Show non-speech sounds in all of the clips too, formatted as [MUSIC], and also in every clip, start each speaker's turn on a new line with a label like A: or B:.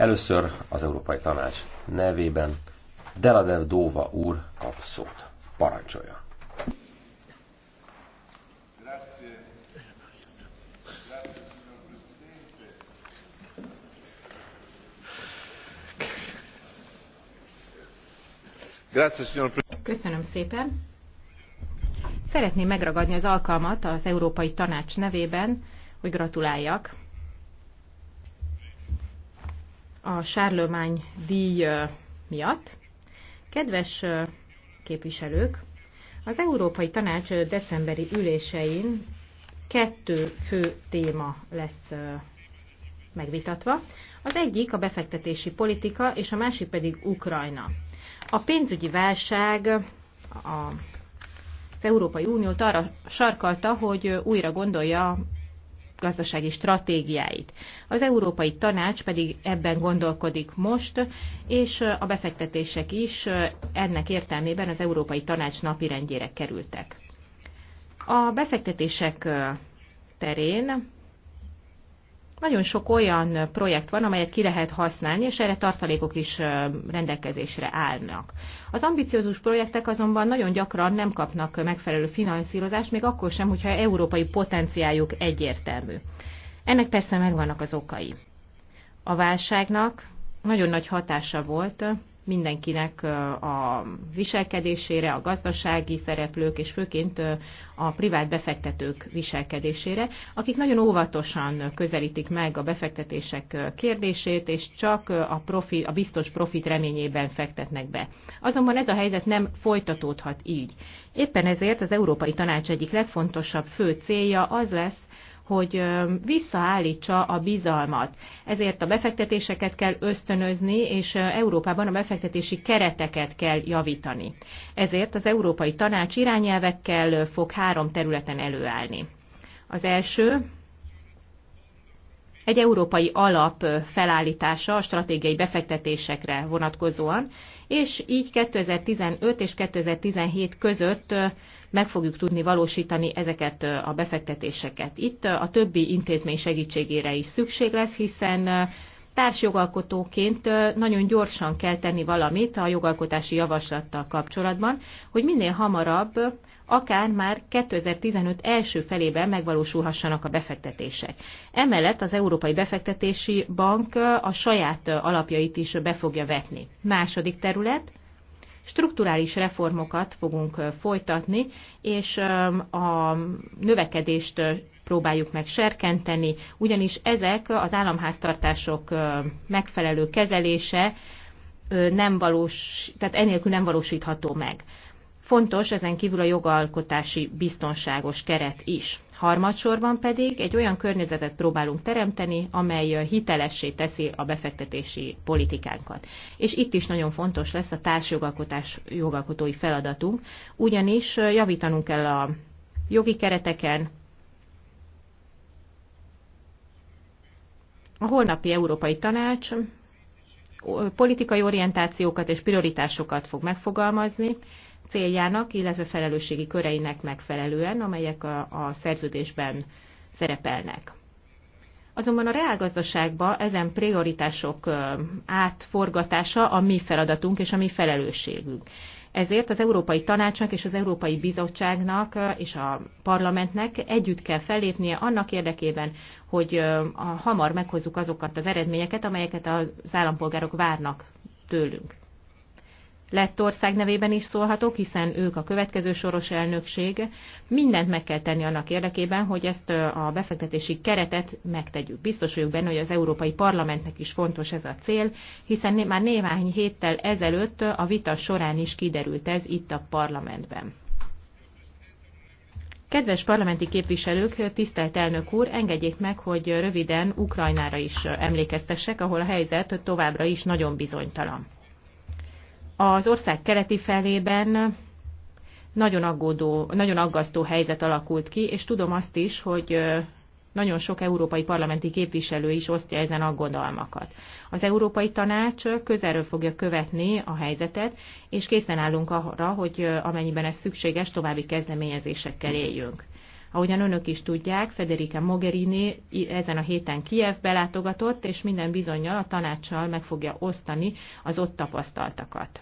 A: Először az Európai Tanács nevében Deladev Dóva úr kap szót. Parancsolja.
B: Köszönöm szépen. Szeretném megragadni az alkalmat az Európai Tanács nevében, hogy gratuláljak a Sárlömány díj miatt. Kedves képviselők, az Európai Tanács decemberi ülésein kettő fő téma lesz megvitatva. Az egyik a befektetési politika, és a másik pedig Ukrajna. A pénzügyi válság az Európai Uniót arra sarkalta, hogy újra gondolja gazdasági stratégiáit. Az Európai Tanács pedig ebben gondolkodik most, és a befektetések is ennek értelmében az Európai Tanács napirendjére kerültek. A befektetések terén nagyon sok olyan projekt van, amelyet ki lehet használni, és erre tartalékok is rendelkezésre állnak. Az ambiciózus projektek azonban nagyon gyakran nem kapnak megfelelő finanszírozást, még akkor sem, hogyha európai potenciáljuk egyértelmű. Ennek persze megvannak az okai. A válságnak nagyon nagy hatása volt mindenkinek a viselkedésére, a gazdasági szereplők és főként a privát befektetők viselkedésére, akik nagyon óvatosan közelítik meg a befektetések kérdését, és csak a, profi, a biztos profit reményében fektetnek be. Azonban ez a helyzet nem folytatódhat így. Éppen ezért az Európai Tanács egyik legfontosabb fő célja az lesz, hogy visszaállítsa a bizalmat. Ezért a befektetéseket kell ösztönözni, és Európában a befektetési kereteket kell javítani. Ezért az Európai Tanács irányelvekkel fog három területen előállni. Az első egy európai alap felállítása a stratégiai befektetésekre vonatkozóan, és így 2015 és 2017 között meg fogjuk tudni valósítani ezeket a befektetéseket. Itt a többi intézmény segítségére is szükség lesz, hiszen társjogalkotóként nagyon gyorsan kell tenni valamit a jogalkotási javaslattal kapcsolatban, hogy minél hamarabb akár már 2015 első felében megvalósulhassanak a befektetések. Emellett az Európai Befektetési Bank a saját alapjait is be fogja vetni. Második terület, strukturális reformokat fogunk folytatni, és a növekedést próbáljuk meg serkenteni, ugyanis ezek az államháztartások megfelelő kezelése nem valós, tehát enélkül nem valósítható meg. Fontos ezen kívül a jogalkotási biztonságos keret is. Harmadsorban pedig egy olyan környezetet próbálunk teremteni, amely hitelessé teszi a befektetési politikánkat. És itt is nagyon fontos lesz a társjogalkotás jogalkotói feladatunk, ugyanis javítanunk kell a jogi kereteken, A holnapi Európai Tanács politikai orientációkat és prioritásokat fog megfogalmazni, céljának, illetve felelősségi köreinek megfelelően, amelyek a, a szerződésben szerepelnek. Azonban a reálgazdaságban ezen prioritások átforgatása a mi feladatunk és a mi felelősségünk. Ezért az Európai Tanácsnak és az Európai Bizottságnak és a parlamentnek együtt kell fellépnie annak érdekében, hogy hamar meghozzuk azokat az eredményeket, amelyeket az állampolgárok várnak tőlünk. Lettország nevében is szólhatok, hiszen ők a következő soros elnökség. Mindent meg kell tenni annak érdekében, hogy ezt a befektetési keretet megtegyük. Biztos vagyok benne, hogy az Európai Parlamentnek is fontos ez a cél, hiszen már néhány héttel ezelőtt a vita során is kiderült ez itt a parlamentben. Kedves parlamenti képviselők, tisztelt elnök úr, engedjék meg, hogy röviden Ukrajnára is emlékeztessek, ahol a helyzet továbbra is nagyon bizonytalan. Az ország keleti felében nagyon, aggódó, nagyon aggasztó helyzet alakult ki, és tudom azt is, hogy nagyon sok európai parlamenti képviselő is osztja ezen aggodalmakat. Az Európai Tanács közelről fogja követni a helyzetet, és készen állunk arra, hogy amennyiben ez szükséges, további kezdeményezésekkel éljünk. Ahogyan önök is tudják, Federica Mogherini ezen a héten Kiev látogatott, és minden bizonyal a tanácssal meg fogja osztani az ott tapasztaltakat.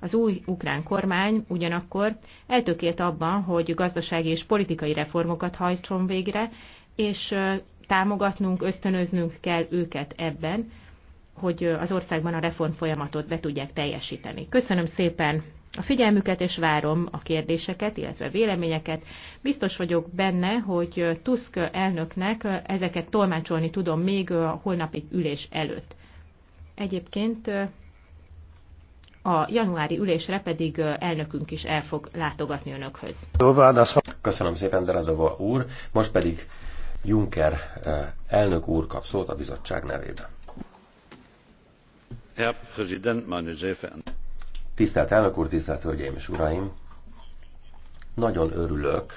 B: Az új ukrán kormány ugyanakkor eltökélt abban, hogy gazdasági és politikai reformokat hajtson végre, és támogatnunk, ösztönöznünk kell őket ebben, hogy az országban a reform folyamatot be tudják teljesíteni. Köszönöm szépen a figyelmüket, és várom a kérdéseket, illetve véleményeket. Biztos vagyok benne, hogy Tusk elnöknek ezeket tolmácsolni tudom még a holnapi ülés előtt. Egyébként a januári ülésre pedig elnökünk is el fog látogatni önökhöz.
A: Köszönöm szépen, Deledova úr. Most pedig Juncker elnök úr kap szót a bizottság nevében.
C: Herr Präsident, meine sehr verehrten
A: Tisztelt elnök úr, tisztelt hölgyeim és uraim! Nagyon örülök,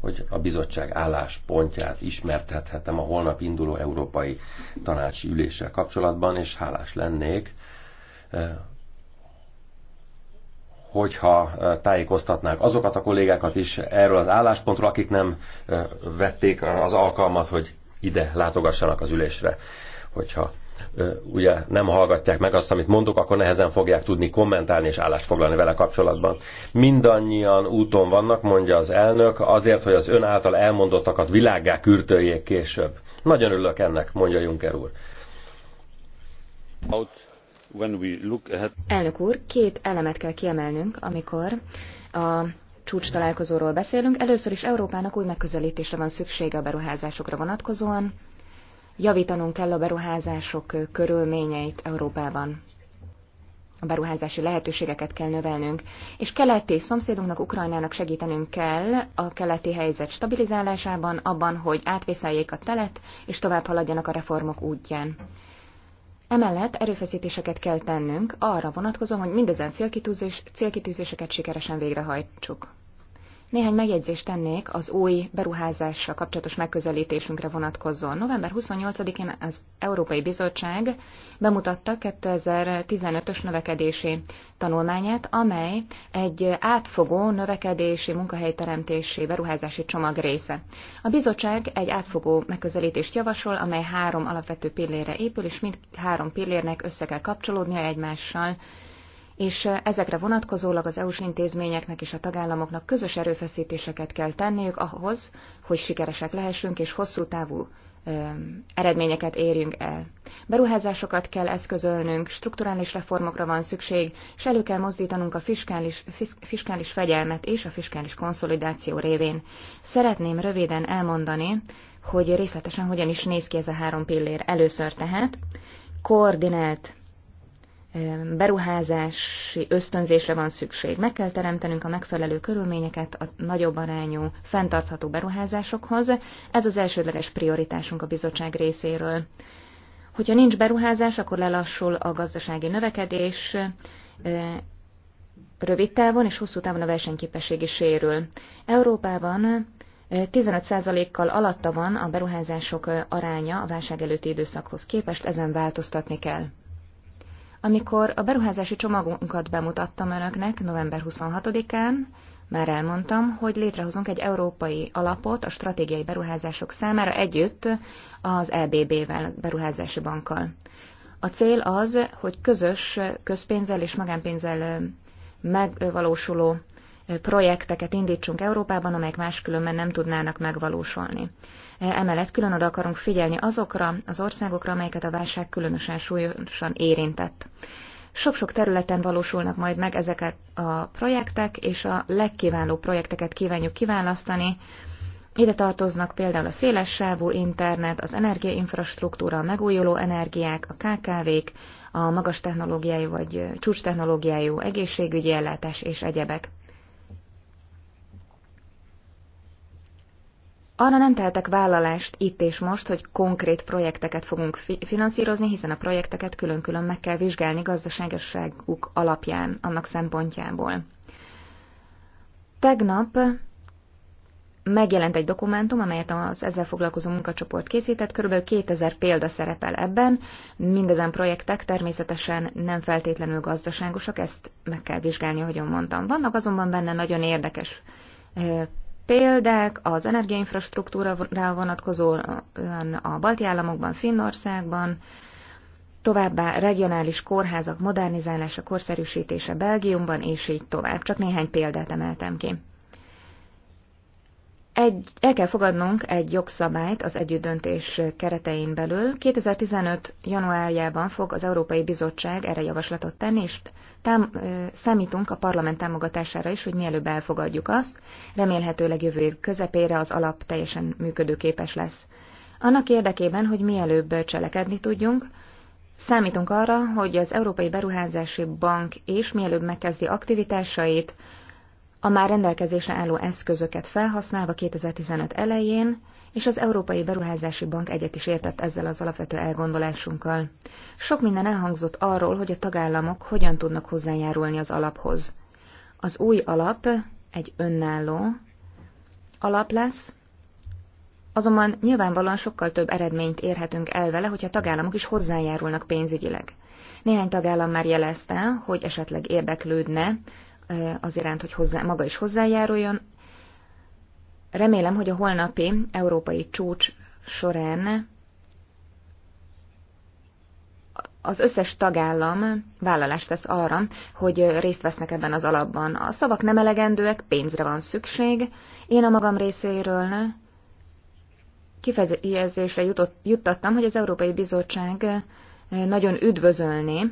A: hogy a bizottság álláspontját ismertethetem a holnap induló európai tanácsi üléssel kapcsolatban, és hálás lennék hogyha tájékoztatnák azokat a kollégákat is erről az álláspontról, akik nem vették az alkalmat, hogy ide látogassanak az ülésre. Hogyha ugye nem hallgatják meg azt, amit mondok, akkor nehezen fogják tudni kommentálni és állást foglalni vele kapcsolatban. Mindannyian úton vannak, mondja az elnök, azért, hogy az ön által elmondottakat világgá kürtöljék később. Nagyon örülök ennek, mondja Juncker úr.
D: Elnök úr, két elemet kell kiemelnünk, amikor a csúcs találkozóról beszélünk. Először is Európának új megközelítésre van szüksége a beruházásokra vonatkozóan. Javítanunk kell a beruházások körülményeit Európában. A beruházási lehetőségeket kell növelnünk, és keleti szomszédunknak, Ukrajnának segítenünk kell a keleti helyzet stabilizálásában, abban, hogy átvészeljék a telet, és tovább haladjanak a reformok útján. Emellett erőfeszítéseket kell tennünk arra vonatkozóan, hogy mindezen célkitűzéseket sikeresen végrehajtsuk. Néhány megjegyzést tennék az új beruházással kapcsolatos megközelítésünkre vonatkozóan. November 28-én az Európai Bizottság bemutatta 2015-ös növekedési tanulmányát, amely egy átfogó növekedési munkahelyteremtési beruházási csomag része. A bizottság egy átfogó megközelítést javasol, amely három alapvető pillére épül, és mind három pillérnek össze kell kapcsolódnia egymással és eh, ezekre vonatkozólag az EU-s intézményeknek és a tagállamoknak közös erőfeszítéseket kell tenniük ahhoz, hogy sikeresek lehessünk és hosszú távú eredményeket érjünk el. Beruházásokat kell eszközölnünk, strukturális reformokra van szükség, és elő kell mozdítanunk a fiskális, fiskális fegyelmet és a fiskális konszolidáció révén. Szeretném röviden elmondani, hogy részletesen hogyan is néz ki ez a három pillér. Először tehát koordinált beruházási ösztönzésre van szükség. Meg kell teremtenünk a megfelelő körülményeket a nagyobb arányú, fenntartható beruházásokhoz. Ez az elsődleges prioritásunk a bizottság részéről. Hogyha nincs beruházás, akkor lelassul a gazdasági növekedés, rövid távon és hosszú távon a versenyképesség is sérül. Európában 15%-kal alatta van a beruházások aránya a válság előtti időszakhoz képest, ezen változtatni kell. Amikor a beruházási csomagunkat bemutattam önöknek november 26-án, már elmondtam, hogy létrehozunk egy európai alapot a stratégiai beruházások számára együtt az EBB-vel, a beruházási bankkal. A cél az, hogy közös közpénzzel és magánpénzzel megvalósuló projekteket indítsunk Európában, amelyek máskülönben nem tudnának megvalósulni. E, emellett külön oda akarunk figyelni azokra az országokra, amelyeket a válság különösen súlyosan érintett. Sok-sok területen valósulnak majd meg ezeket a projektek, és a legkiválóbb projekteket kívánjuk kiválasztani. Ide tartoznak például a szélessávú internet, az energiainfrastruktúra, a megújuló energiák, a KKV-k, a magas technológiájú vagy csúcs technológiájú egészségügyi ellátás és egyebek. Arra nem tehetek vállalást itt és most, hogy konkrét projekteket fogunk fi- finanszírozni, hiszen a projekteket külön-külön meg kell vizsgálni gazdaságosságuk alapján, annak szempontjából. Tegnap megjelent egy dokumentum, amelyet az ezzel foglalkozó munkacsoport készített, körülbelül 2000 példa szerepel ebben. Mindezen projektek természetesen nem feltétlenül gazdaságosak, ezt meg kell vizsgálni, ahogyan mondtam. Vannak azonban benne nagyon érdekes példák az rá vonatkozóan a balti államokban, Finnországban, továbbá regionális kórházak modernizálása, korszerűsítése Belgiumban, és így tovább. Csak néhány példát emeltem ki egy, el kell fogadnunk egy jogszabályt az együttdöntés keretein belül. 2015. januárjában fog az Európai Bizottság erre javaslatot tenni, és tám, ö, számítunk a parlament támogatására is, hogy mielőbb elfogadjuk azt. Remélhetőleg jövő év közepére az alap teljesen működőképes lesz. Annak érdekében, hogy mielőbb cselekedni tudjunk, számítunk arra, hogy az Európai Beruházási Bank és mielőbb megkezdi aktivitásait, a már rendelkezésre álló eszközöket felhasználva 2015 elején, és az Európai Beruházási Bank egyet is értett ezzel az alapvető elgondolásunkkal. Sok minden elhangzott arról, hogy a tagállamok hogyan tudnak hozzájárulni az alaphoz. Az új alap egy önálló alap lesz, azonban nyilvánvalóan sokkal több eredményt érhetünk el vele, hogyha tagállamok is hozzájárulnak pénzügyileg. Néhány tagállam már jelezte, hogy esetleg érdeklődne az iránt, hogy hozzá, maga is hozzájáruljon. Remélem, hogy a holnapi európai csúcs során az összes tagállam vállalást tesz arra, hogy részt vesznek ebben az alapban. A szavak nem elegendőek, pénzre van szükség. Én a magam részéről kifejezésre jutott, juttattam, hogy az Európai Bizottság nagyon üdvözölné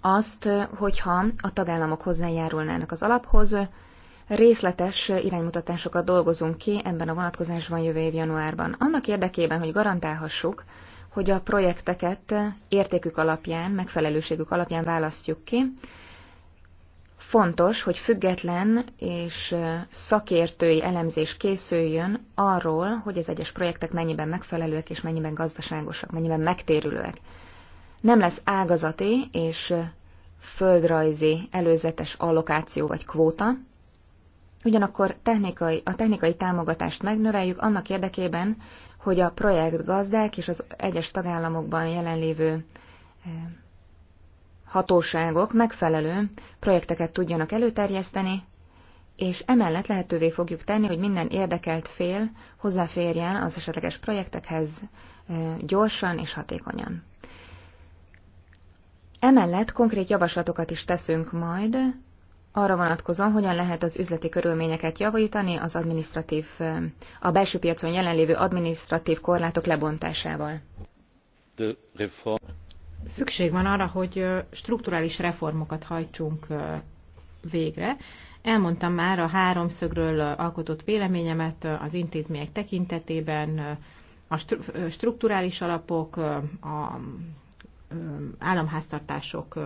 D: azt, hogyha a tagállamok hozzájárulnának az alaphoz, részletes iránymutatásokat dolgozunk ki ebben a vonatkozásban jövő év januárban. Annak érdekében, hogy garantálhassuk, hogy a projekteket értékük alapján, megfelelőségük alapján választjuk ki, fontos, hogy független és szakértői elemzés készüljön arról, hogy az egyes projektek mennyiben megfelelőek és mennyiben gazdaságosak, mennyiben megtérülőek nem lesz ágazati és földrajzi előzetes allokáció vagy kvóta, ugyanakkor technikai, a technikai támogatást megnöveljük annak érdekében, hogy a projekt gazdák és az egyes tagállamokban jelenlévő eh, hatóságok megfelelő projekteket tudjanak előterjeszteni, és emellett lehetővé fogjuk tenni, hogy minden érdekelt fél hozzáférjen az esetleges projektekhez eh, gyorsan és hatékonyan. Emellett konkrét javaslatokat is teszünk majd, arra vonatkozóan, hogyan lehet az üzleti körülményeket javítani az administratív, a belső piacon jelenlévő administratív korlátok lebontásával.
B: Szükség van arra, hogy strukturális reformokat hajtsunk végre. Elmondtam már a háromszögről alkotott véleményemet az intézmények tekintetében, a strukturális alapok, a államháztartások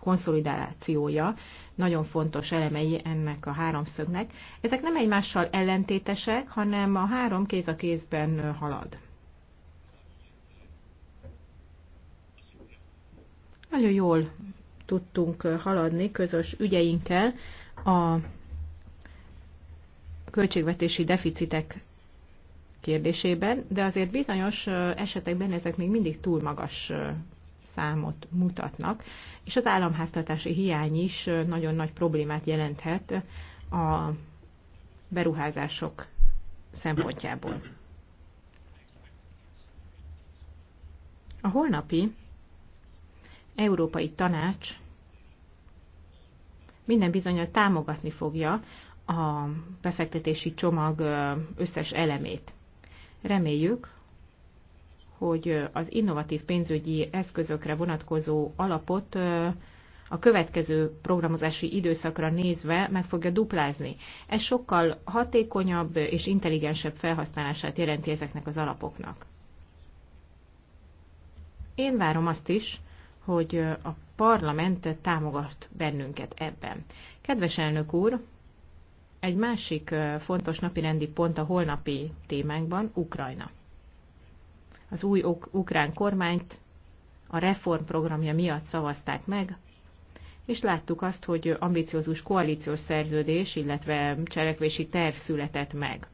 B: konszolidációja nagyon fontos elemei ennek a háromszögnek. Ezek nem egymással ellentétesek, hanem a három kéz a kézben halad. Nagyon jól tudtunk haladni közös ügyeinkkel a költségvetési deficitek kérdésében, de azért bizonyos esetekben ezek még mindig túl magas számot mutatnak, és az államháztartási hiány is nagyon nagy problémát jelenthet a beruházások szempontjából. A holnapi Európai Tanács minden bizonyal támogatni fogja a befektetési csomag összes elemét. Reméljük, hogy az innovatív pénzügyi eszközökre vonatkozó alapot a következő programozási időszakra nézve meg fogja duplázni. Ez sokkal hatékonyabb és intelligensebb felhasználását jelenti ezeknek az alapoknak. Én várom azt is, hogy a parlament támogat bennünket ebben. Kedves elnök úr, egy másik fontos napirendi pont a holnapi témánkban Ukrajna az új ukrán kormányt a reformprogramja miatt szavazták meg, és láttuk azt, hogy ambiciózus koalíciós szerződés, illetve cselekvési terv született meg.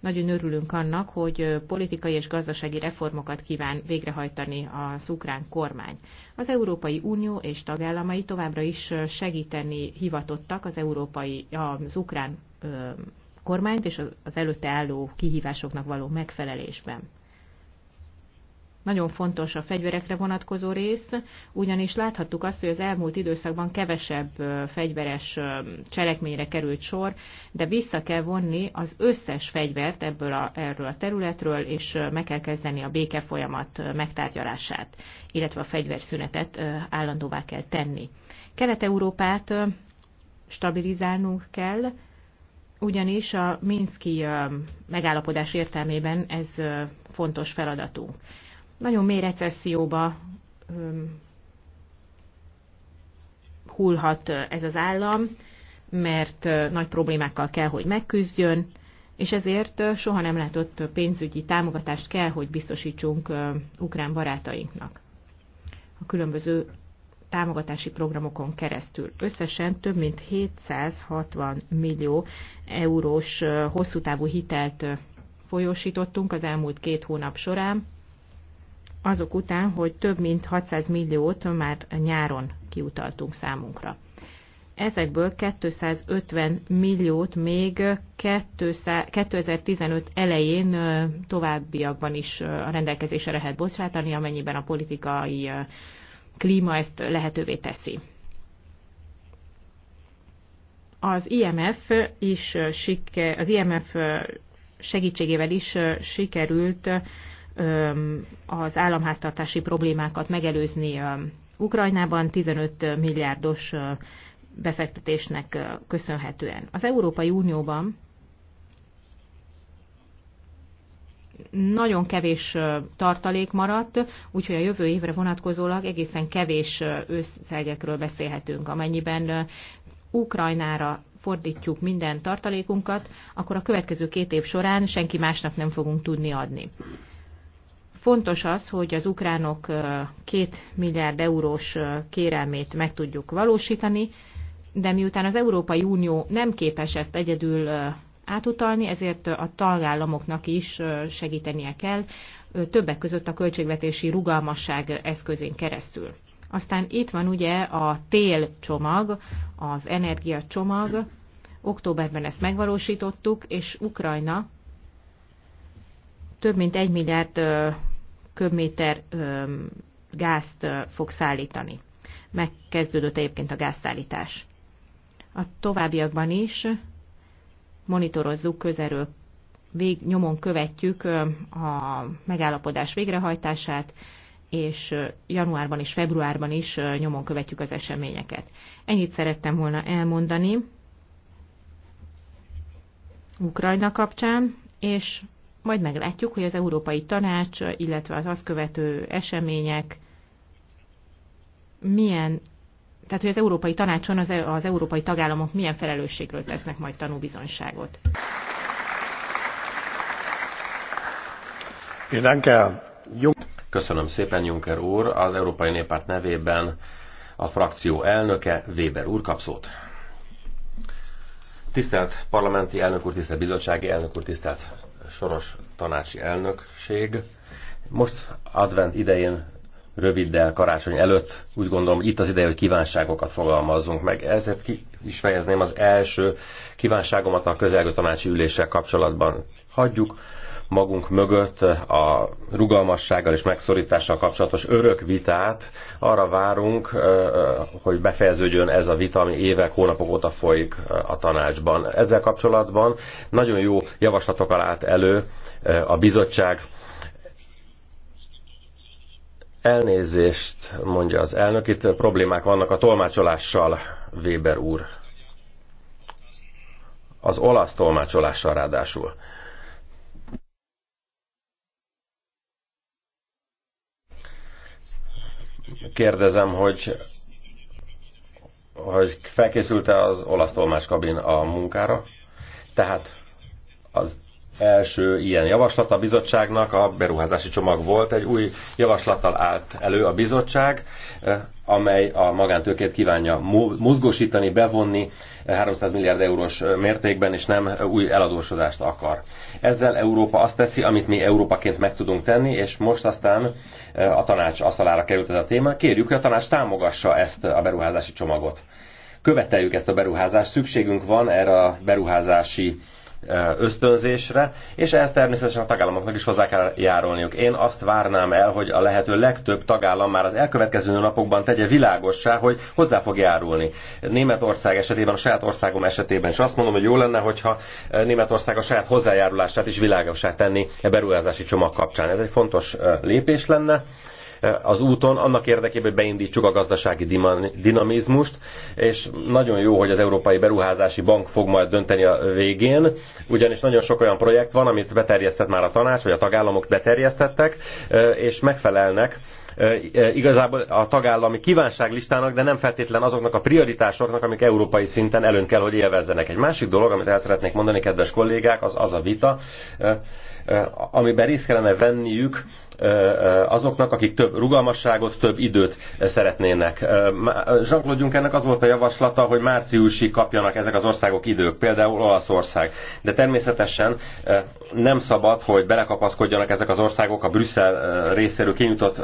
B: Nagyon örülünk annak, hogy politikai és gazdasági reformokat kíván végrehajtani az ukrán kormány. Az Európai Unió és tagállamai továbbra is segíteni hivatottak az, európai, az ukrán kormányt és az előtte álló kihívásoknak való megfelelésben. Nagyon fontos a fegyverekre vonatkozó rész, ugyanis láthattuk azt, hogy az elmúlt időszakban kevesebb fegyveres cselekményre került sor, de vissza kell vonni az összes fegyvert ebből a, erről a területről, és meg kell kezdeni a béke folyamat megtárgyalását, illetve a fegyverszünetet állandóvá kell tenni. Kelet-Európát stabilizálnunk kell, ugyanis a Minszki megállapodás értelmében ez fontos feladatunk nagyon mély recesszióba hullhat ez az állam, mert nagy problémákkal kell, hogy megküzdjön, és ezért soha nem látott pénzügyi támogatást kell, hogy biztosítsunk ukrán barátainknak. A különböző támogatási programokon keresztül. Összesen több mint 760 millió eurós hosszú távú hitelt folyósítottunk az elmúlt két hónap során, azok után, hogy több mint 600 milliót már nyáron kiutaltunk számunkra. Ezekből 250 milliót még 2015 elején továbbiakban is a rendelkezésre lehet bocsátani, amennyiben a politikai klíma ezt lehetővé teszi. Az IMF is az IMF segítségével is sikerült az államháztartási problémákat megelőzni Ukrajnában 15 milliárdos befektetésnek köszönhetően. Az Európai Unióban nagyon kevés tartalék maradt, úgyhogy a jövő évre vonatkozólag egészen kevés összegekről beszélhetünk. Amennyiben Ukrajnára fordítjuk minden tartalékunkat, akkor a következő két év során senki másnak nem fogunk tudni adni. Fontos az, hogy az ukránok két milliárd eurós kérelmét meg tudjuk valósítani, de miután az Európai Unió nem képes ezt egyedül átutalni, ezért a tagállamoknak is segítenie kell, többek között a költségvetési rugalmasság eszközén keresztül. Aztán itt van ugye a tél csomag, az energiacsomag, októberben ezt megvalósítottuk, és Ukrajna több mint egy milliárd köbméter gázt fog szállítani. Megkezdődött egyébként a gázszállítás. A továbbiakban is monitorozzuk közelről, vég, nyomon követjük a megállapodás végrehajtását, és januárban és februárban is nyomon követjük az eseményeket. Ennyit szerettem volna elmondani Ukrajna kapcsán, és majd meglátjuk, hogy az Európai Tanács, illetve az azt követő események milyen, tehát hogy az Európai Tanácson az, e, az európai tagállamok milyen felelősségről tesznek majd tanúbizonyságot.
A: Köszönöm szépen, Juncker úr. Az Európai Néppárt nevében a frakció elnöke Weber úr kap szót. Tisztelt parlamenti elnök úr, tisztelt bizottsági elnök úr, tisztelt soros tanácsi elnökség. Most advent idején röviddel karácsony előtt úgy gondolom itt az ideje, hogy kívánságokat fogalmazzunk meg. Ezért ki is fejezném az első kívánságomat a közelgő tanácsi üléssel kapcsolatban. Hagyjuk magunk mögött a rugalmassággal és megszorítással kapcsolatos örök vitát. Arra várunk, hogy befejeződjön ez a vita, ami évek, hónapok óta folyik a tanácsban. Ezzel kapcsolatban nagyon jó javaslatok állt elő a bizottság. Elnézést, mondja az elnök, itt problémák vannak a tolmácsolással, Weber úr. Az olasz tolmácsolással ráadásul. kérdezem, hogy hogy felkészült-e az olasz tolmácskabin a munkára. Tehát az első ilyen javaslat a bizottságnak, a beruházási csomag volt, egy új javaslattal állt elő a bizottság, eh, amely a magántőkét kívánja mozgósítani, bevonni 300 eh, milliárd eurós eh, mértékben, és nem új eladósodást akar. Ezzel Európa azt teszi, amit mi Európaként meg tudunk tenni, és most aztán a tanács asztalára került ez a téma. Kérjük, hogy a tanács támogassa ezt a beruházási csomagot. Követeljük ezt a beruházást, szükségünk van erre a beruházási ösztönzésre, és ehhez természetesen a tagállamoknak is hozzá kell járulniuk. Én azt várnám el, hogy a lehető legtöbb tagállam már az elkövetkező napokban tegye világossá, hogy hozzá fog járulni. Németország esetében, a saját országom esetében is azt mondom, hogy jó lenne, hogyha Németország a saját hozzájárulását is világossá tenni a e beruházási csomag kapcsán. Ez egy fontos lépés lenne az úton, annak érdekében, hogy beindítsuk a gazdasági dinamizmust, és nagyon jó, hogy az Európai Beruházási Bank fog majd dönteni a végén, ugyanis nagyon sok olyan projekt van, amit beterjesztett már a tanács, vagy a tagállamok beterjesztettek, és megfelelnek igazából a tagállami kívánságlistának, de nem feltétlen azoknak a prioritásoknak, amik európai szinten előn kell, hogy élvezzenek. Egy másik dolog, amit el szeretnék mondani, kedves kollégák, az az a vita, amiben részt kellene venniük azoknak, akik több rugalmasságot, több időt szeretnének. Jean-Claude Junckernek az volt a javaslata, hogy márciusig kapjanak ezek az országok idők, például Olaszország. De természetesen nem szabad, hogy belekapaszkodjanak ezek az országok a Brüsszel részéről kinyújtott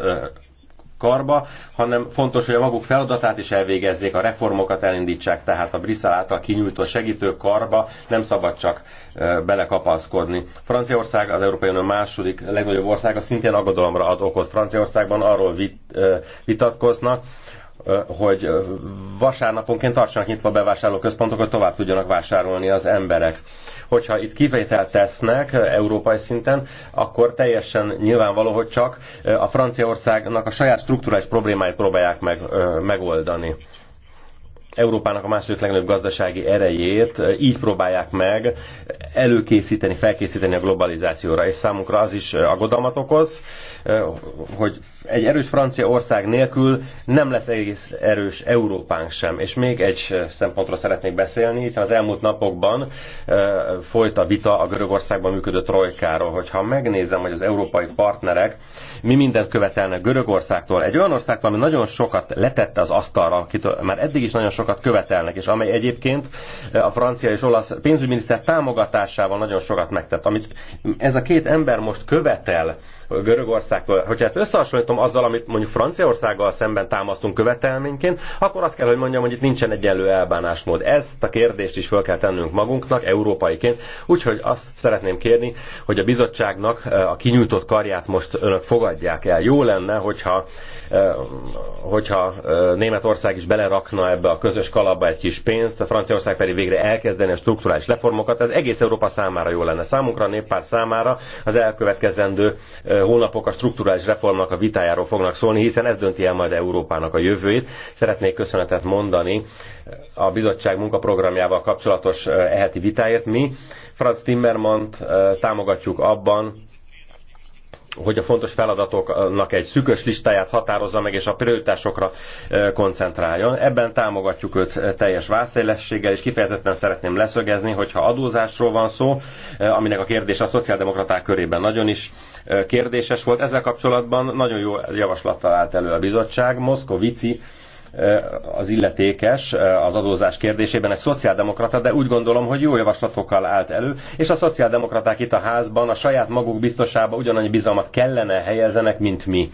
A: karba, hanem fontos, hogy a maguk feladatát is elvégezzék, a reformokat elindítsák, tehát a Brüsszel által kinyújtott segítő karba nem szabad csak belekapaszkodni. Franciaország az Európai Unió második legnagyobb országa szintén aggodalomra ad okot. Franciaországban arról vit, vitatkoznak, hogy vasárnaponként tartsanak nyitva bevásárlóközpontokat, tovább tudjanak vásárolni az emberek hogyha itt kivételt tesznek európai szinten, akkor teljesen nyilvánvaló, hogy csak a Franciaországnak a saját strukturális problémáit próbálják meg, megoldani. Európának a második legnagyobb gazdasági erejét így próbálják meg előkészíteni, felkészíteni a globalizációra, és számunkra az is aggodalmat okoz, Eh, hogy egy erős francia ország nélkül nem lesz egész erős Európánk sem. És még egy eh, szempontról szeretnék beszélni, hiszen az elmúlt napokban eh, folyt a vita a Görögországban működő trojkáról, hogyha megnézem, hogy az európai partnerek mi mindent követelnek Görögországtól, egy olyan országtól, ami nagyon sokat letette az asztalra, már eddig is nagyon sokat követelnek, és amely egyébként a francia és olasz pénzügyminiszter támogatásával nagyon sokat megtett. Amit ez a két ember most követel, Görögországtól. Hogyha ezt összehasonlítom azzal, amit mondjuk Franciaországgal szemben támasztunk követelményként, akkor azt kell, hogy mondjam, hogy itt nincsen egyenlő elbánásmód. Ezt a kérdést is fel kell tennünk magunknak, európaiként. Úgyhogy azt szeretném kérni, hogy a bizottságnak eh, a kinyújtott karját most önök fogadják el. Jó lenne, hogyha, eh, hogyha eh, Németország is belerakna ebbe a közös kalapba egy kis pénzt, a Franciaország pedig végre elkezdeni a strukturális reformokat. Ez egész Európa számára jó lenne. Számunkra, a néppárt számára az elkövetkezendő hónapok a strukturális reformnak a vitájáról fognak szólni, hiszen ez dönti el majd Európának a jövőjét. Szeretnék köszönetet mondani a bizottság munkaprogramjával kapcsolatos eh, eheti vitáért. Mi Franz Timmermant eh, támogatjuk abban, hogy a fontos feladatoknak egy szükös listáját határozza meg, és a prioritásokra koncentráljon. Ebben támogatjuk őt teljes vászélességgel, és kifejezetten szeretném leszögezni, hogyha adózásról van szó, aminek a kérdés a szociáldemokraták körében nagyon is kérdéses volt. Ezzel kapcsolatban nagyon jó javaslattal állt elő a bizottság. Moszkovici Eh, az illetékes eh, az adózás kérdésében egy szociáldemokrata, de úgy gondolom, hogy jó javaslatokkal állt elő, és a szociáldemokraták itt a házban a saját maguk biztosába ugyanannyi bizalmat kellene helyezenek, mint mi.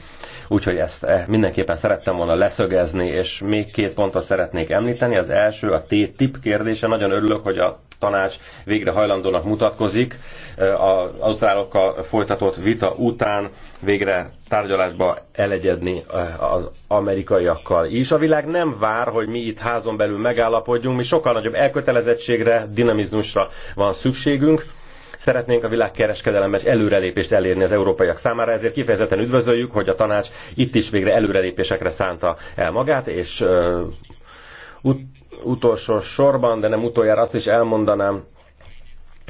A: Úgyhogy ezt eh, mindenképpen szerettem volna leszögezni, és még két pontot szeretnék említeni. Az első a T-tip kérdése. Nagyon örülök, hogy a tanács végre hajlandónak mutatkozik. Eh, az ausztrálokkal folytatott vita után végre tárgyalásba elegyedni eh, az amerikaiakkal is. A világ nem vár, hogy mi itt házon belül megállapodjunk, mi sokkal nagyobb elkötelezettségre, dinamizmusra van szükségünk Szeretnénk a világkereskedelemben előrelépést elérni az európaiak számára, ezért kifejezetten üdvözöljük, hogy a tanács itt is végre előrelépésekre szánta el magát, és uh, ut- utolsó sorban, de nem utoljára azt is elmondanám,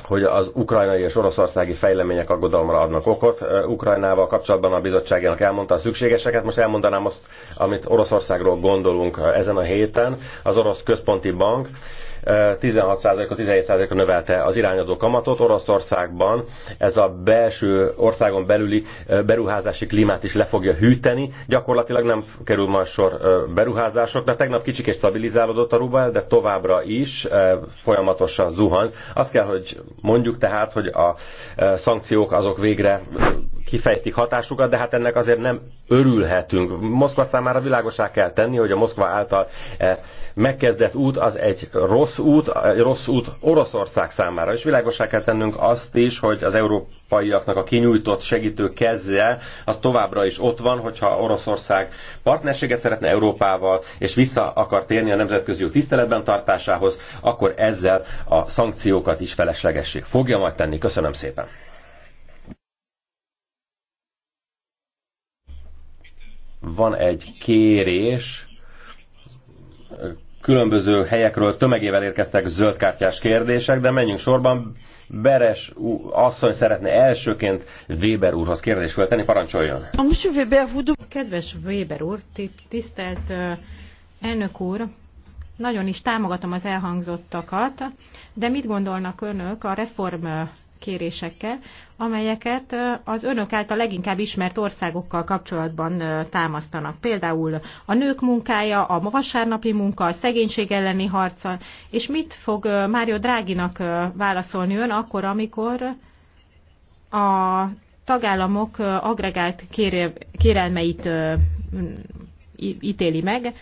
A: hogy az ukrajnai és oroszországi fejlemények aggodalomra adnak okot. Ukrajnával kapcsolatban a bizottságjának elmondta a szükségeseket. Most elmondanám azt, amit Oroszországról gondolunk ezen a héten. Az orosz központi bank 16%-a, 17%-a növelte az irányadó kamatot. Oroszországban ez a belső országon belüli beruházási klímát is le fogja hűteni. Gyakorlatilag nem kerül majd sor beruházások, de Tegnap kicsik és stabilizálódott a rubel, de továbbra is folyamatosan zuhan. Azt kell, hogy mondjuk tehát, hogy a szankciók azok végre kifejtik hatásukat, de hát ennek azért nem örülhetünk. Moszkva számára világosá kell tenni, hogy a Moszkva által megkezdett út az egy rossz út, egy rossz út Oroszország számára. És világosá kell tennünk azt is, hogy az európaiaknak a kinyújtott segítő keze az továbbra is ott van, hogyha Oroszország partnerséget szeretne Európával, és vissza akar térni a nemzetközi jog tiszteletben tartásához, akkor ezzel a szankciókat is feleslegesség fogja majd tenni. Köszönöm szépen! van egy kérés különböző helyekről tömegével érkeztek zöldkártyás kérdések, de menjünk sorban. Beres asszony szeretne elsőként Weber úrhoz kérdést feltenni, parancsoljon.
B: Kedves Weber úr, tisztelt elnök úr, nagyon is támogatom az elhangzottakat, de mit gondolnak önök a reform kérésekkel, amelyeket az önök által leginkább ismert országokkal kapcsolatban támasztanak. Például a nők munkája, a vasárnapi munka, a szegénység elleni harca, és mit fog Mário Dráginak válaszolni ön akkor, amikor a tagállamok agregált kérelmeit ítéli meg,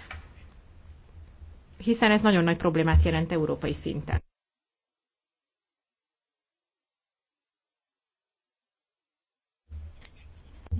B: hiszen ez nagyon nagy problémát jelent európai szinten.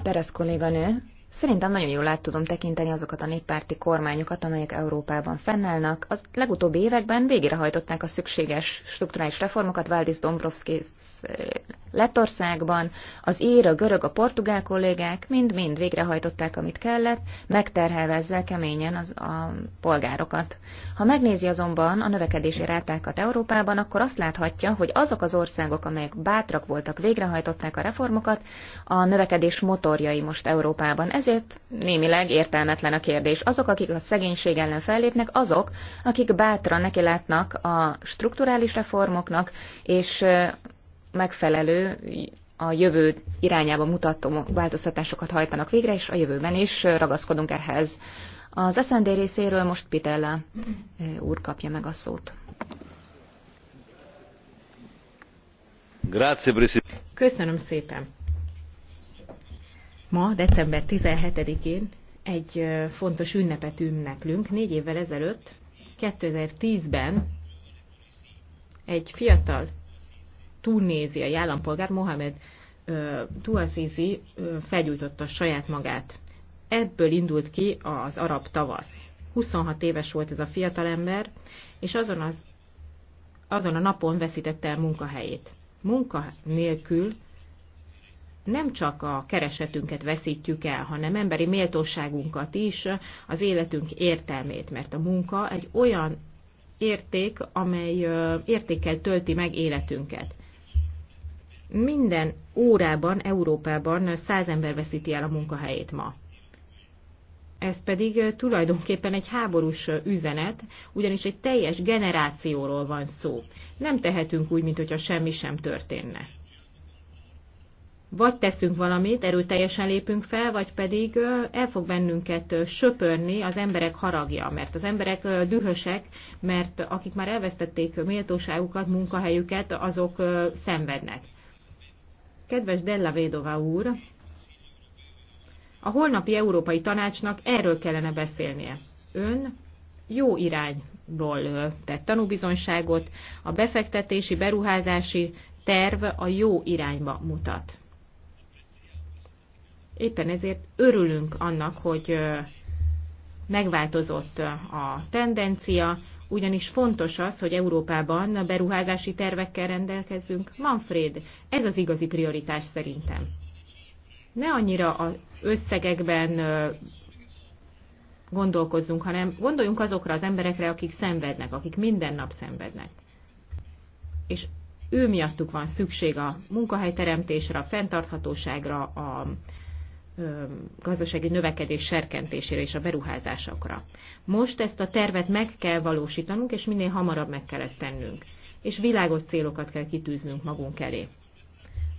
D: Perez kolléganő. Szerintem nagyon jól át tudom tekinteni azokat a néppárti kormányokat, amelyek Európában fennállnak. Az legutóbbi években végrehajtották a szükséges strukturális reformokat Valdis Dombrovski eh, Lettországban, az ír, a görög, a portugál kollégák mind-mind végrehajtották, amit kellett, megterhelve ezzel keményen az, a polgárokat. Ha megnézi azonban a növekedési rátákat Európában, akkor azt láthatja, hogy azok az országok, amelyek bátrak voltak, végrehajtották a reformokat, a növekedés motorjai most Európában ezért némileg értelmetlen a kérdés. Azok, akik a szegénység ellen fellépnek, azok, akik bátran nekilátnak a strukturális reformoknak, és megfelelő a jövő irányába mutató változtatásokat hajtanak végre, és a jövőben is ragaszkodunk ehhez. Az SZND részéről most Pitella úr kapja meg a szót.
B: Köszönöm szépen. Ma, december 17-én egy fontos ünnepet ünneplünk. Négy évvel ezelőtt, 2010-ben egy fiatal tunéziai állampolgár, Mohamed Tuazizi felgyújtotta saját magát. Ebből indult ki az arab tavasz. 26 éves volt ez a fiatal ember, és azon, az, azon a napon veszítette el munkahelyét. Munka nélkül nem csak a keresetünket veszítjük el, hanem emberi méltóságunkat is, az életünk értelmét, mert a munka egy olyan érték, amely értékkel tölti meg életünket. Minden órában Európában száz ember veszíti el a munkahelyét ma. Ez pedig tulajdonképpen egy háborús üzenet, ugyanis egy teljes generációról van szó. Nem tehetünk úgy, mintha semmi sem történne vagy teszünk valamit, erőteljesen lépünk fel, vagy pedig el fog bennünket söpörni az emberek haragja, mert az emberek dühösek, mert akik már elvesztették méltóságukat, munkahelyüket, azok szenvednek. Kedves Della Védova úr, a holnapi Európai Tanácsnak erről kellene beszélnie. Ön jó irányból tett tanúbizonyságot, a befektetési, beruházási terv a jó irányba mutat. Éppen ezért örülünk annak, hogy megváltozott a tendencia, ugyanis fontos az, hogy Európában a beruházási tervekkel rendelkezzünk. Manfred, ez az igazi prioritás szerintem. Ne annyira az összegekben gondolkozzunk, hanem gondoljunk azokra az emberekre, akik szenvednek, akik minden nap szenvednek. És ő miattuk van szükség a munkahelyteremtésre, a fenntarthatóságra, a gazdasági növekedés serkentésére és a beruházásokra. Most ezt a tervet meg kell valósítanunk, és minél hamarabb meg kellett tennünk. És világos célokat kell kitűznünk magunk elé.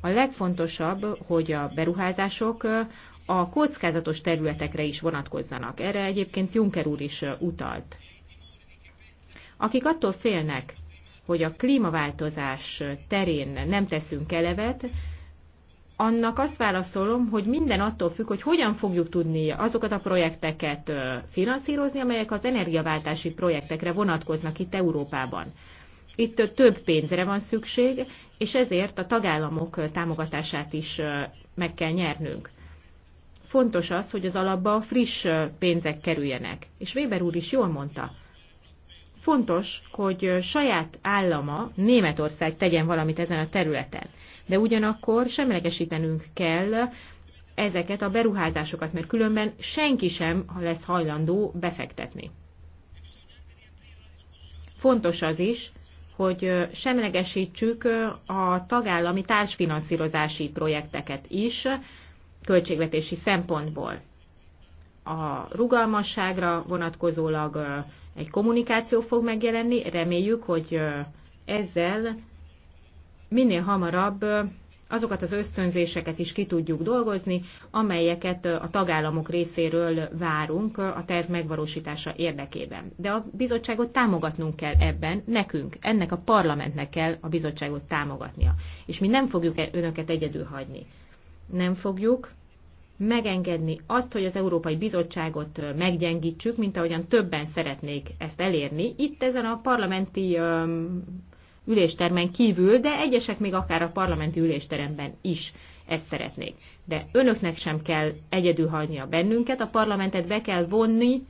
B: A legfontosabb, hogy a beruházások a kockázatos területekre is vonatkozzanak. Erre egyébként Juncker úr is utalt. Akik attól félnek, hogy a klímaváltozás terén nem teszünk elevet, annak azt válaszolom, hogy minden attól függ, hogy hogyan fogjuk tudni azokat a projekteket finanszírozni, amelyek az energiaváltási projektekre vonatkoznak itt Európában. Itt több pénzre van szükség, és ezért a tagállamok támogatását is meg kell nyernünk. Fontos az, hogy az alapba friss pénzek kerüljenek. És Weber úr is jól mondta, fontos, hogy saját állama, Németország tegyen valamit ezen a területen de ugyanakkor semlegesítenünk kell ezeket a beruházásokat, mert különben senki sem lesz hajlandó befektetni. Fontos az is, hogy semlegesítsük a tagállami társfinanszírozási projekteket is költségvetési szempontból. A rugalmasságra vonatkozólag egy kommunikáció fog megjelenni, reméljük, hogy ezzel minél hamarabb azokat az ösztönzéseket is ki tudjuk dolgozni, amelyeket a tagállamok részéről várunk a terv megvalósítása érdekében. De a bizottságot támogatnunk kell ebben, nekünk, ennek a parlamentnek kell a bizottságot támogatnia. És mi nem fogjuk e- önöket egyedül hagyni. Nem fogjuk megengedni azt, hogy az Európai Bizottságot meggyengítsük, mint ahogyan többen szeretnék ezt elérni. Itt ezen a parlamenti üléstermen kívül, de egyesek még akár a parlamenti ülésteremben is ezt szeretnék. De önöknek sem kell egyedül hagynia bennünket, a parlamentet be kell vonni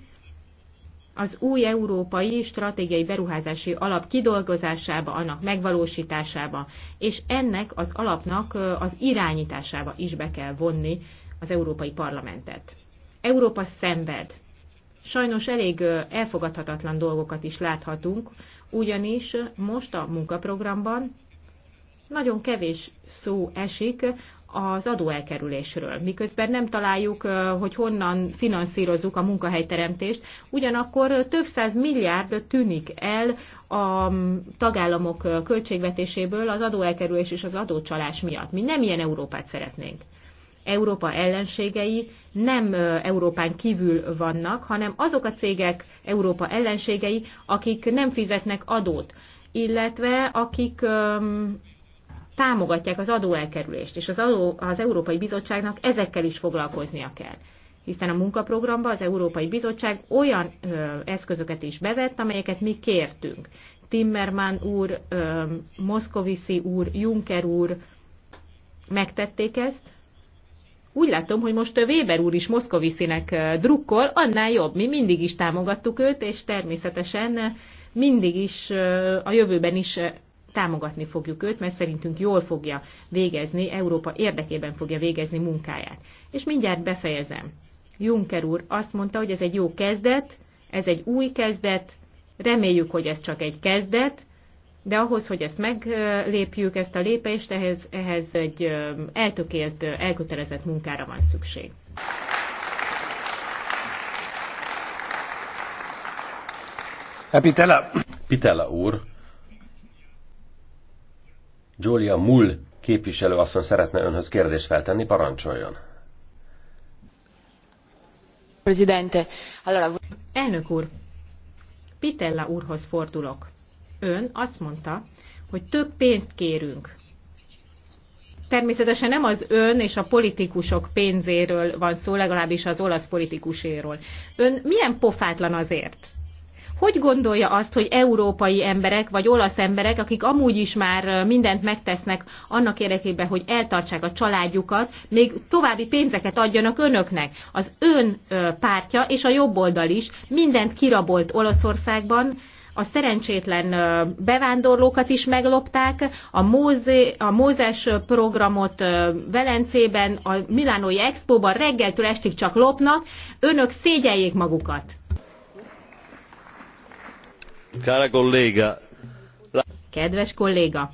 B: az új európai stratégiai beruházási alap kidolgozásába, annak megvalósításába, és ennek az alapnak az irányításába is be kell vonni az Európai Parlamentet. Európa szenved, sajnos elég elfogadhatatlan dolgokat is láthatunk, ugyanis most a munkaprogramban nagyon kevés szó esik az adóelkerülésről, miközben nem találjuk, hogy honnan finanszírozzuk a munkahelyteremtést, ugyanakkor több száz milliárd tűnik el a tagállamok költségvetéséből az adóelkerülés és az adócsalás miatt. Mi nem ilyen Európát szeretnénk. Európa ellenségei nem Európán kívül vannak, hanem azok a cégek Európa ellenségei, akik nem fizetnek adót, illetve akik öm, támogatják az adóelkerülést, és az, adó, az Európai Bizottságnak ezekkel is foglalkoznia kell hiszen a munkaprogramban az Európai Bizottság olyan ö, eszközöket is bevett, amelyeket mi kértünk. Timmerman úr, ö, Moszkoviszi úr, Juncker úr megtették ezt, úgy látom, hogy most Weber úr is Moszkoviszinek drukkol, annál jobb. Mi mindig is támogattuk őt, és természetesen mindig is a jövőben is támogatni fogjuk őt, mert szerintünk jól fogja végezni, Európa érdekében fogja végezni munkáját. És mindjárt befejezem. Juncker úr azt mondta, hogy ez egy jó kezdet, ez egy új kezdet, reméljük, hogy ez csak egy kezdet, de ahhoz, hogy ezt meglépjük, ezt a lépést, ehhez, ehhez egy eltökélt, elkötelezett munkára van szükség.
E: Pitella.
A: Pitella úr, Julia Mull képviselő asszony szeretne önhöz kérdést feltenni, parancsoljon.
B: Elnök úr, Pitella úrhoz fordulok ön azt mondta, hogy több pénzt kérünk. Természetesen nem az ön és a politikusok pénzéről van szó, legalábbis az olasz politikuséről. Ön milyen pofátlan azért? Hogy gondolja azt, hogy európai emberek vagy olasz emberek, akik amúgy is már mindent megtesznek annak érdekében, hogy eltartsák a családjukat, még további pénzeket adjanak önöknek? Az ön pártja és a oldal is mindent kirabolt Olaszországban, a szerencsétlen bevándorlókat is meglopták, a, Móze, a Mózes programot Velencében, a Milánói Expóban reggeltől estig csak lopnak, önök szégyeljék magukat.
A: Kára kolléga.
B: Kedves kolléga,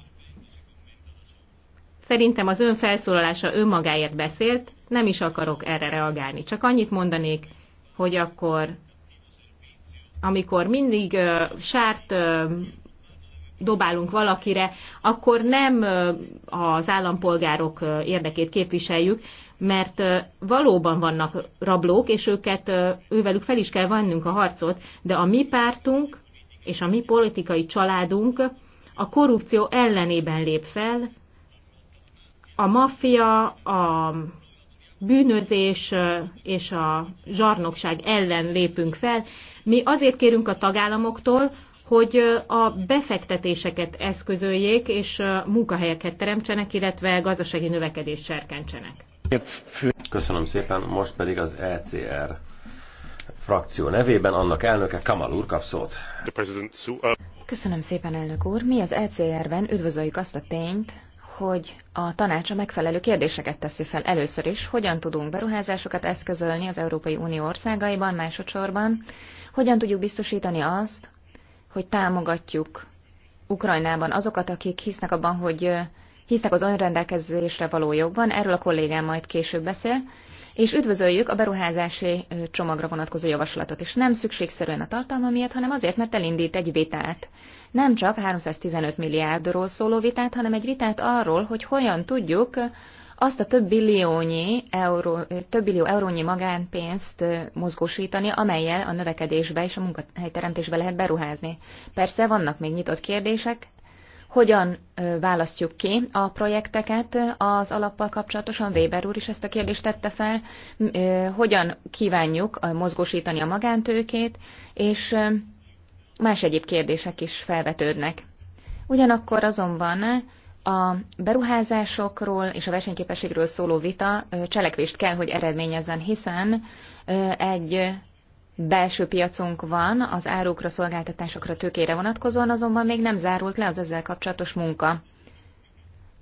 B: szerintem az ön felszólalása önmagáért beszélt, nem is akarok erre reagálni. Csak annyit mondanék, hogy akkor amikor mindig sárt dobálunk valakire, akkor nem az állampolgárok érdekét képviseljük, mert valóban vannak rablók, és őket, ővelük fel is kell vannunk a harcot, de a mi pártunk és a mi politikai családunk a korrupció ellenében lép fel, a maffia, a bűnözés és a zsarnokság ellen lépünk fel. Mi azért kérünk a tagállamoktól, hogy a befektetéseket eszközöljék, és munkahelyeket teremtsenek, illetve gazdasági növekedést serkentsenek.
A: Köszönöm szépen, most pedig az ECR frakció nevében annak elnöke Kamal úr kap szót. Uh,
B: Köszönöm szépen,
D: elnök úr. Mi az ECR-ben üdvözöljük azt a tényt, hogy a tanácsa megfelelő kérdéseket teszi fel először is, hogyan tudunk beruházásokat eszközölni az Európai Unió országaiban, másodszorban, hogyan tudjuk biztosítani azt, hogy támogatjuk Ukrajnában azokat, akik hisznek abban, hogy hisznek az önrendelkezésre való jogban, erről a kollégám majd később beszél, és üdvözöljük a beruházási csomagra vonatkozó javaslatot, és nem szükségszerűen a tartalma miatt, hanem azért, mert elindít egy vitát nem csak 315 milliárdról szóló vitát, hanem egy vitát arról, hogy hogyan tudjuk azt a több billiónyi, euró, több billió eurónyi magánpénzt mozgósítani, amelyel a növekedésbe és a munkahelyteremtésbe lehet beruházni. Persze vannak még nyitott kérdések, hogyan választjuk ki a projekteket az alappal kapcsolatosan, Weber úr is ezt a kérdést tette fel, hogyan kívánjuk mozgósítani a magántőkét, és más egyéb kérdések is felvetődnek. Ugyanakkor azonban a beruházásokról és a versenyképességről szóló vita cselekvést kell, hogy eredményezzen, hiszen egy belső piacunk van az árukra, szolgáltatásokra, tőkére vonatkozóan, azonban még nem zárult le az ezzel kapcsolatos munka.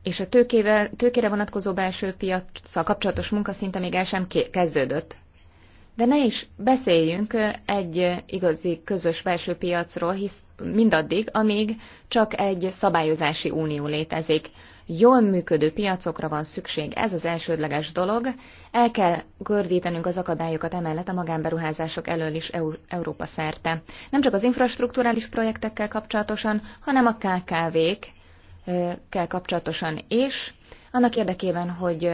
D: És a tőkével, tőkére vonatkozó belső piacsal kapcsolatos munka szinte még el sem kezdődött. De ne is beszéljünk egy igazi közös belső piacról, hisz mindaddig, amíg csak egy szabályozási unió létezik. Jól működő piacokra van szükség, ez az elsődleges dolog. El kell gördítenünk az akadályokat emellett a magánberuházások elől is EU- Európa szerte. Nem csak az infrastruktúrális projektekkel kapcsolatosan, hanem a KKV-kkel kapcsolatosan is, annak érdekében, hogy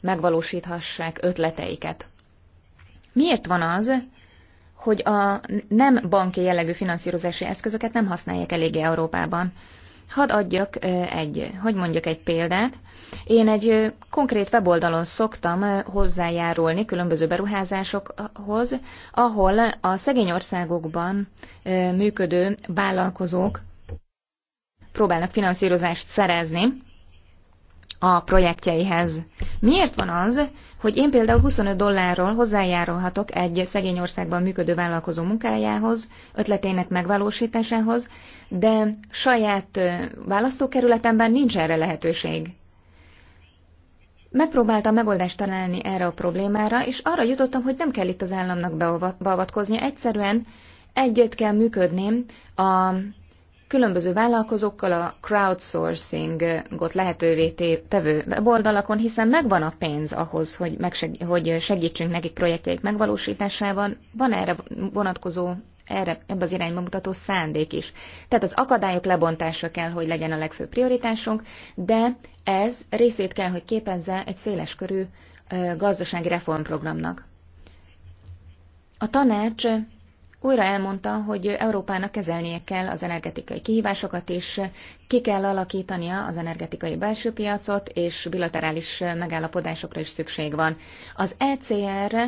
D: megvalósíthassák ötleteiket. Miért van az, hogy a nem banki jellegű finanszírozási eszközöket nem használják eléggé Európában? Hadd adjak egy, hogy mondjak egy példát. Én egy konkrét weboldalon szoktam hozzájárulni különböző beruházásokhoz, ahol a szegény országokban működő vállalkozók próbálnak finanszírozást szerezni, a projektjeihez. Miért van az, hogy én például 25 dollárról hozzájárulhatok egy szegény országban működő vállalkozó munkájához, ötletének megvalósításához, de saját választókerületemben nincs erre lehetőség. Megpróbáltam megoldást találni erre a problémára, és arra jutottam, hogy nem kell itt az államnak beavatkoznia, egyszerűen együtt kell működni a különböző vállalkozókkal a crowdsourcingot lehetővé tevő weboldalakon, hiszen megvan a pénz ahhoz, hogy, megseg- hogy segítsünk nekik projektjeik megvalósításában, van erre vonatkozó, erre, ebbe az irányba mutató szándék is. Tehát az akadályok lebontása kell, hogy legyen a legfőbb prioritásunk, de ez részét kell, hogy képezze egy körű gazdasági reformprogramnak. A tanács újra elmondta, hogy Európának kezelnie kell az energetikai kihívásokat is, ki kell alakítania az energetikai belső piacot, és bilaterális megállapodásokra is szükség van. Az ECR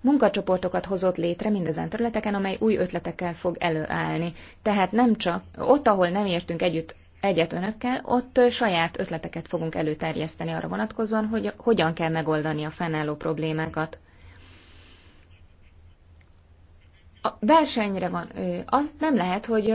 D: munkacsoportokat hozott létre mindezen területeken, amely új ötletekkel fog előállni. Tehát nem csak ott, ahol nem értünk együtt egyet önökkel, ott saját ötleteket fogunk előterjeszteni arra vonatkozóan, hogy hogyan kell megoldani a fennálló problémákat. versenyre van. Az nem lehet, hogy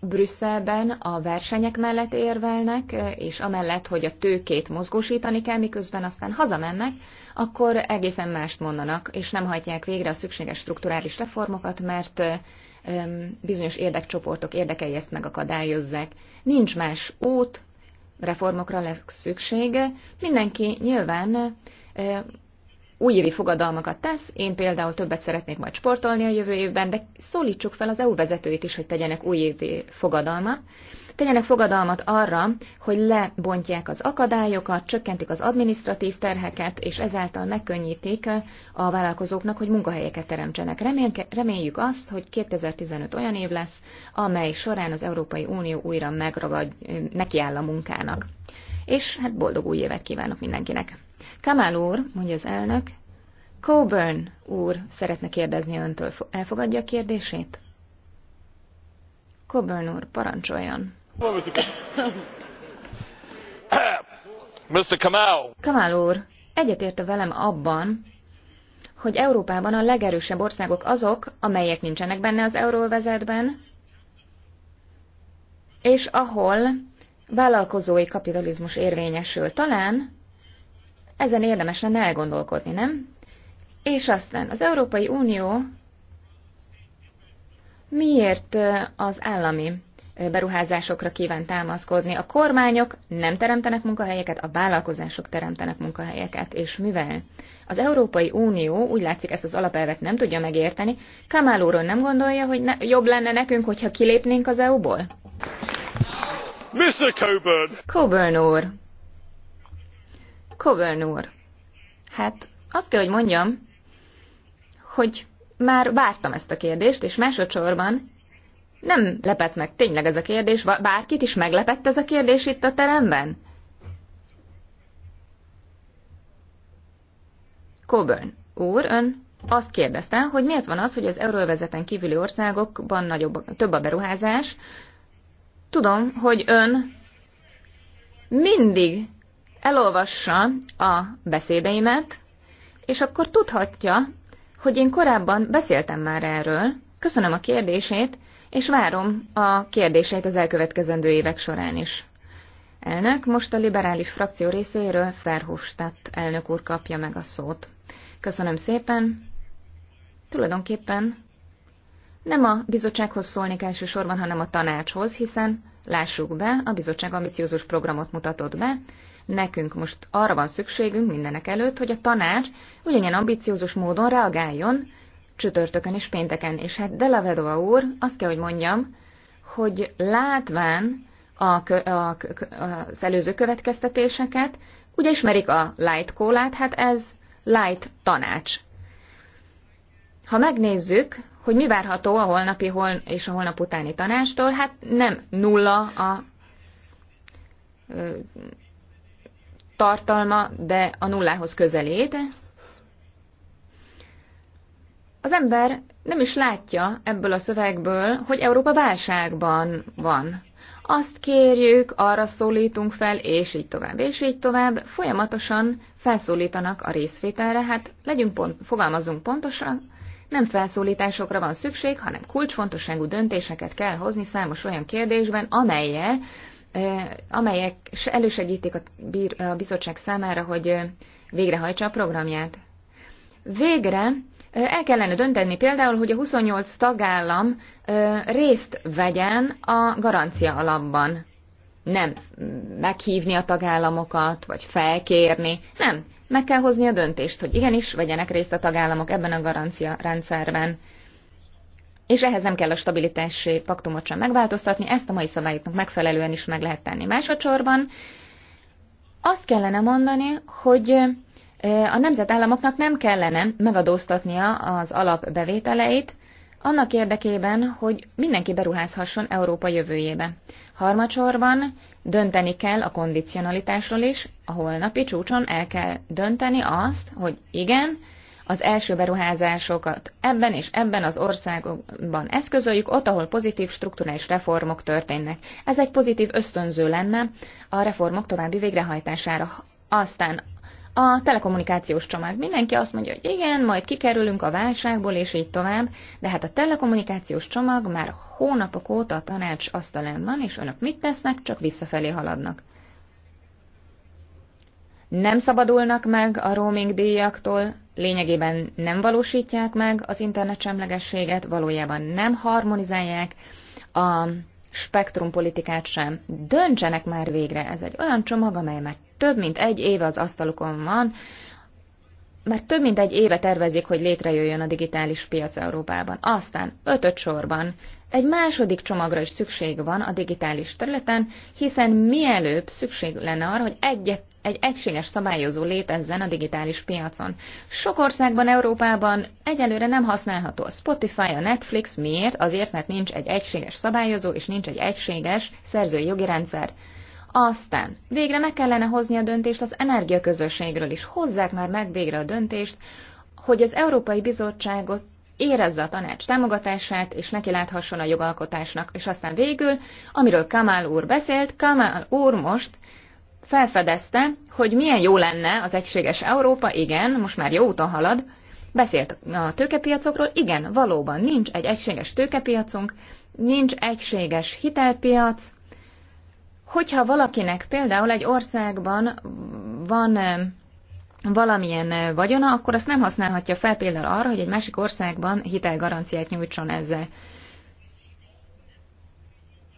D: Brüsszelben a versenyek mellett érvelnek, és amellett, hogy a tőkét mozgósítani kell, miközben aztán hazamennek, akkor egészen mást mondanak, és nem hajtják végre a szükséges strukturális reformokat, mert bizonyos érdekcsoportok érdekei ezt megakadályozzák. Nincs más út, reformokra lesz szüksége. Mindenki nyilván újévi fogadalmakat tesz, én például többet szeretnék majd sportolni a jövő évben, de szólítsuk fel az EU vezetőit is, hogy tegyenek újévi fogadalmat. Tegyenek fogadalmat arra, hogy lebontják az akadályokat, csökkentik az administratív terheket, és ezáltal megkönnyítik a vállalkozóknak, hogy munkahelyeket teremtsenek. Reméljük azt, hogy 2015 olyan év lesz, amely során az Európai Unió újra megragad, nekiáll a munkának. És hát boldog új évet kívánok mindenkinek! Kamál úr, mondja az elnök, Coburn úr szeretne kérdezni öntől. Elfogadja a kérdését? Coburn úr, parancsoljon.
F: Mr. Kamal.
D: Kamal úr, egyetérte velem abban, hogy Európában a legerősebb országok azok, amelyek nincsenek benne az euróvezetben, és ahol vállalkozói kapitalizmus érvényesül. Talán ezen érdemes lenne elgondolkodni, nem? És aztán az Európai Unió miért az állami beruházásokra kíván támaszkodni? A kormányok nem teremtenek munkahelyeket, a vállalkozások teremtenek munkahelyeket. És mivel? Az Európai Unió úgy látszik ezt az alapelvet nem tudja megérteni, Kamál úrról nem gondolja, hogy ne, jobb lenne nekünk, hogyha kilépnénk az EU-ból?
A: Mr. Coburn!
D: Coburn úr! Coburn úr, hát azt kell, hogy mondjam, hogy már vártam ezt a kérdést, és másodszorban nem lepett meg tényleg ez a kérdés. Bárkit is meglepett ez a kérdés itt a teremben? Coburn úr, ön azt kérdezte, hogy miért van az, hogy az euróvezeten kívüli országokban nagyobb, több a beruházás. Tudom, hogy ön mindig elolvassa a beszédeimet, és akkor tudhatja, hogy én korábban beszéltem már erről, köszönöm a kérdését, és várom a kérdéseit az elkövetkezendő évek során is. Elnök, most a liberális frakció részéről Ferhofstadt elnök úr kapja meg a szót. Köszönöm szépen. Tulajdonképpen nem a bizottsághoz szólni elsősorban, hanem a tanácshoz, hiszen lássuk be, a bizottság ambiciózus programot mutatott be, Nekünk most arra van szükségünk mindenek előtt, hogy a tanács ugyanilyen ambiciózus módon reagáljon csütörtökön és pénteken. És hát Delavedova úr, azt kell, hogy mondjam, hogy látván a, a, az előző következtetéseket, ugye ismerik a light kólát, hát ez light tanács. Ha megnézzük, hogy mi várható a holnapi hol és a holnap utáni tanástól, hát nem nulla a tartalma, de a nullához közelét. Az ember nem is látja ebből a szövegből, hogy Európa válságban van. Azt kérjük, arra szólítunk fel, és így tovább, és így tovább. Folyamatosan felszólítanak a részvételre, hát legyünk pont, fogalmazunk pontosan, nem felszólításokra van szükség, hanem kulcsfontosságú döntéseket kell hozni számos olyan kérdésben, amelyel amelyek elősegítik a bizottság számára, hogy végrehajtsa a programját. Végre el kellene dönteni például, hogy a 28 tagállam részt vegyen a garancia alapban. Nem meghívni a tagállamokat, vagy felkérni. Nem. Meg kell hozni a döntést, hogy igenis vegyenek részt a tagállamok ebben a garancia rendszerben és ehhez nem kell a stabilitási paktumot sem megváltoztatni, ezt a mai szabályoknak megfelelően is meg lehet tenni. Másodszorban azt kellene mondani, hogy a nemzetállamoknak nem kellene megadóztatnia az alapbevételeit, annak érdekében, hogy mindenki beruházhasson Európa jövőjébe. Harmadsorban dönteni kell a kondicionalitásról is, a holnapi csúcson el kell dönteni azt, hogy igen, az első beruházásokat ebben és ebben az országokban eszközöljük, ott, ahol pozitív struktúrális reformok történnek. Ez egy pozitív ösztönző lenne a reformok további végrehajtására. Aztán a telekommunikációs csomag. Mindenki azt mondja, hogy igen, majd kikerülünk a válságból, és így tovább, de hát a telekommunikációs csomag már hónapok óta a tanács asztalán van, és önök mit tesznek, csak visszafelé haladnak nem szabadulnak meg a roaming díjaktól, lényegében nem valósítják meg az internet semlegességet, valójában nem harmonizálják a spektrumpolitikát sem. Döntsenek már végre, ez egy olyan csomag, amely már több mint egy éve az asztalukon van, már több mint egy éve tervezik, hogy létrejöjjön a digitális piac Európában. Aztán ötöt sorban egy második csomagra is szükség van a digitális területen, hiszen mielőbb szükség lenne arra, hogy egyet egy egységes szabályozó létezzen a digitális piacon. Sok országban, Európában egyelőre nem használható a Spotify, a Netflix. Miért? Azért, mert nincs egy egységes szabályozó, és nincs egy egységes szerzői jogi rendszer. Aztán végre meg kellene hozni a döntést az energiaközösségről is. Hozzák már meg végre a döntést, hogy az Európai Bizottságot érezze a tanács támogatását, és neki láthasson a jogalkotásnak. És aztán végül, amiről Kamál úr beszélt, Kamál úr most felfedezte, hogy milyen jó lenne az egységes Európa, igen, most már jó úton halad, beszélt a tőkepiacokról, igen, valóban nincs egy egységes tőkepiacunk, nincs egységes hitelpiac, hogyha valakinek például egy országban van um, valamilyen uh, vagyona, akkor azt nem használhatja fel például arra, hogy egy másik országban hitelgaranciát nyújtson ezzel.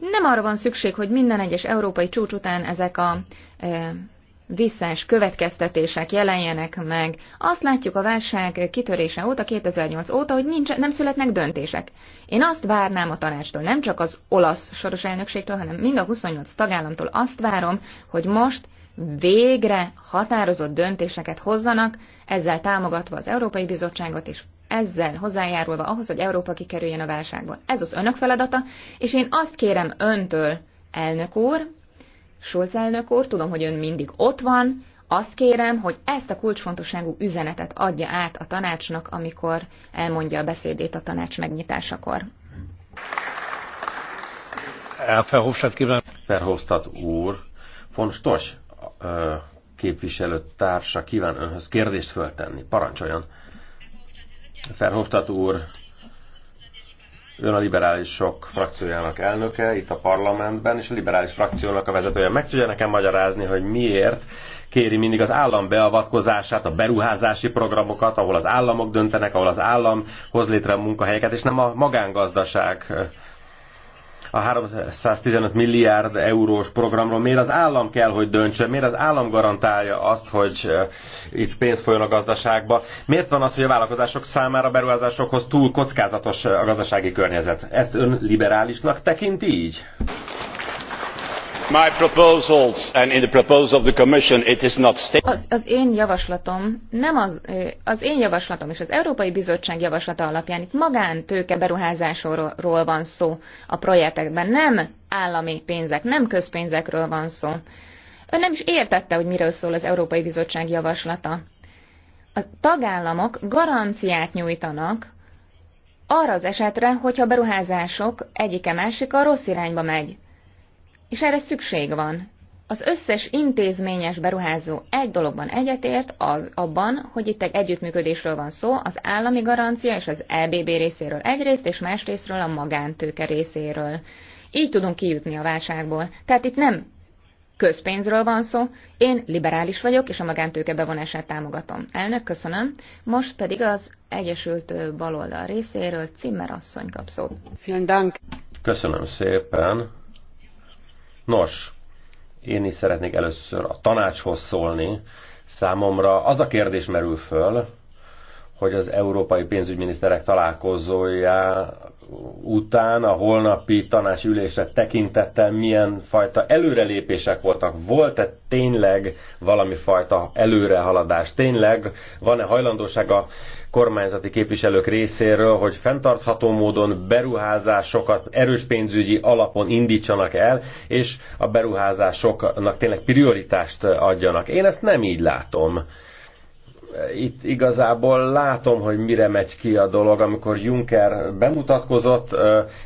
D: Nem arra van szükség, hogy minden egyes európai csúcs után ezek a e, visszás következtetések jelenjenek meg. Azt látjuk a válság kitörése óta, 2008 óta, hogy nincs, nem születnek döntések. Én azt várnám a tanácstól, nem csak az olasz soros elnökségtől, hanem mind a 28 tagállamtól azt várom, hogy most végre határozott döntéseket hozzanak, ezzel támogatva az Európai Bizottságot és ezzel hozzájárulva ahhoz, hogy Európa kikerüljön a válságból. Ez az önök feladata, és én azt kérem öntől, elnök úr, Schulz elnök úr, tudom, hogy ön mindig ott van, azt kérem, hogy ezt a kulcsfontosságú üzenetet adja át a tanácsnak, amikor elmondja a beszédét a tanács megnyitásakor.
E: Elfelhoztat úr,
A: von úr. Fontos képviselőtársa kíván önhöz kérdést föltenni. Parancsoljon! Ferhoftat úr, ön a liberálisok frakciójának elnöke itt a parlamentben, és a liberális frakciónak a vezetője. Meg tudja nekem magyarázni, hogy miért kéri mindig az állam beavatkozását, a beruházási programokat, ahol az államok döntenek, ahol az állam hoz létre munkahelyeket, és nem a magángazdaság a 315 milliárd eurós programról, miért az állam kell, hogy döntse, miért az állam garantálja azt, hogy eh, itt pénz folyjon a gazdaságba, miért van az, hogy a vállalkozások számára a beruházásokhoz túl kockázatos a gazdasági környezet. Ezt ön liberálisnak tekinti így?
D: Az, én javaslatom nem az, az én javaslatom és az Európai Bizottság javaslata alapján itt magántőke beruházásról van szó a projektekben, nem állami pénzek, nem közpénzekről van szó. Ön nem is értette, hogy miről szól az Európai Bizottság javaslata. A tagállamok garanciát nyújtanak arra az esetre, hogyha a beruházások egyike másik a rossz irányba megy és erre szükség van. Az összes intézményes beruházó egy dologban egyetért, az abban, hogy itt egy együttműködésről van szó, az állami garancia és az EBB részéről egyrészt, és másrésztről a magántőke részéről. Így tudunk kijutni a válságból. Tehát itt nem közpénzről van szó, én liberális vagyok, és a magántőke bevonását támogatom. Elnök, köszönöm. Most pedig az Egyesült Baloldal részéről Cimmer asszony kap szót.
A: Köszönöm szépen Nos, én is szeretnék először a tanácshoz szólni. Számomra az a kérdés merül föl, hogy az európai pénzügyminiszterek találkozója után a holnapi tanácsülésre tekintettel milyen fajta előrelépések voltak? Volt-e tényleg valami fajta előrehaladás? Tényleg van-e hajlandóság a kormányzati képviselők részéről, hogy fenntartható módon beruházásokat erős pénzügyi alapon indítsanak el, és a beruházásoknak tényleg prioritást adjanak? Én ezt nem így látom itt igazából látom, hogy mire megy ki a dolog, amikor Juncker bemutatkozott,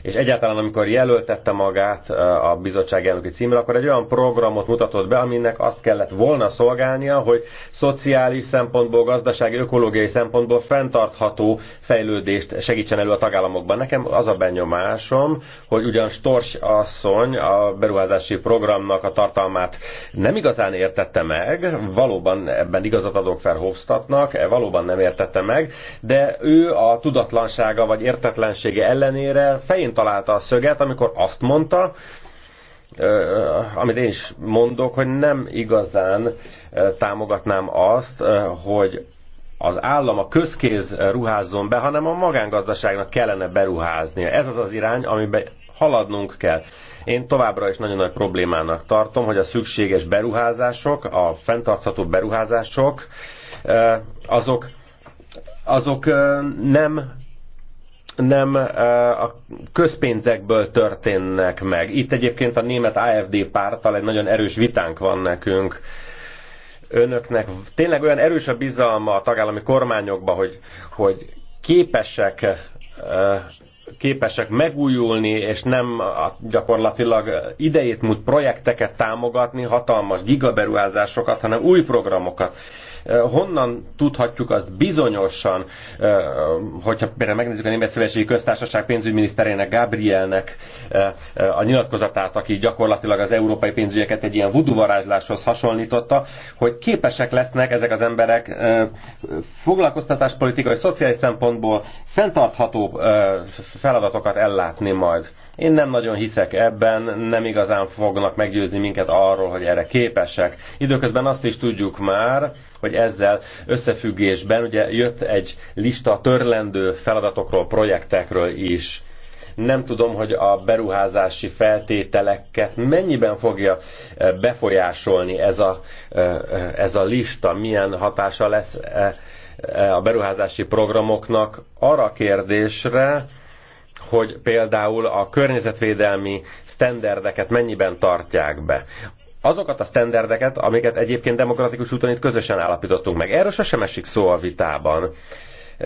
A: és egyáltalán amikor jelöltette magát a bizottság elnöki címre, akkor egy olyan programot mutatott be, aminek azt kellett volna szolgálnia, hogy szociális szempontból, gazdasági, ökológiai szempontból fenntartható fejlődést segítsen elő a tagállamokban. Nekem az a benyomásom, hogy ugyan Stors asszony a beruházási programnak a tartalmát nem igazán értette meg, valóban ebben igazat adok Verhofstadt, foglalkoztatnak, e valóban nem értette meg, de ő a tudatlansága vagy értetlensége ellenére fején találta a szöget, amikor azt mondta, amit én is mondok, hogy nem igazán támogatnám azt, hogy az állam a közkéz ruházzon be, hanem a magángazdaságnak kellene beruháznia. Ez az az irány, amiben haladnunk kell. Én továbbra is nagyon nagy problémának tartom, hogy a szükséges beruházások, a fenntartható beruházások Eh, azok, azok eh, nem nem eh, a közpénzekből történnek meg. Itt egyébként a német AFD párttal egy nagyon erős vitánk van nekünk. Önöknek tényleg olyan erős a bizalma a tagállami kormányokba, hogy, hogy képesek képesek megújulni, és nem gyakorlatilag idejét múlt projekteket támogatni, hatalmas gigaberuházásokat, hanem új programokat Eh, honnan tudhatjuk azt bizonyosan, eh, hogyha például megnézzük a Német Szövetségi Köztársaság pénzügyminiszterének, Gabrielnek eh, a nyilatkozatát, aki gyakorlatilag az európai pénzügyeket egy ilyen vuduvarázsláshoz hasonlította, hogy képesek lesznek ezek az emberek foglalkoztatáspolitikai, szociális szempontból fenntartható feladatokat ellátni majd. Én nem nagyon hiszek ebben, nem igazán fognak meggyőzni minket arról, hogy erre képesek. Időközben azt is tudjuk már, hogy ezzel összefüggésben ugye jött egy lista törlendő feladatokról, projektekről is. Nem tudom, hogy a beruházási feltételeket mennyiben fogja eh, befolyásolni ez a, eh, eh, ez a lista, milyen hatása lesz a beruházási programoknak arra a kérdésre, hogy például a környezetvédelmi sztenderdeket mennyiben tartják be. Azokat a sztenderdeket, amiket egyébként demokratikus úton itt közösen állapítottunk meg. Erről sosem esik szó a vitában.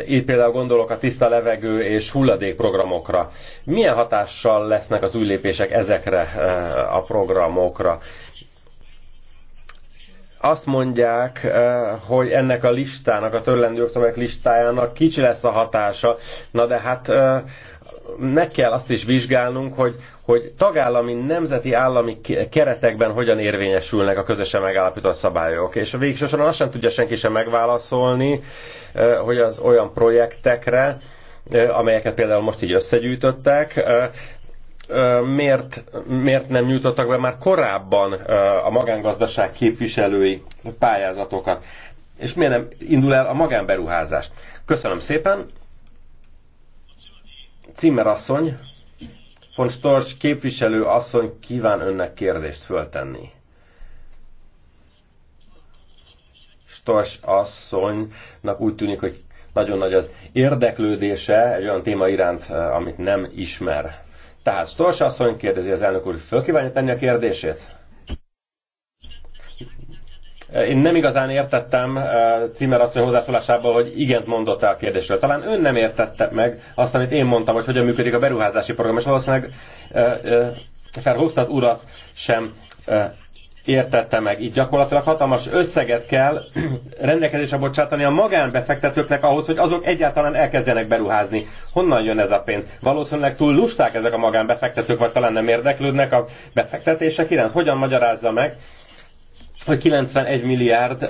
A: Itt például gondolok a tiszta levegő és hulladék programokra. Milyen hatással lesznek az új lépések ezekre eh, a programokra? azt mondják, eh, hogy ennek a listának, a törlendő listájának kicsi lesz a hatása. Na de hát eh, meg kell azt is vizsgálnunk, hogy, hogy tagállami, nemzeti, állami keretekben hogyan érvényesülnek a közösen megállapított szabályok. És a végsősorban azt sem tudja senki sem megválaszolni, eh, hogy az olyan projektekre, eh, amelyeket például most így összegyűjtöttek, eh, miért, miért nem nyújtottak be már korábban a magángazdaság képviselői pályázatokat, és miért nem indul el a magánberuházás. Köszönöm szépen! Cimmer asszony, von Storch képviselő asszony kíván önnek kérdést föltenni. Storch asszonynak úgy tűnik, hogy nagyon nagy az érdeklődése egy olyan téma iránt, eh, amit nem ismer. Tehát Storch asszony kérdezi az elnök úr, föl tenni a kérdését? Én nem igazán értettem Cimer eh, asszony hozzászólásából, hogy igent mondott el kérdésről. Talán ön nem értette meg azt, amit én mondtam, hogy hogyan működik a beruházási program, és valószínűleg Ferhofstadt eh, eh, urat sem értette meg. Itt gyakorlatilag hatalmas összeget kell [CLEARS THROAT] rendelkezésre bocsátani a magánbefektetőknek ahhoz, hogy azok egyáltalán elkezdjenek beruházni. Honnan jön ez a pénz? Valószínűleg túl lusták ezek a magánbefektetők, vagy talán nem érdeklődnek a befektetések iránt. Hogyan magyarázza meg, hogy 91 milliárd,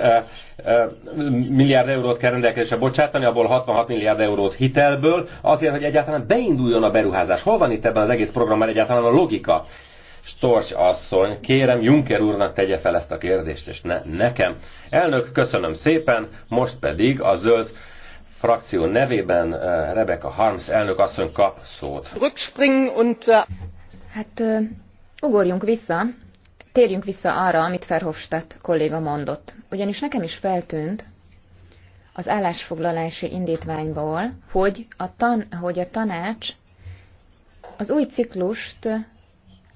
A: milliárd eurót kell rendelkezésre bocsátani, abból 66 milliárd eurót hitelből, azért, hogy egyáltalán beinduljon a beruházás. Hol van itt ebben az egész programban egyáltalán a logika? Storch asszony, kérem Juncker úrnak tegye fel ezt a kérdést, és ne nekem. Elnök, köszönöm szépen, most pedig a zöld frakció nevében Rebecca Harms elnök asszony kap szót.
D: Äh, hát ugorjunk vissza térjünk vissza arra, amit Verhofstadt kolléga mondott. Ugyanis nekem is feltűnt az állásfoglalási indítványból, hogy a, tan, hogy a tanács az új ciklust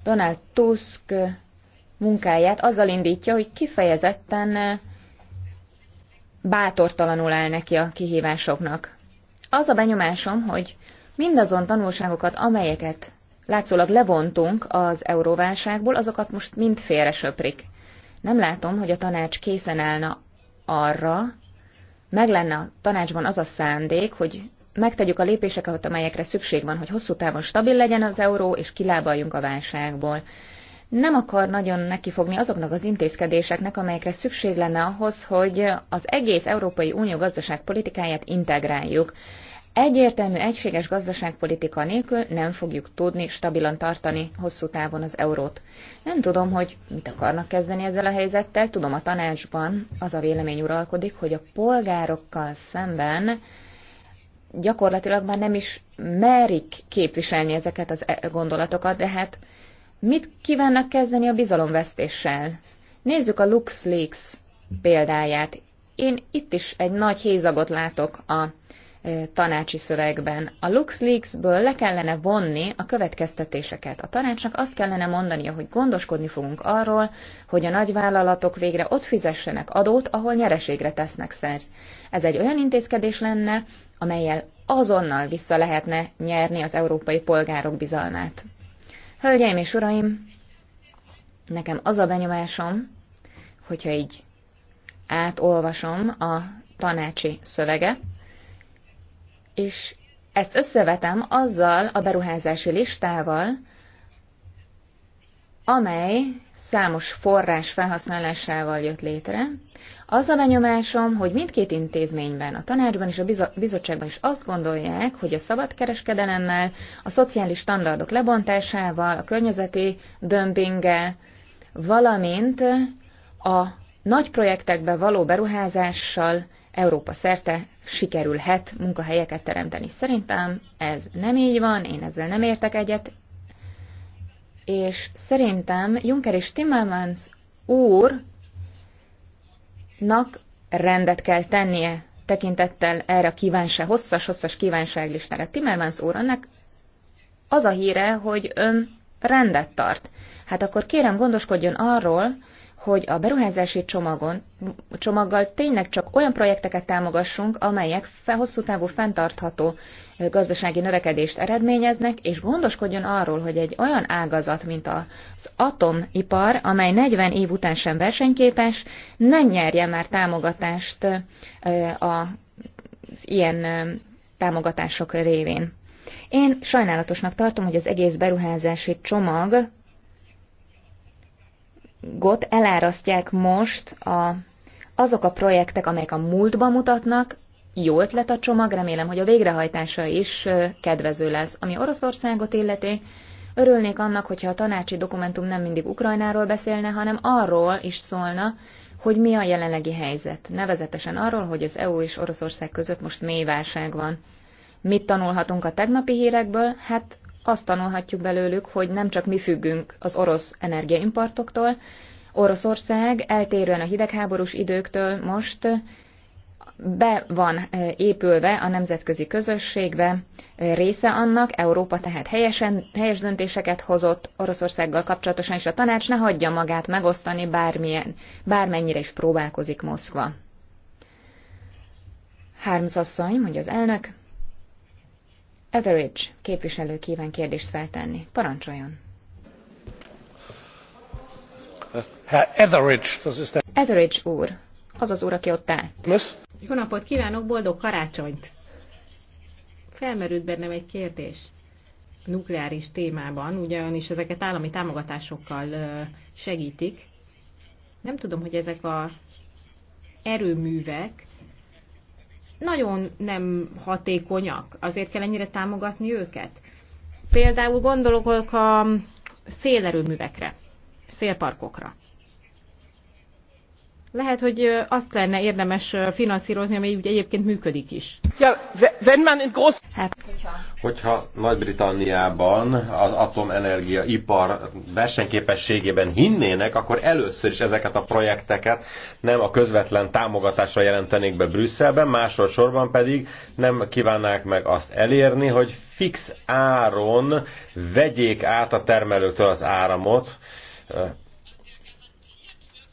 D: Donald Tusk munkáját azzal indítja, hogy kifejezetten bátortalanul áll neki a kihívásoknak. Az a benyomásom, hogy mindazon tanulságokat, amelyeket látszólag levontunk az euróválságból, azokat most mind félre söprik. Nem látom, hogy a tanács készen állna arra, meg lenne a tanácsban az a szándék, hogy megtegyük a lépéseket, amelyekre szükség van, hogy hosszú távon stabil legyen az euró, és kilábaljunk a válságból. Nem akar nagyon nekifogni azoknak az intézkedéseknek, amelyekre szükség lenne ahhoz, hogy az egész Európai Unió gazdaságpolitikáját integráljuk. Egyértelmű, egységes gazdaságpolitika nélkül nem fogjuk tudni stabilan tartani hosszú távon az eurót. Nem tudom, hogy mit akarnak kezdeni ezzel a helyzettel. Tudom, a tanácsban az a vélemény uralkodik, hogy a polgárokkal szemben gyakorlatilag már nem is merik képviselni ezeket az e- gondolatokat, de hát mit kívánnak kezdeni a bizalomvesztéssel? Nézzük a LuxLeaks példáját. Én itt is egy nagy hézagot látok a tanácsi szövegben. A LuxLeaks-ből le kellene vonni a következtetéseket. A tanácsnak azt kellene mondania, hogy gondoskodni fogunk arról, hogy a nagyvállalatok végre ott fizessenek adót, ahol nyereségre tesznek szert. Ez egy olyan intézkedés lenne, amelyel azonnal vissza lehetne nyerni az európai polgárok bizalmát. Hölgyeim és uraim, nekem az a benyomásom, hogyha így átolvasom a tanácsi szöveget, és ezt összevetem azzal a beruházási listával, amely számos forrás felhasználásával jött létre. Az a benyomásom, hogy mindkét intézményben, a tanácsban és a bizottságban is azt gondolják, hogy a szabadkereskedelemmel, a szociális standardok lebontásával, a környezeti dömpinggel, valamint a nagy projektekbe való beruházással Európa szerte sikerülhet munkahelyeket teremteni. Szerintem ez nem így van, én ezzel nem értek egyet, és szerintem Juncker és Timmermans úrnak rendet kell tennie tekintettel erre a kívánság, hosszas-hosszas kívánságlistára. Timmermans úr, annak az a híre, hogy ön rendet tart. Hát akkor kérem gondoskodjon arról, hogy a beruházási csomagon, csomaggal tényleg csak olyan projekteket támogassunk, amelyek hosszú távú fenntartható gazdasági növekedést eredményeznek, és gondoskodjon arról, hogy egy olyan ágazat, mint az atomipar, amely 40 év után sem versenyképes, ne nyerje már támogatást az ilyen támogatások révén. Én sajnálatosnak tartom, hogy az egész beruházási csomag got elárasztják most a, azok a projektek, amelyek a múltba mutatnak, jó ötlet a csomag, remélem, hogy a végrehajtása is kedvező lesz. Ami Oroszországot illeti, örülnék annak, hogyha a tanácsi dokumentum nem mindig Ukrajnáról beszélne, hanem arról is szólna, hogy mi a jelenlegi helyzet. Nevezetesen arról, hogy az EU és Oroszország között most mély válság van. Mit tanulhatunk a tegnapi hírekből? Hát azt tanulhatjuk belőlük, hogy nem csak mi függünk az orosz energiaimportoktól, Oroszország eltérően a hidegháborús időktől most be van eh, épülve a nemzetközi közösségbe, része annak, Európa tehát helyesen, helyes döntéseket hozott Oroszországgal kapcsolatosan, és a tanács ne hagyja magát megosztani bármilyen, bármennyire is próbálkozik Moszkva. Hármzasszony, mondja az elnök, Etheridge képviselő kíván kérdést feltenni. Parancsoljon! Etheridge, Etheridge úr, az az úr, aki ott áll.
E: Miss?
B: Jó napot kívánok, boldog karácsonyt! Felmerült bennem egy kérdés nukleáris témában, ugyanis ezeket állami támogatásokkal segítik. Nem tudom, hogy ezek a erőművek nagyon nem hatékonyak, azért kell ennyire támogatni őket. Például gondolok a szélerőművekre, szélparkokra lehet, hogy azt lenne érdemes finanszírozni, ami úgy egyébként működik is. Ja, wenn man in groß... Hát, hogyha,
A: hogyha Nagy-Britanniában az atomenergia ipar versenyképességében hinnének, akkor először is ezeket a projekteket nem a közvetlen támogatásra jelentenék be Brüsszelben, másodszorban pedig nem kívánnák meg azt elérni, hogy fix áron vegyék át a termelőtől az áramot,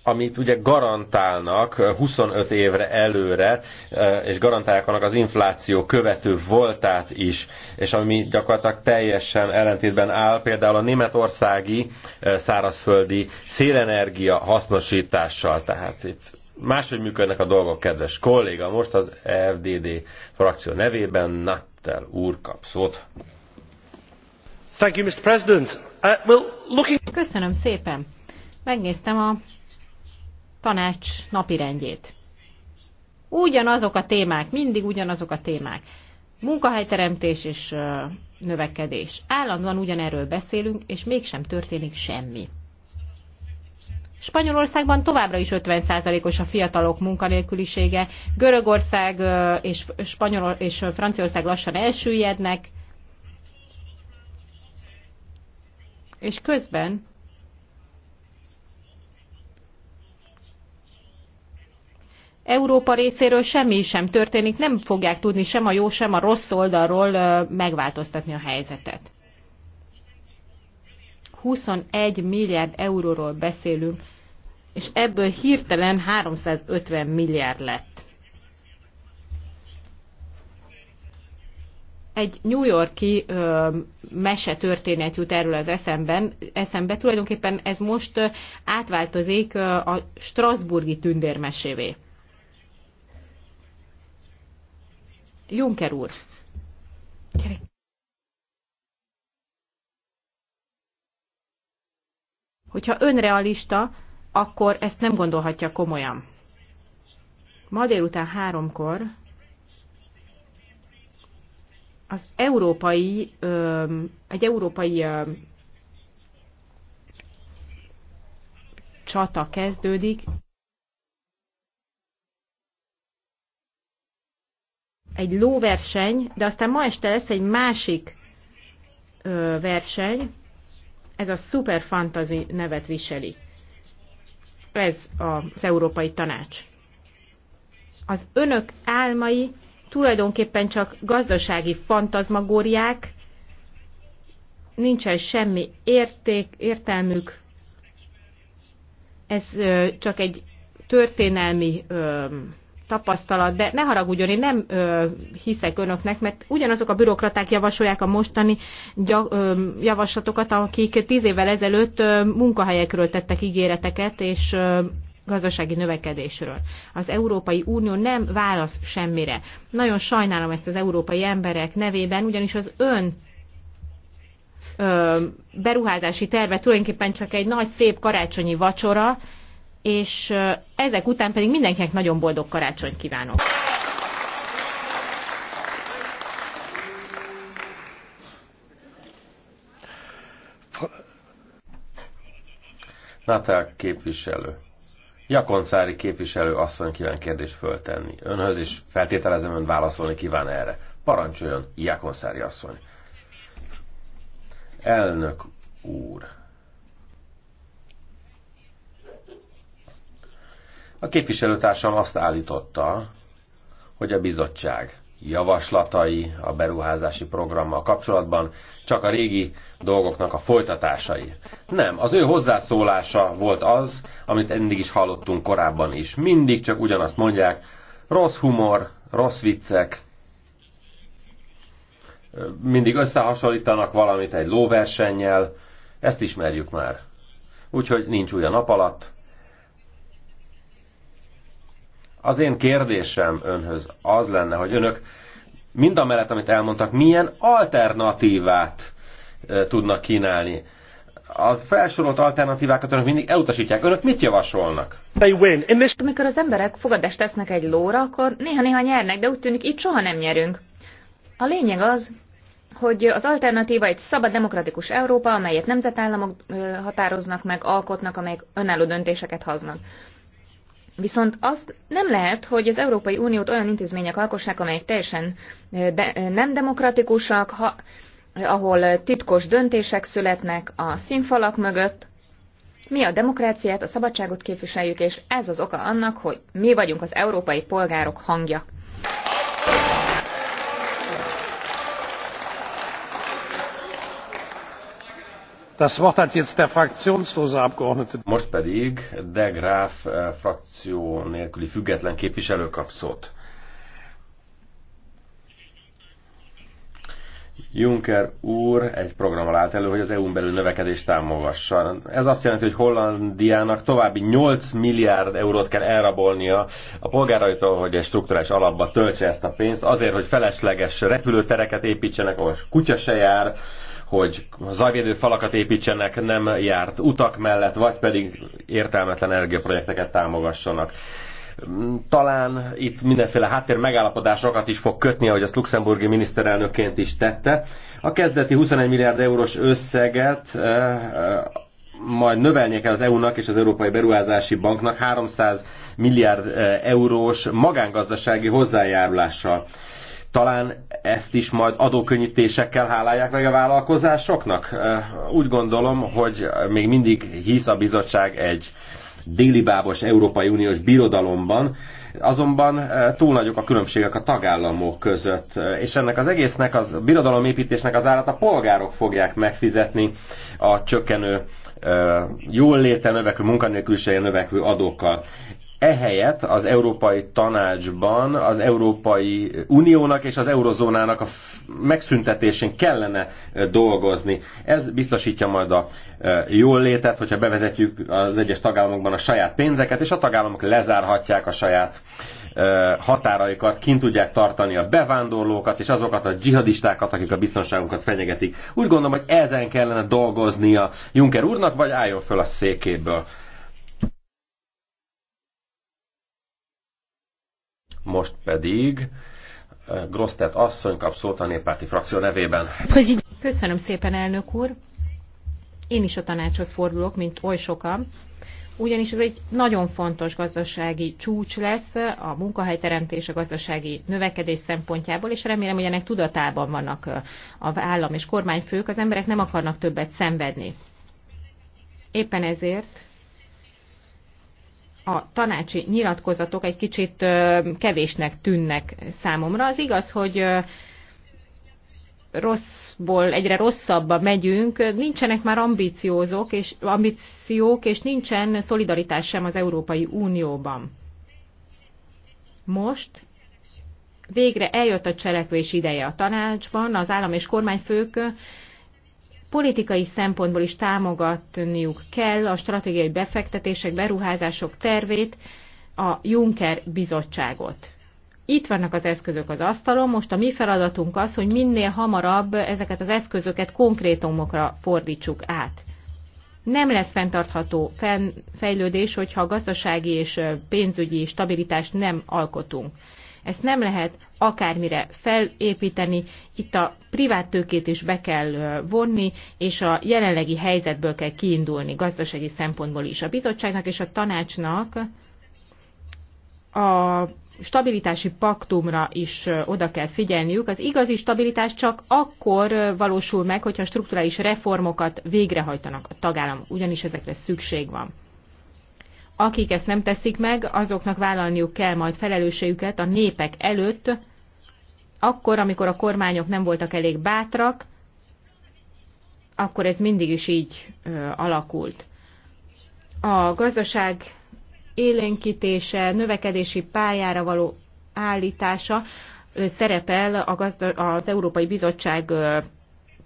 A: amit ugye garantálnak 25 évre előre, és garantálják annak az infláció követő voltát is, és ami gyakorlatilag teljesen ellentétben áll, például a németországi szárazföldi szélenergia hasznosítással, tehát itt máshogy működnek a dolgok, kedves kolléga. Most az FDD frakció nevében Nattel úr kap szót. Thank you, Mr. President.
B: Uh, well, looking... Köszönöm szépen. Megnéztem a tanács napirendjét. Ugyanazok a témák, mindig ugyanazok a témák. Munkahelyteremtés és növekedés. Állandóan ugyanerről beszélünk, és mégsem történik semmi. Spanyolországban továbbra is 50%-os a fiatalok munkanélkülisége, Görögország és, Spanyol és Franciaország lassan elsüllyednek, és közben Európa részéről semmi sem történik, nem fogják tudni sem a jó, sem a rossz oldalról megváltoztatni a helyzetet. 21 milliárd euróról beszélünk, és ebből hirtelen 350 milliárd lett. Egy New Yorki ö, mese történet jut erről az eszemben, eszembe. Tulajdonképpen ez most átváltozik a Strasburgi tündérmesévé. Juncker úr. Kérlek. Hogyha önrealista, akkor ezt nem gondolhatja komolyan. Ma délután háromkor az európai, egy európai csata kezdődik, egy lóverseny, de aztán ma este lesz egy másik ö, verseny, ez a Super Fantasy nevet viseli. Ez az Európai Tanács. Az önök álmai tulajdonképpen csak gazdasági fantazmagóriák, nincsen semmi érték, értelmük, ez ö, csak egy történelmi ö, tapasztalat, de ne haragudjon, én nem ö, hiszek önöknek, mert ugyanazok a bürokraták javasolják a mostani gyak, ö, javaslatokat, akik tíz évvel ezelőtt ö, munkahelyekről tettek ígéreteket, és ö, gazdasági növekedésről. Az Európai Unió nem válasz semmire. Nagyon sajnálom ezt az európai emberek nevében, ugyanis az ön ö, beruházási terve tulajdonképpen csak egy nagy szép karácsonyi vacsora, és ezek után pedig mindenkinek nagyon boldog karácsonyt kívánok.
A: Natál képviselő. Jakonszári képviselő asszony kíván kérdést föltenni. Önhöz is feltételezem, ön válaszolni kíván erre. Parancsoljon, Jakonszári asszony. Elnök úr. A képviselőtársam azt állította, hogy a bizottság javaslatai a beruházási programmal kapcsolatban csak a régi dolgoknak a folytatásai. Nem, az ő hozzászólása volt az, amit eddig is hallottunk korábban is. Mindig csak ugyanazt mondják, rossz humor, rossz viccek, mindig összehasonlítanak valamit egy lóversennyel, ezt ismerjük már. Úgyhogy nincs új a nap alatt, az én kérdésem önhöz az lenne, hogy önök mind a mellett, amit elmondtak, milyen alternatívát tudnak kínálni. A felsorolt alternatívákat önök mindig elutasítják. Önök mit javasolnak? This...
D: Amikor az emberek fogadást tesznek egy lóra, akkor néha-néha nyernek, de úgy tűnik, itt soha nem nyerünk. A lényeg az, hogy az alternatíva egy szabad demokratikus Európa, amelyet nemzetállamok határoznak meg, alkotnak, amelyek önálló döntéseket hoznak. Viszont azt nem lehet, hogy az Európai Uniót olyan intézmények alkossák, amelyek teljesen de, nem demokratikusak, ha, ahol titkos döntések születnek a színfalak mögött. Mi a demokráciát, a szabadságot képviseljük, és ez az oka annak, hogy mi vagyunk az európai polgárok hangja.
A: Most pedig De Graaf eh, frakció nélküli független képviselő kap szót. Juncker úr egy programmal állt elő, hogy az EU-n belül növekedést támogassa. Ez azt jelenti, hogy Hollandiának további 8 milliárd eurót kell elrabolnia a polgáraitól, hogy egy strukturális alapba töltse ezt a pénzt, azért, hogy felesleges repülőtereket építsenek, ahol kutya se jár, hogy zajvédő falakat építsenek, nem járt utak mellett, vagy pedig értelmetlen energiaprojekteket támogassanak. Talán itt mindenféle háttér megállapodásokat is fog kötni, ahogy azt luxemburgi miniszterelnökként is tette. A kezdeti 21 milliárd eurós összeget eh, eh, majd növelnie kell az EU-nak és az Európai Beruházási Banknak 300 milliárd eh, eurós magángazdasági hozzájárulással. Talán ezt is majd adókönnyítésekkel hálálják meg a vállalkozásoknak? Úgy gondolom, hogy még mindig hisz a bizottság egy délibábos Európai Uniós birodalomban, azonban túl nagyok a különbségek a tagállamok között, és ennek az egésznek, az birodalomépítésnek az árat a polgárok fogják megfizetni a csökkenő jól léte növekvő munkanélküliségen növekvő adókkal. Ehelyett az Európai Tanácsban az Európai Uniónak és az Eurozónának a megszüntetésén kellene dolgozni. Ez biztosítja majd a jól létet, hogyha bevezetjük az egyes tagállamokban a saját pénzeket, és a tagállamok lezárhatják a saját határaikat, kint tudják tartani a bevándorlókat és azokat a dzsihadistákat, akik a biztonságunkat fenyegetik. Úgy gondolom, hogy ezen kellene dolgoznia Juncker úrnak, vagy álljon föl a székéből. Most pedig eh, Grosztet asszony kap szót a néppárti frakció nevében.
B: Köszönöm szépen, elnök úr. Én is a tanácshoz fordulok, mint oly sokan, ugyanis ez egy nagyon fontos gazdasági csúcs lesz a munkahelyteremtés, a gazdasági növekedés szempontjából, és remélem, hogy ennek tudatában vannak eh, a állam és kormányfők, az emberek nem akarnak többet szenvedni. Éppen ezért a tanácsi nyilatkozatok egy kicsit kevésnek tűnnek számomra. Az igaz, hogy rosszból egyre rosszabbba megyünk, nincsenek már ambíciózók és, ambíciók, és nincsen szolidaritás sem az Európai Unióban. Most végre eljött a cselekvés ideje a tanácsban, az állam és kormányfők politikai szempontból is támogatniuk kell a stratégiai befektetések, beruházások tervét, a Juncker bizottságot. Itt vannak az eszközök az asztalon, most a mi feladatunk az, hogy minél hamarabb ezeket az eszközöket konkrétumokra fordítsuk át. Nem lesz fenntartható fejlődés, hogyha a gazdasági és pénzügyi stabilitást nem alkotunk. Ezt nem lehet akármire felépíteni, itt a privát tőkét is be kell vonni, és a jelenlegi helyzetből kell kiindulni gazdasági szempontból is. A bizottságnak és a tanácsnak a stabilitási paktumra is oda kell figyelniük. Az igazi stabilitás csak akkor valósul meg, hogyha strukturális reformokat végrehajtanak a tagállam, ugyanis ezekre szükség van akik ezt nem teszik meg, azoknak vállalniuk kell majd felelősségüket a népek előtt, akkor, amikor a kormányok nem voltak elég bátrak, akkor ez mindig is így ö, alakult. A gazdaság élénkítése, növekedési pályára való állítása ö, szerepel a gazda, az Európai Bizottság ö,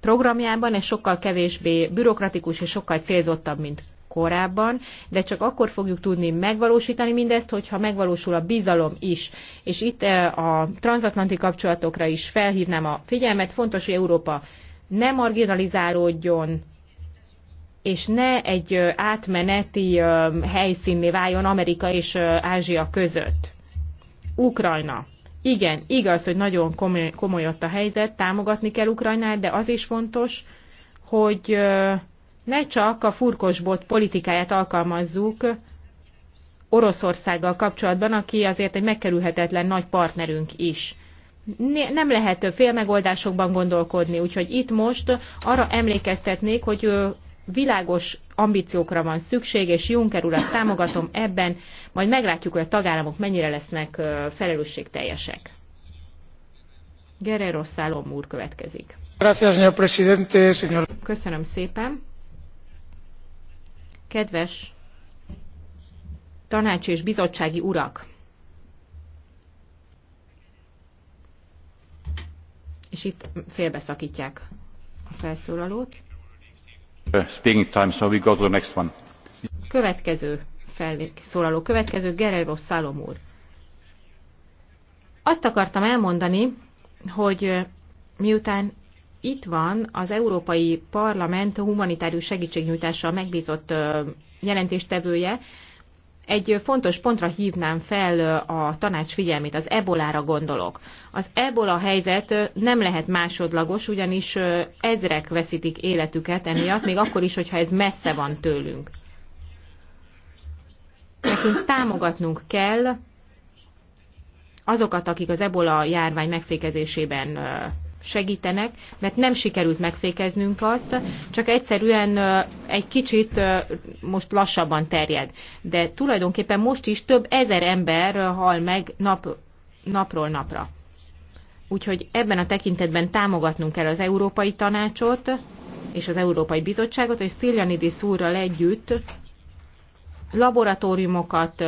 B: programjában, ez sokkal kevésbé bürokratikus és sokkal célzottabb, mint korábban, de csak akkor fogjuk tudni megvalósítani mindezt, hogyha megvalósul a bizalom is. És itt eh, a transatlanti kapcsolatokra is felhívnám a figyelmet, fontos, hogy Európa ne marginalizálódjon, és ne egy eh, átmeneti eh, helyszínné váljon Amerika és Ázsia között. Ukrajna. Igen, igaz, hogy nagyon komoly, komoly ott a helyzet, támogatni kell Ukrajnát, de az is fontos, hogy ne csak a furkosbot politikáját alkalmazzuk Oroszországgal kapcsolatban, aki azért egy megkerülhetetlen nagy partnerünk is. Nem lehet félmegoldásokban gondolkodni, úgyhogy itt most arra emlékeztetnék, hogy világos ambíciókra van szükség, és Juncker urat támogatom ebben, majd meglátjuk, hogy a tagállamok mennyire lesznek felelősségteljesek. Gere Szálom úr következik. Köszönöm szépen. Kedves tanács és bizottsági urak! És itt félbeszakítják a felszólalót.
C: Uh, speaking time, so we go to the next one.
B: Következő felszólaló, következő Gerelvos Szalom úr. Azt akartam elmondani, hogy miután itt van az Európai Parlament humanitárius segítségnyújtással megbízott jelentéstevője. Egy fontos pontra hívnám fel a tanács figyelmét, az ebolára gondolok. Az ebola helyzet nem lehet másodlagos, ugyanis ezrek veszítik életüket emiatt, még akkor is, hogyha ez messze van tőlünk. Nekünk támogatnunk kell azokat, akik az ebola járvány megfékezésében segítenek, mert nem sikerült megfékeznünk azt, csak egyszerűen egy kicsit most lassabban terjed. De tulajdonképpen most is több ezer ember hal meg nap, napról napra. Úgyhogy ebben a tekintetben támogatnunk kell az Európai Tanácsot és az Európai Bizottságot, és Stylianidis úrral együtt laboratóriumokat,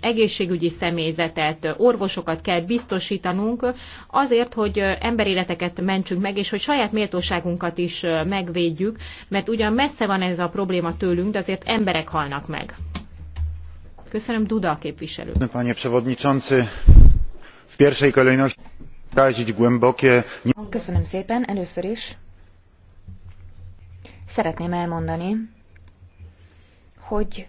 B: egészségügyi személyzetet, orvosokat kell biztosítanunk azért, hogy emberéleteket mentsünk meg, és hogy saját méltóságunkat is megvédjük, mert ugyan messze van ez a probléma tőlünk, de azért emberek halnak meg. Köszönöm, Duda a képviselő.
C: Panie Przewodniczący, w pierwszej kolejności wyrazić głębokie...
D: Köszönöm szépen, először is. Szeretném elmondani, hogy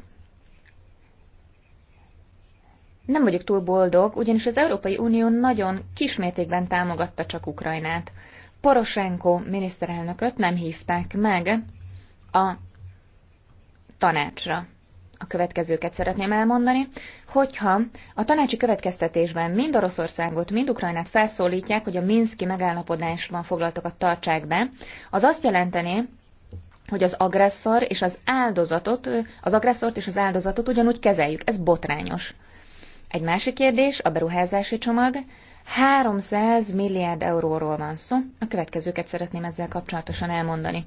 D: nem vagyok túl boldog, ugyanis az Európai Unió nagyon kismértékben támogatta csak Ukrajnát. Poroshenko miniszterelnököt nem hívták meg a tanácsra. A következőket szeretném elmondani, hogyha a tanácsi következtetésben mind Oroszországot, mind Ukrajnát felszólítják, hogy a Minszki megállapodásban foglaltakat tartsák be, az azt jelenteni, hogy az agresszor és az áldozatot, az agresszort és az áldozatot ugyanúgy kezeljük. Ez botrányos. Egy másik kérdés, a beruházási csomag. 300 milliárd euróról van szó. A következőket szeretném ezzel kapcsolatosan elmondani.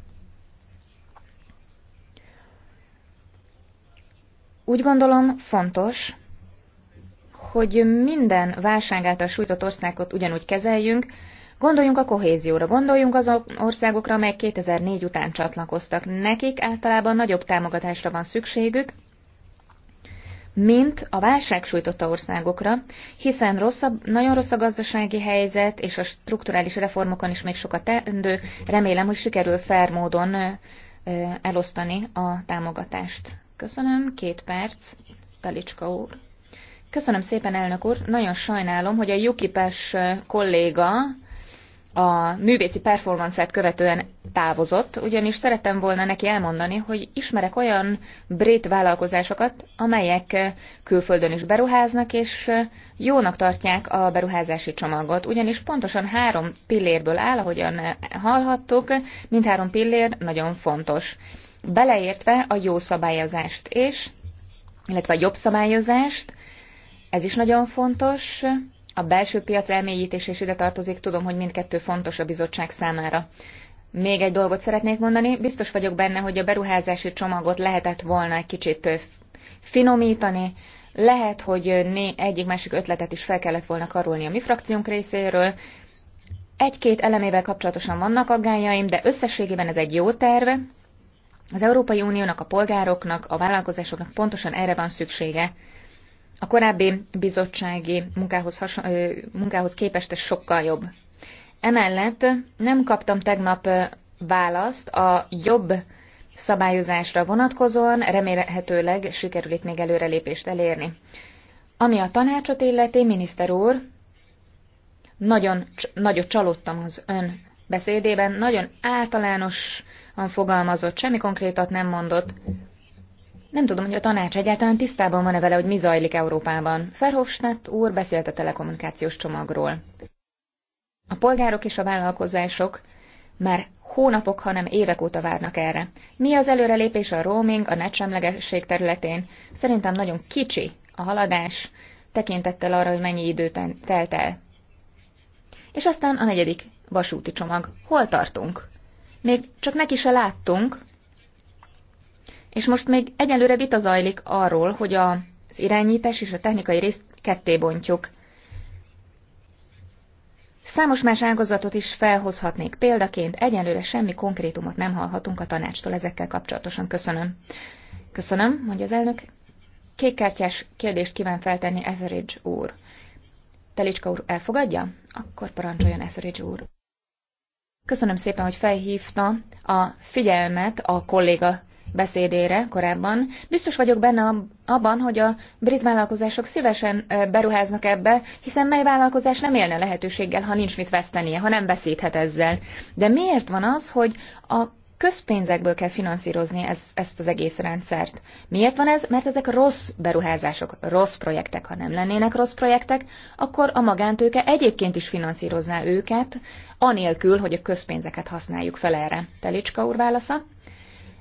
D: Úgy gondolom fontos, hogy minden válság által sújtott országot ugyanúgy kezeljünk, Gondoljunk a kohézióra, gondoljunk azok országokra, amelyek 2004 után csatlakoztak. Nekik általában nagyobb támogatásra van szükségük, mint a válság sújtotta országokra, hiszen rosszabb, nagyon rossz a gazdasági helyzet, és a strukturális reformokon is még sokat tendő. Remélem, hogy sikerül fair módon elosztani a támogatást. Köszönöm, két perc, Talicska úr. Köszönöm szépen, elnök úr. Nagyon sajnálom, hogy a Jukipes kolléga a művészi performancet követően távozott, ugyanis szerettem volna neki elmondani, hogy ismerek olyan brit vállalkozásokat, amelyek külföldön is beruháznak, és jónak tartják a beruházási csomagot. Ugyanis pontosan három pillérből áll, ahogyan hallhattuk, mindhárom pillér nagyon fontos. Beleértve a jó szabályozást és, illetve a jobb szabályozást, ez is nagyon fontos, a belső piac elmélyítése is ide tartozik, tudom, hogy mindkettő fontos a bizottság számára. Még egy dolgot szeretnék mondani, biztos vagyok benne, hogy a beruházási csomagot lehetett volna egy kicsit finomítani, lehet, hogy egyik-másik ötletet is fel kellett volna karolni a mi frakciónk részéről. Egy-két elemével kapcsolatosan vannak aggájaim, de összességében ez egy jó terv. Az Európai Uniónak, a polgároknak, a vállalkozásoknak pontosan erre van szüksége a korábbi bizottsági munkához, has, munkához képest ez sokkal jobb. Emellett nem kaptam tegnap választ a jobb szabályozásra vonatkozóan, remélhetőleg sikerül itt még előrelépést elérni. Ami a tanácsot illeti, miniszter úr, nagyon nagyot csalódtam az ön beszédében, nagyon általánosan fogalmazott, semmi konkrétat nem mondott. Nem tudom, hogy a tanács egyáltalán tisztában van-e vele, hogy mi zajlik Európában. Ferhofstadt úr beszélt a telekommunikációs csomagról. A polgárok és a vállalkozások már hónapok, hanem évek óta várnak erre. Mi az előrelépés a roaming, a netsemlegesség területén? Szerintem nagyon kicsi a haladás, tekintettel arra, hogy mennyi idő telt el. És aztán a negyedik vasúti csomag. Hol tartunk? Még csak neki se láttunk, és most még egyelőre vita zajlik arról, hogy a, az irányítás és a technikai részt ketté bontjuk. Számos más ágazatot is felhozhatnék példaként, egyelőre semmi konkrétumot nem hallhatunk a tanácstól ezekkel kapcsolatosan. Köszönöm. Köszönöm, mondja az elnök. Kékkártyás kérdést kíván feltenni Etheridge úr. Telicska úr elfogadja? Akkor parancsoljon Etheridge úr. Köszönöm szépen, hogy felhívta a figyelmet a kolléga beszédére korábban. Biztos vagyok benne abban, hogy a brit vállalkozások szívesen beruháznak ebbe, hiszen mely vállalkozás nem élne lehetőséggel, ha nincs mit vesztenie, ha nem veszíthet ezzel. De miért van az, hogy a közpénzekből kell finanszírozni ez, ezt az egész rendszert. Miért van ez? Mert ezek rossz beruházások, rossz projektek. Ha nem lennének rossz projektek, akkor a magántőke egyébként is finanszírozná őket, anélkül, hogy a közpénzeket használjuk fel erre. Telicska úr válasza.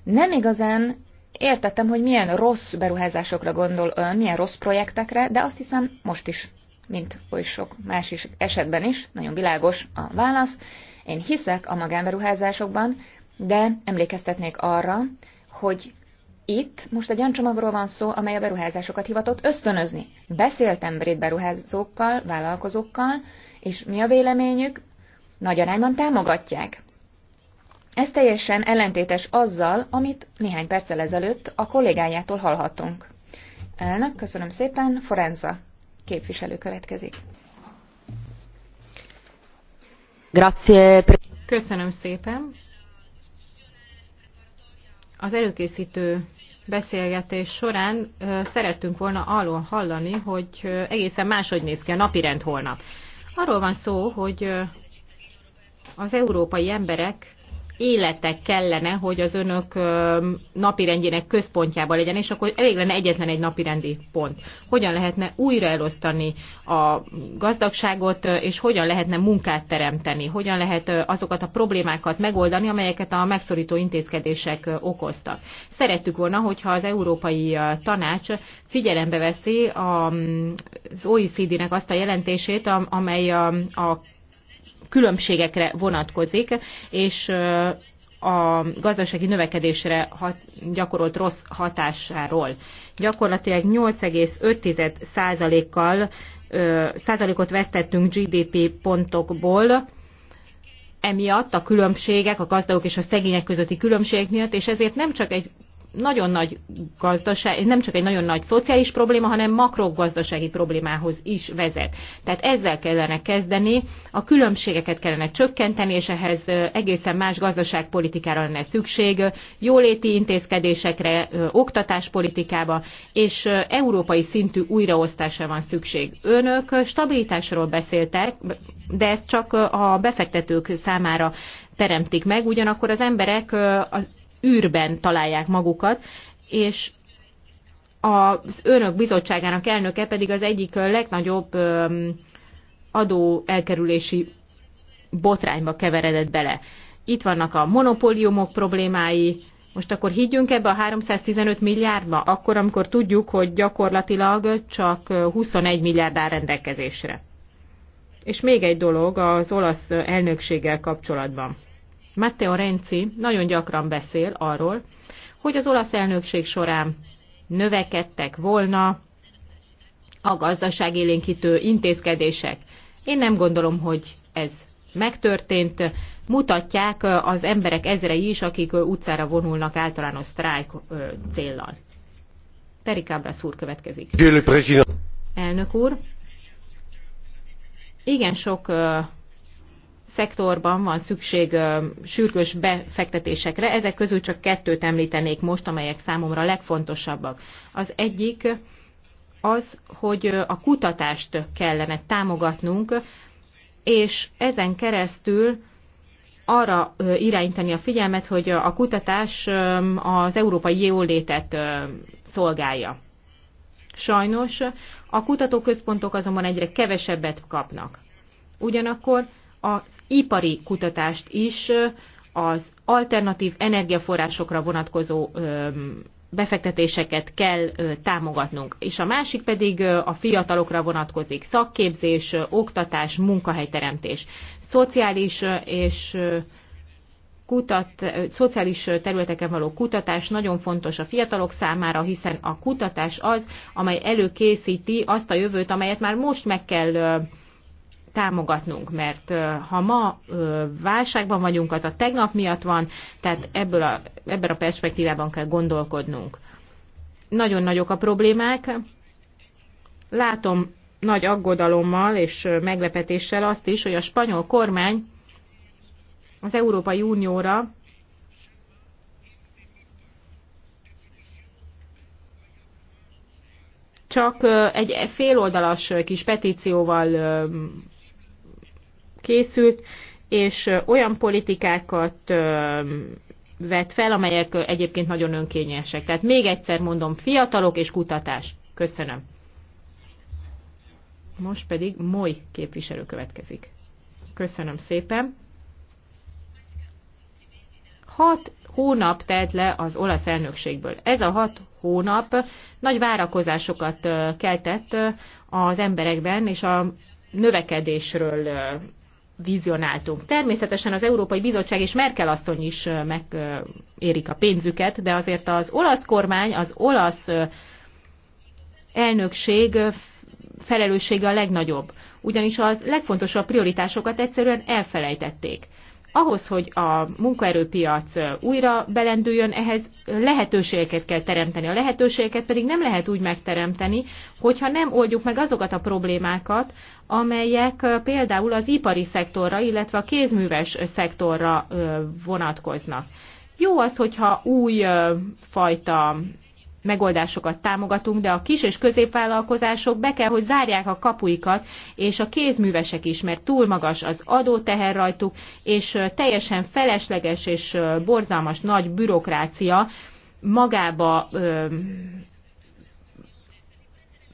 D: Nem igazán értettem, hogy milyen rossz beruházásokra gondol ön, milyen rossz projektekre, de azt hiszem most is, mint oly sok más is esetben is, nagyon világos a válasz. Én hiszek a magánberuházásokban, de emlékeztetnék arra, hogy itt most egy olyan csomagról van szó, amely a beruházásokat hivatott ösztönözni. Beszéltem brit beruházókkal, vállalkozókkal, és mi a véleményük? Nagy arányban támogatják ez teljesen ellentétes azzal, amit néhány perccel ezelőtt a kollégájától hallhattunk. Elnök, köszönöm szépen, Forenza képviselő következik.
B: Grazie. Köszönöm szépen. Az előkészítő beszélgetés során szerettünk volna arról hallani, hogy egészen máshogy néz ki a rend holnap. Arról van szó, hogy az európai emberek életek kellene, hogy az önök napirendjének központjában legyen, és akkor elég lenne egyetlen egy napirendi pont. Hogyan lehetne újra elosztani a gazdagságot, és hogyan lehetne munkát teremteni, hogyan lehet azokat a problémákat megoldani, amelyeket a megszorító intézkedések okoztak. Szerettük volna, hogyha az Európai Tanács figyelembe veszi mm, az OECD-nek azt a jelentését, amely a különbségekre vonatkozik, és a gazdasági növekedésre hat, gyakorolt rossz hatásáról. Gyakorlatilag 8,5%-kal százalékot vesztettünk GDP pontokból, emiatt a különbségek, a gazdagok és a szegények közötti különbségek miatt, és ezért nem csak egy nagyon nagy gazdaság, nem csak egy nagyon nagy szociális probléma, hanem makrogazdasági problémához is vezet. Tehát ezzel kellene kezdeni, a különbségeket kellene csökkenteni, és ehhez egészen más gazdaságpolitikára lenne szükség, jóléti intézkedésekre, oktatáspolitikába, és európai szintű újraosztásra van szükség. Önök stabilitásról beszéltek, de ez csak a befektetők számára teremtik meg, ugyanakkor az emberek az űrben találják magukat, és az önök bizottságának elnöke pedig az egyik legnagyobb adó elkerülési botrányba keveredett bele. Itt vannak a monopóliumok problémái, most akkor higgyünk ebbe a 315 milliárdba, akkor, amikor tudjuk, hogy gyakorlatilag csak 21 milliárd áll rendelkezésre. És még egy dolog az olasz elnökséggel kapcsolatban. Matteo Renzi nagyon gyakran beszél arról, hogy az olasz elnökség során növekedtek volna a gazdaságélénkítő intézkedések. Én nem gondolom, hogy ez megtörtént. Mutatják az emberek ezrei is, akik utcára vonulnak általános sztrájk céllal. Terry Cabras úr következik. Elnök úr, igen sok szektorban van szükség sürgős befektetésekre. Ezek közül csak kettőt említenék most, amelyek számomra legfontosabbak. Az egyik az, hogy a kutatást kellene támogatnunk, és ezen keresztül arra irányítani a figyelmet, hogy a kutatás az európai jólétet szolgálja. Sajnos a kutatóközpontok azonban egyre kevesebbet kapnak. Ugyanakkor az ipari kutatást is az alternatív energiaforrásokra vonatkozó befektetéseket kell támogatnunk. És a másik pedig a fiatalokra vonatkozik szakképzés, oktatás, munkahelyteremtés. Szociális és kutat, szociális területeken való kutatás nagyon fontos a fiatalok számára, hiszen a kutatás az, amely előkészíti azt a jövőt, amelyet már most meg kell támogatnunk, mert ha ma válságban vagyunk, az a tegnap miatt van, tehát ebből a, ebben a perspektívában kell gondolkodnunk. Nagyon nagyok a problémák. Látom nagy aggodalommal és meglepetéssel azt is, hogy a spanyol kormány az Európai Unióra csak egy féloldalas kis petícióval készült, és olyan politikákat vett fel, amelyek egyébként nagyon önkényesek. Tehát még egyszer mondom, fiatalok és kutatás. Köszönöm. Most pedig Moly képviselő következik. Köszönöm szépen. Hat hónap telt le az olasz elnökségből. Ez a hat hónap nagy várakozásokat keltett az emberekben, és a növekedésről vizionáltunk. Természetesen az Európai Bizottság és Merkel asszony is megérik a pénzüket, de azért az olasz kormány, az olasz elnökség felelőssége a legnagyobb, ugyanis a legfontosabb prioritásokat egyszerűen elfelejtették ahhoz, hogy a munkaerőpiac újra belendüljön, ehhez lehetőségeket kell teremteni. A lehetőségeket pedig nem lehet úgy megteremteni, hogyha nem oldjuk meg azokat a problémákat, amelyek például az ipari szektorra, illetve a kézműves szektorra vonatkoznak. Jó az, hogyha új fajta megoldásokat támogatunk, de a kis és középvállalkozások be kell, hogy zárják a kapuikat, és a kézművesek is, mert túl magas az adóteher rajtuk, és teljesen felesleges és borzalmas nagy bürokrácia magába ö,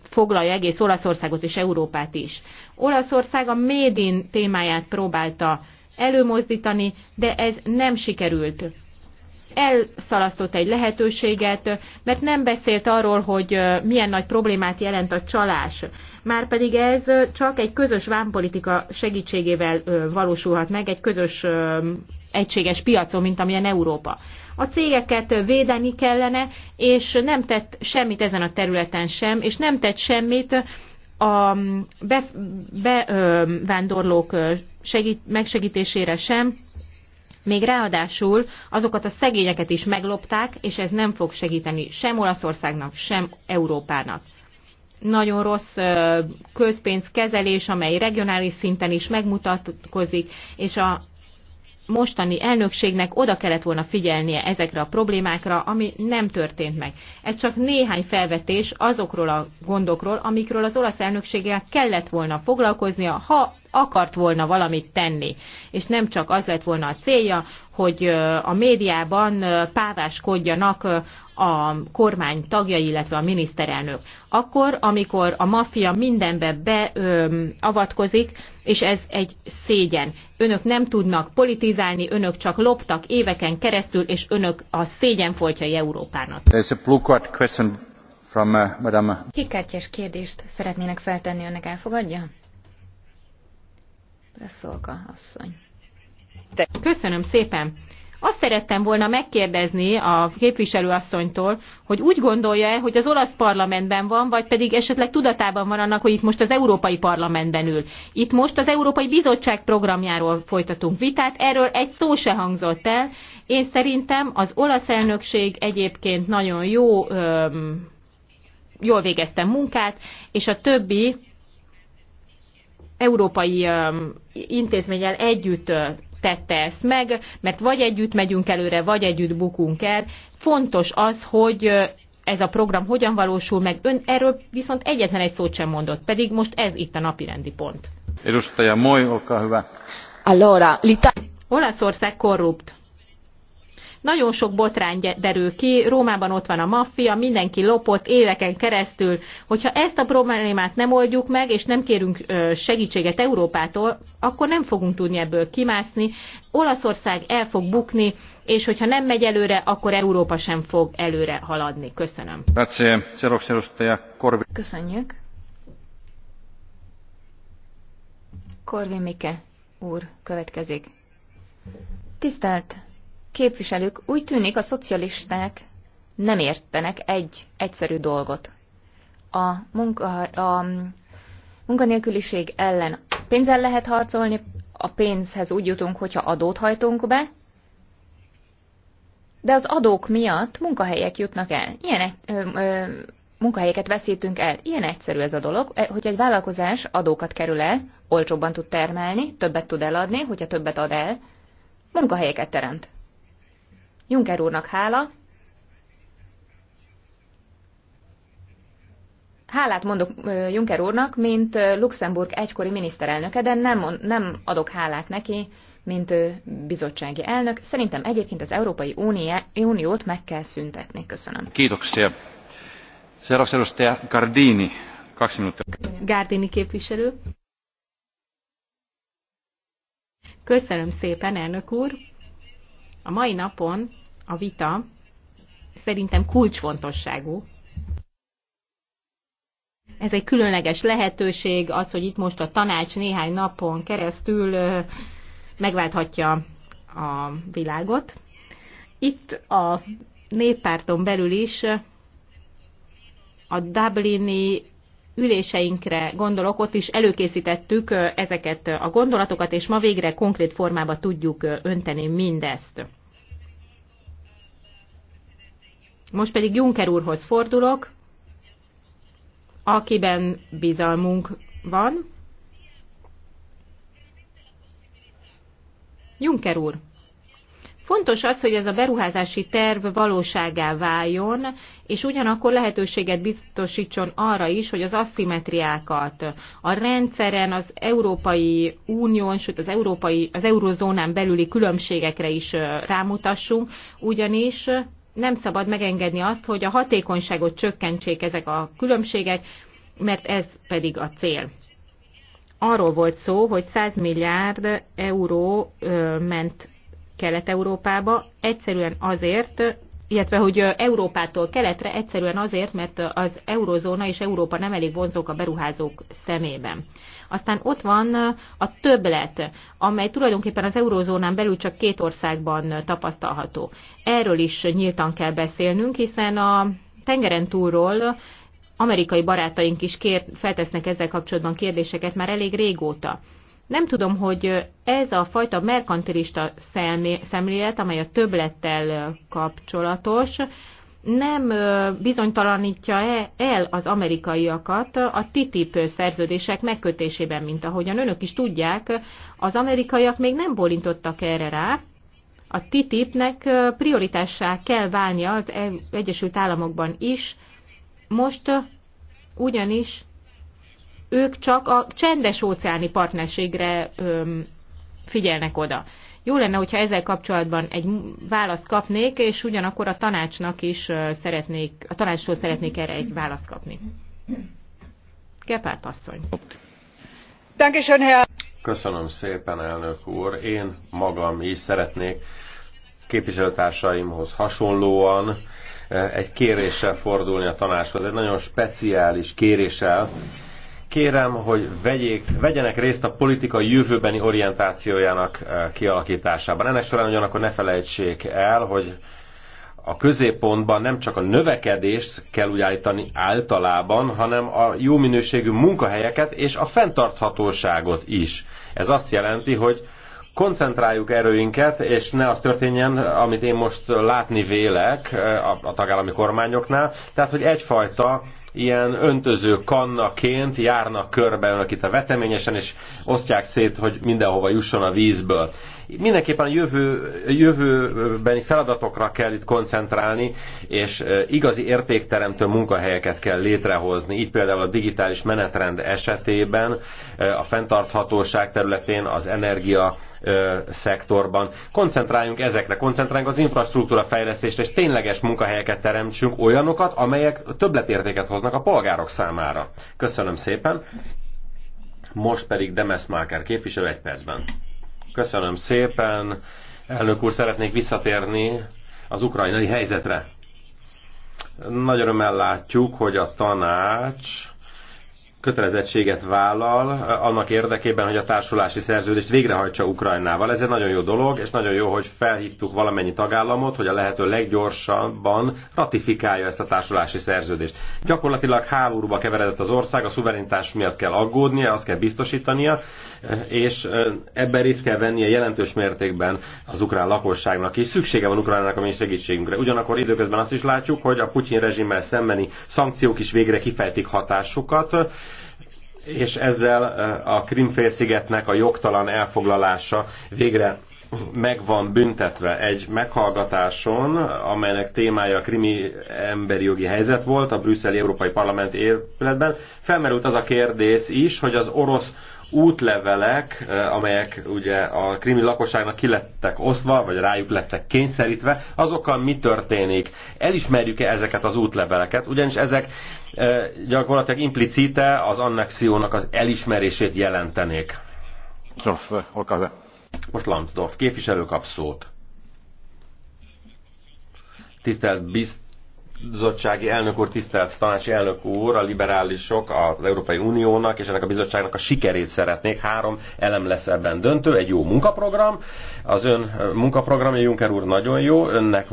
B: foglalja egész Olaszországot és Európát is. Olaszország a Médin témáját próbálta előmozdítani, de ez nem sikerült elszalasztott egy lehetőséget, mert nem beszélt arról, hogy milyen nagy problémát jelent a csalás. Márpedig ez csak egy közös vámpolitika segítségével valósulhat meg, egy közös egységes piacon, mint amilyen Európa. A cégeket védeni kellene, és nem tett semmit ezen a területen sem, és nem tett semmit a mm, bevándorlók be, segít, megsegítésére sem, még ráadásul azokat a szegényeket is meglopták, és ez nem fog segíteni sem Olaszországnak, sem Európának. Nagyon rossz közpénzkezelés, amely regionális szinten is megmutatkozik, és a mostani elnökségnek oda kellett volna figyelnie ezekre a problémákra, ami nem történt meg. Ez csak néhány felvetés azokról a gondokról, amikről az olasz elnökséggel kellett volna foglalkoznia, ha akart volna valamit tenni, és nem csak az lett volna a célja, hogy a médiában páváskodjanak a kormány tagjai, illetve a miniszterelnök. Akkor, amikor a maffia mindenbe beavatkozik, és ez egy szégyen. Önök nem tudnak politizálni, önök csak loptak éveken keresztül, és önök a szégyen foltjai Európának.
A: From, uh, Madame...
D: Kikártyás kérdést szeretnének feltenni, önnek elfogadja?
B: asszony. Köszönöm szépen! Azt szerettem volna megkérdezni a képviselőasszonytól, hogy úgy gondolja-e, hogy az olasz parlamentben van, vagy pedig esetleg tudatában van annak, hogy itt most az Európai Parlamentben ül. Itt most az Európai Bizottság programjáról folytatunk vitát, erről egy szó se hangzott el. Én szerintem az olasz elnökség egyébként nagyon jó, öm, jól végezte munkát, és a többi európai intézménnyel együtt tette ezt meg, mert vagy együtt megyünk előre, vagy együtt bukunk el. Fontos az, hogy ez a program hogyan valósul meg. Ön erről viszont egyetlen egy szót sem mondott, pedig most ez itt a napirendi pont.
F: Edustaja Moly, oka hyvä.
B: Olaszország korrupt nagyon sok botrány derül ki, Rómában ott van a maffia, mindenki lopott éveken keresztül. Hogyha ezt a problémát nem oldjuk meg, és nem kérünk segítséget Európától, akkor nem fogunk tudni ebből kimászni. Olaszország el fog bukni, és hogyha nem megy előre, akkor Európa sem fog előre haladni. Köszönöm. Köszönjük. Korvi Mike
D: úr következik. Tisztelt képviselők, úgy tűnik a szocialisták nem értenek egy egyszerű dolgot. A, munka, a munkanélküliség ellen pénzzel lehet harcolni, a pénzhez úgy jutunk, hogyha adót hajtunk be, de az adók miatt munkahelyek jutnak el. Ilyen ö, ö, munkahelyeket veszítünk el. Ilyen egyszerű ez a dolog, e, hogy egy vállalkozás adókat kerül el, olcsóbban tud termelni, többet tud eladni, hogyha többet ad el, munkahelyeket teremt. Juncker úrnak hála. Hálát mondok Juncker úrnak, mint Luxemburg egykori miniszterelnöke, de nem, nem adok hálát neki, mint bizottsági elnök. Szerintem egyébként az Európai Uniót meg kell szüntetni. Köszönöm.
A: Kiitoksia. Seuraavaksi edustaja
C: Gardini. Kaksi minuuttia.
B: Gardini képviselő. Köszönöm szépen, elnök úr. A mai napon a vita szerintem kulcsfontosságú. Ez egy különleges lehetőség, az, hogy itt most a tanács néhány napon keresztül megválthatja a világot. Itt a néppárton belül is a Dublini üléseinkre gondolok, ott is előkészítettük ezeket a gondolatokat, és ma végre konkrét formába tudjuk önteni mindezt. Most pedig Juncker úrhoz fordulok, akiben bizalmunk van. Juncker úr, Fontos az, hogy ez a beruházási terv valóságá váljon, és ugyanakkor lehetőséget biztosítson arra is, hogy az aszimetriákat a rendszeren, az Európai Unión, sőt az, európai, az eurozónán belüli különbségekre is rámutassunk, ugyanis nem szabad megengedni azt, hogy a hatékonyságot csökkentsék ezek a különbségek, mert ez pedig a cél. Arról volt szó, hogy 100 milliárd euró ment Kelet-Európába, egyszerűen azért, illetve hogy Európától keletre egyszerűen azért, mert az eurozóna és Európa nem elég vonzók a beruházók szemében. Aztán ott van a többlet, amely tulajdonképpen az eurózónán belül csak két országban tapasztalható. Erről is nyíltan kell beszélnünk, hiszen a tengeren túlról amerikai barátaink is kér, feltesznek ezzel kapcsolatban kérdéseket már elég régóta. Nem tudom, hogy ez a fajta merkantilista szemlélet, amely a többlettel kapcsolatos, nem bizonytalanítja el az amerikaiakat a TTIP szerződések megkötésében, mint ahogyan önök is tudják, az amerikaiak még nem bólintottak erre rá. A TTIP-nek prioritássá kell válnia az e- Egyesült Államokban is. Most ugyanis ők csak a csendes óceáni partnerségre öm, figyelnek oda. Jó lenne, hogyha ezzel kapcsolatban egy választ kapnék, és ugyanakkor a tanácsnak is szeretnék, a tanácstól szeretnék erre egy választ kapni. Kepárt asszony.
A: Köszönöm szépen, elnök úr. Én magam is szeretnék képviselőtársaimhoz hasonlóan egy kéréssel fordulni a tanácshoz, egy nagyon speciális kéréssel, kérem, hogy vegyék, vegyenek részt a politika jövőbeni orientációjának eh, kialakításában. Ennek során ugyanakkor ne felejtsék el, hogy a középpontban nem csak a növekedést kell úgy állítani általában, hanem a jó minőségű munkahelyeket és a fenntarthatóságot is. Ez azt jelenti, hogy koncentráljuk erőinket, és ne az történjen, amit én most látni vélek eh, a tagállami kormányoknál, tehát hogy egyfajta ilyen öntöző kannaként járnak körbe önök itt a veteményesen, és osztják szét, hogy mindenhova jusson a vízből. Mindenképpen a jövő, jövőbeni feladatokra kell itt koncentrálni, és e, igazi értékteremtő munkahelyeket kell létrehozni. Így például a digitális menetrend esetében, e, a fenntarthatóság területén, az energia szektorban. Koncentráljunk ezekre, koncentráljunk az infrastruktúra fejlesztésre, és tényleges munkahelyeket teremtsünk, olyanokat, amelyek többletértéket hoznak a polgárok számára. Köszönöm szépen. Most pedig demes Demeszmáker képviselő egy percben. Köszönöm szépen. Elnök úr, szeretnék visszatérni az ukrajnai helyzetre. Nagy örömmel látjuk, hogy a tanács kötelezettséget vállal eh, annak érdekében, hogy a társulási szerződést végrehajtsa Ukrajnával. Ez egy nagyon jó dolog, és nagyon jó, hogy felhívtuk valamennyi tagállamot, hogy a lehető leggyorsabban ratifikálja ezt a társulási szerződést. Gyakorlatilag háborúba keveredett az ország, a szuverenitás miatt kell aggódnia, azt kell biztosítania, eh, és eh, ebben részt kell vennie jelentős mértékben az ukrán lakosságnak is. Szüksége van Ukrajnának a mi segítségünkre. Ugyanakkor időközben azt is látjuk, hogy a Putyin rezsimmel szembeni szankciók is végre kifejtik hatásukat és ezzel a Krimfélszigetnek a jogtalan elfoglalása végre meg van büntetve egy meghallgatáson, amelynek témája a krimi emberi jogi helyzet volt a brüsszeli Európai Parlament életben. Felmerült az a kérdés is, hogy az orosz útlevelek, eh, amelyek ugye a krimi lakosságnak kilettek osztva, vagy rájuk lettek kényszerítve, azokkal mi történik? Elismerjük-e ezeket az útleveleket? Ugyanis ezek eh, gyakorlatilag implicite az annexiónak az elismerését jelentenék. Eh, Most Lambsdorff képviselő kap szót. Tisztelt biztos, bizottsági elnök úr, tisztelt tanácsi elnök úr, a liberálisok az Európai Uniónak és ennek a bizottságnak a sikerét szeretnék. Három elem lesz ebben döntő, egy jó munkaprogram. Az ön munkaprogramja, Juncker úr, nagyon jó. Önnek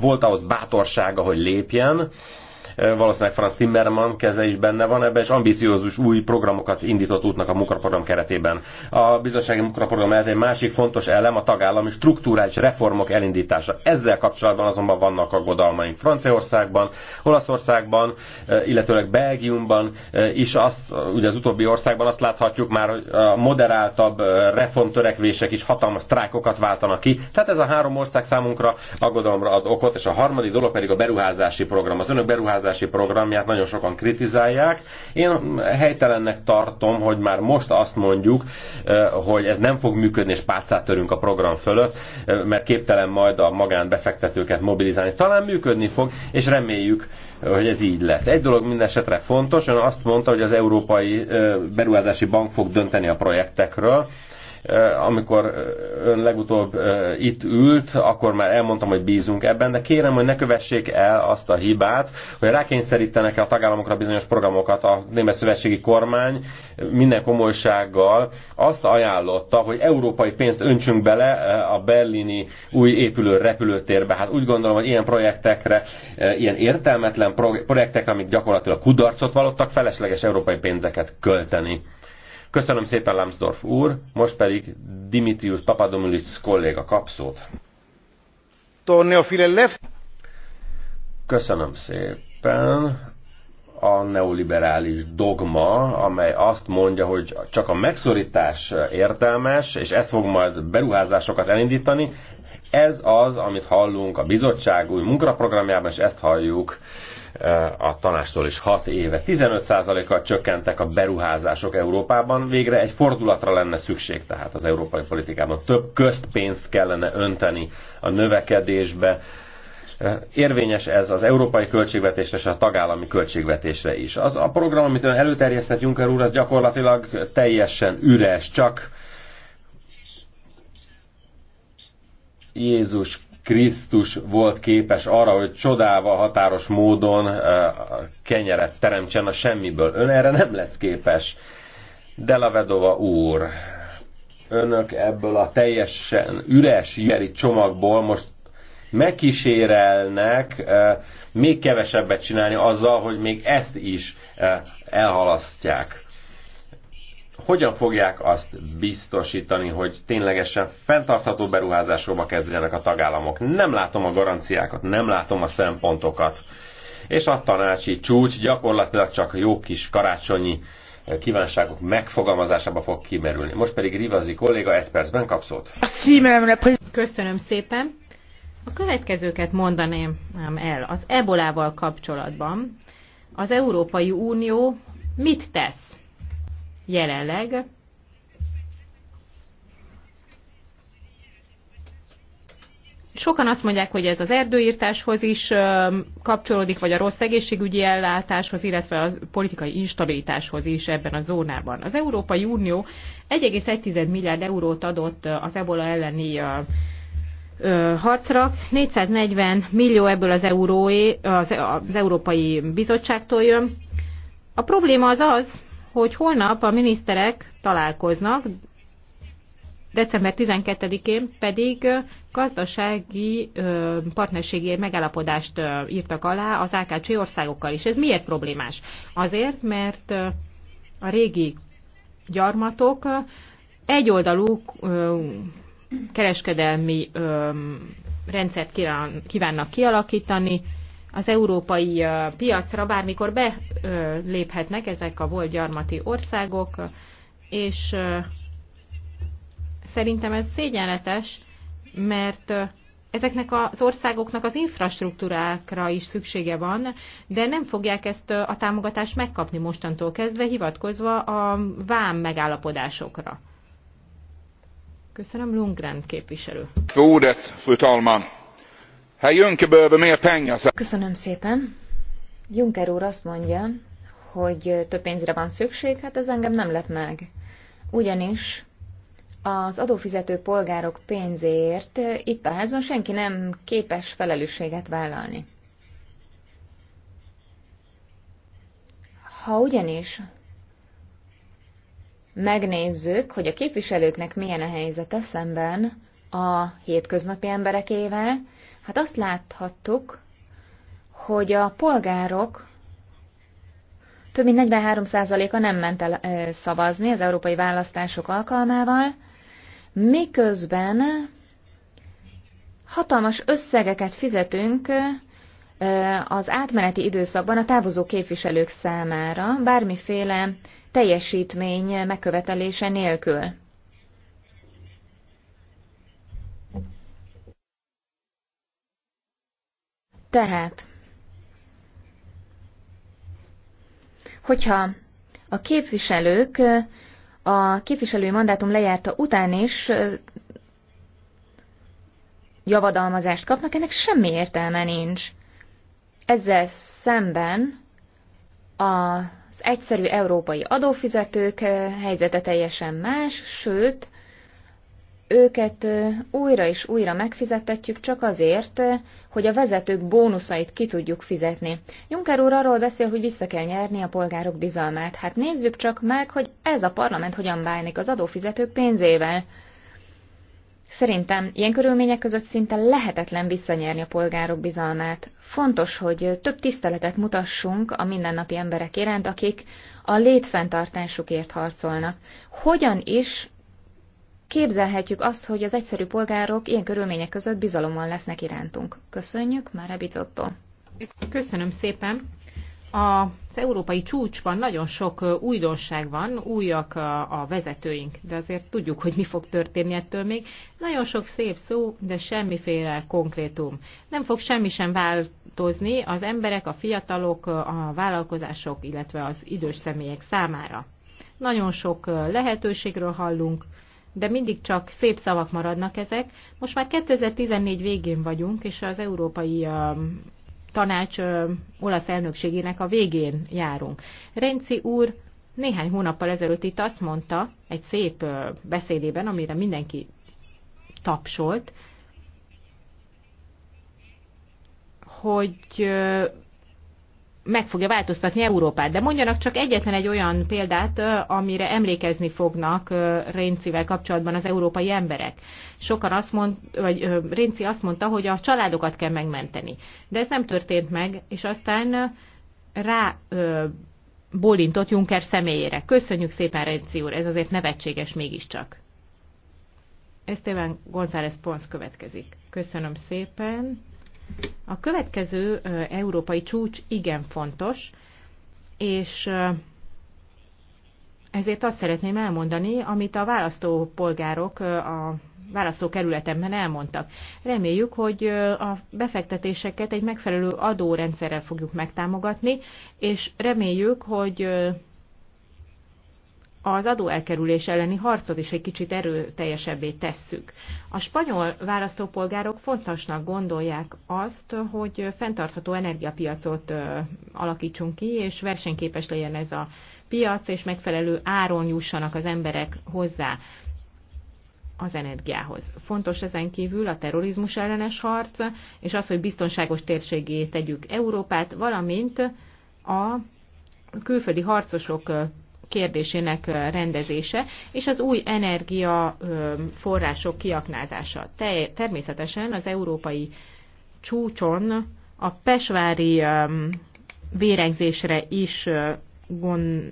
A: volt ahhoz bátorsága, hogy lépjen valószínűleg Franz Timmerman keze is benne van ebben, és ambiciózus új programokat indított útnak a munkaprogram keretében. A bizottsági munkaprogram mellett egy másik fontos elem a tagállami struktúrális reformok elindítása. Ezzel kapcsolatban azonban vannak aggodalmaink Franciaországban, Olaszországban, eh, illetőleg Belgiumban eh, is azt, ugye az utóbbi országban azt láthatjuk már, hogy a moderáltabb eh, reformtörekvések is hatalmas sztrájkokat váltanak ki. Tehát ez a három ország számunkra aggodalomra ad okot, és a harmadik dolog pedig a beruházási program. Az önök beruházási beruházási programját nagyon sokan kritizálják. Én helytelennek tartom, hogy már most azt mondjuk, hogy ez nem fog működni, és pálcát törünk a program fölött, mert képtelen majd a magánbefektetőket mobilizálni. Talán működni fog, és reméljük, hogy ez így lesz. Egy dolog minden esetre fontos, ön azt mondta, hogy az Európai Beruházási Bank fog dönteni a projektekről, Eh, amikor eh, ön legutóbb eh, itt ült, akkor már elmondtam, hogy bízunk ebben, de kérem, hogy ne kövessék el azt a hibát, hogy rákényszerítenek -e a tagállamokra bizonyos programokat. A német szövetségi kormány minden komolysággal azt ajánlotta, hogy európai pénzt öntsünk bele a berlini új épülő repülőtérbe. Hát úgy gondolom, hogy ilyen projektekre, ilyen értelmetlen projektekre, amik gyakorlatilag kudarcot valottak, felesleges európai pénzeket költeni. Köszönöm szépen, Lambsdorff úr, most pedig Dimitrius Papadomulis kolléga kap szót. Köszönöm szépen a neoliberális dogma, amely azt mondja, hogy csak a megszorítás értelmes, és ez fog majd beruházásokat elindítani. Ez az, amit hallunk a bizottság új munkaprogramjában, és ezt halljuk a tanástól is 6 éve. 15%-kal csökkentek a beruházások Európában. Végre egy fordulatra lenne szükség tehát az európai politikában. Több közpénzt kellene önteni a növekedésbe. Érvényes ez az európai költségvetésre és a tagállami költségvetésre is. Az a program, amit ön előterjesztett Juncker úr, az gyakorlatilag teljesen üres, csak Jézus Krisztus volt képes arra, hogy csodával, határos módon eh, kenyeret teremtsen a semmiből. Ön erre nem lesz képes. De vedova úr, önök ebből a teljesen üres jeli csomagból most megkísérelnek eh, még kevesebbet csinálni azzal, hogy még ezt is eh, elhalasztják hogyan fogják azt biztosítani, hogy ténylegesen fenntartható beruházásokba kezdjenek a tagállamok. Nem látom a garanciákat, nem látom a szempontokat. És a tanácsi csúcs gyakorlatilag csak jó kis karácsonyi eh, kívánságok megfogalmazásába fog kimerülni. Most pedig Rivazi kolléga egy percben kap szót.
B: Köszönöm szépen. A következőket mondaném el. Az ebolával kapcsolatban az Európai Unió mit tesz? jelenleg. Sokan azt mondják, hogy ez az erdőírtáshoz is kapcsolódik, vagy a rossz egészségügyi ellátáshoz, illetve a politikai instabilitáshoz is ebben a zónában. Az Európai Unió 1,1 milliárd eurót adott az ebola elleni harcra. 440 millió ebből az, euróé, az, az Európai Bizottságtól jön. A probléma az az, hogy holnap a miniszterek találkoznak, december 12-én pedig gazdasági partnerségi megállapodást írtak alá az AKC országokkal is. Ez miért problémás? Azért, mert a régi gyarmatok egyoldalú kereskedelmi rendszert kívánnak kialakítani, az európai piacra bármikor beléphetnek ezek a volt gyarmati országok, és szerintem ez szégyenletes, mert ezeknek az országoknak az infrastruktúrákra is szüksége van, de nem fogják ezt a támogatást megkapni mostantól kezdve, hivatkozva a vám megállapodásokra. Köszönöm, Lundgren képviselő.
F: Fódet, fru
D: Köszönöm szépen. Juncker úr azt mondja, hogy több pénzre van szükség, hát ez engem nem lep meg. Ugyanis az adófizető polgárok pénzéért itt a házban senki nem képes felelősséget vállalni. Ha ugyanis megnézzük, hogy a képviselőknek milyen a helyzete szemben a hétköznapi emberekével, Hát azt láthattuk, hogy a polgárok több mint 43%-a nem ment el szavazni az európai választások alkalmával, miközben hatalmas összegeket fizetünk az átmeneti időszakban a távozó képviselők számára bármiféle teljesítmény megkövetelése nélkül. Tehát, hogyha a képviselők a képviselői mandátum lejárta után is javadalmazást kapnak, ennek semmi értelme nincs. Ezzel szemben az egyszerű európai adófizetők helyzete teljesen más, sőt, őket újra és újra megfizettetjük csak azért, hogy a vezetők bónuszait ki tudjuk fizetni. Juncker úr arról beszél, hogy vissza kell nyerni a polgárok bizalmát. Hát nézzük csak meg, hogy ez a parlament hogyan bánik az adófizetők pénzével. Szerintem ilyen körülmények között szinte lehetetlen visszanyerni a polgárok bizalmát. Fontos, hogy több tiszteletet mutassunk a mindennapi emberek iránt, akik a létfenntartásukért harcolnak. Hogyan is Képzelhetjük azt, hogy az egyszerű polgárok ilyen körülmények között bizalommal lesznek irántunk. Köszönjük, már Bizottó.
B: Köszönöm szépen. Az európai csúcsban nagyon sok újdonság van, újak a vezetőink, de azért tudjuk, hogy mi fog történni ettől még. Nagyon sok szép szó, de semmiféle konkrétum. Nem fog semmi sem változni az emberek, a fiatalok, a vállalkozások, illetve az idős személyek számára. Nagyon sok lehetőségről hallunk, de mindig csak szép szavak maradnak ezek. Most már 2014 végén vagyunk, és az Európai Tanács olasz elnökségének a végén járunk. Renci úr néhány hónappal ezelőtt itt azt mondta egy szép beszédében, amire mindenki tapsolt, hogy meg fogja változtatni Európát. De mondjanak csak egyetlen egy olyan példát, amire emlékezni fognak Réncivel kapcsolatban az európai emberek. Sokan azt mond, vagy Rénci azt mondta, hogy a családokat kell megmenteni. De ez nem történt meg, és aztán rá bólintott Juncker személyére. Köszönjük szépen, Renci úr, ez azért nevetséges mégiscsak. Esteban González Pons következik. Köszönöm szépen. A következő európai csúcs igen fontos, és ezért azt szeretném elmondani, amit a választópolgárok a választókerületemben elmondtak. Reméljük, hogy a befektetéseket egy megfelelő adórendszerrel fogjuk megtámogatni, és reméljük, hogy az adóelkerülés elleni harcot is egy kicsit erőteljesebbé tesszük. A spanyol választópolgárok fontosnak gondolják azt, hogy fenntartható energiapiacot alakítsunk ki, és versenyképes legyen ez a piac, és megfelelő áron jussanak az emberek hozzá az energiához. Fontos ezen kívül a terrorizmus ellenes harc, és az, hogy biztonságos térségé tegyük Európát, valamint a külföldi harcosok kérdésének rendezése, és az új energiaforrások kiaknázása. Te, természetesen az európai csúcson a pesvári vérengzésre is gond,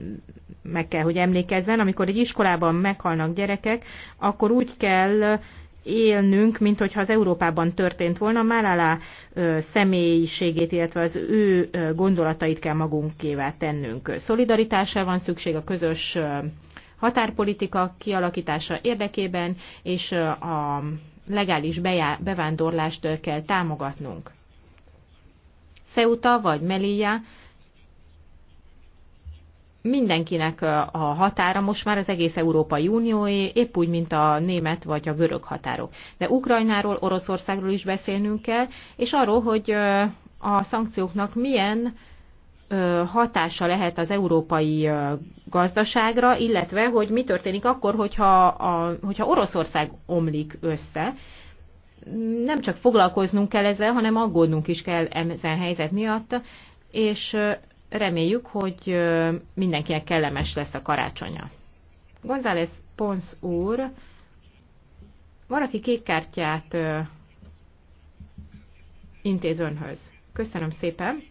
B: meg kell, hogy emlékezzen, amikor egy iskolában meghalnak gyerekek, akkor úgy kell élnünk, mint hogyha az Európában történt volna. Málala személyiségét, illetve az ő gondolatait kell magunkévá tennünk. Szolidaritásra van szükség a közös határpolitika kialakítása érdekében, és a legális bevándorlást kell támogatnunk. Ceuta vagy Melilla mindenkinek a határa most már az egész Európai Unióé, épp úgy, mint a német vagy a görög határok. De Ukrajnáról, Oroszországról is beszélnünk kell, és arról, hogy a szankcióknak milyen hatása lehet az európai gazdaságra, illetve hogy mi történik akkor, hogyha, a, hogyha Oroszország omlik össze. Nem csak foglalkoznunk kell ezzel, hanem aggódnunk is kell ezen helyzet miatt, és reméljük, hogy mindenkinek kellemes lesz a karácsonya. González Pons úr, aki kék kártyát intéz önhöz. Köszönöm szépen.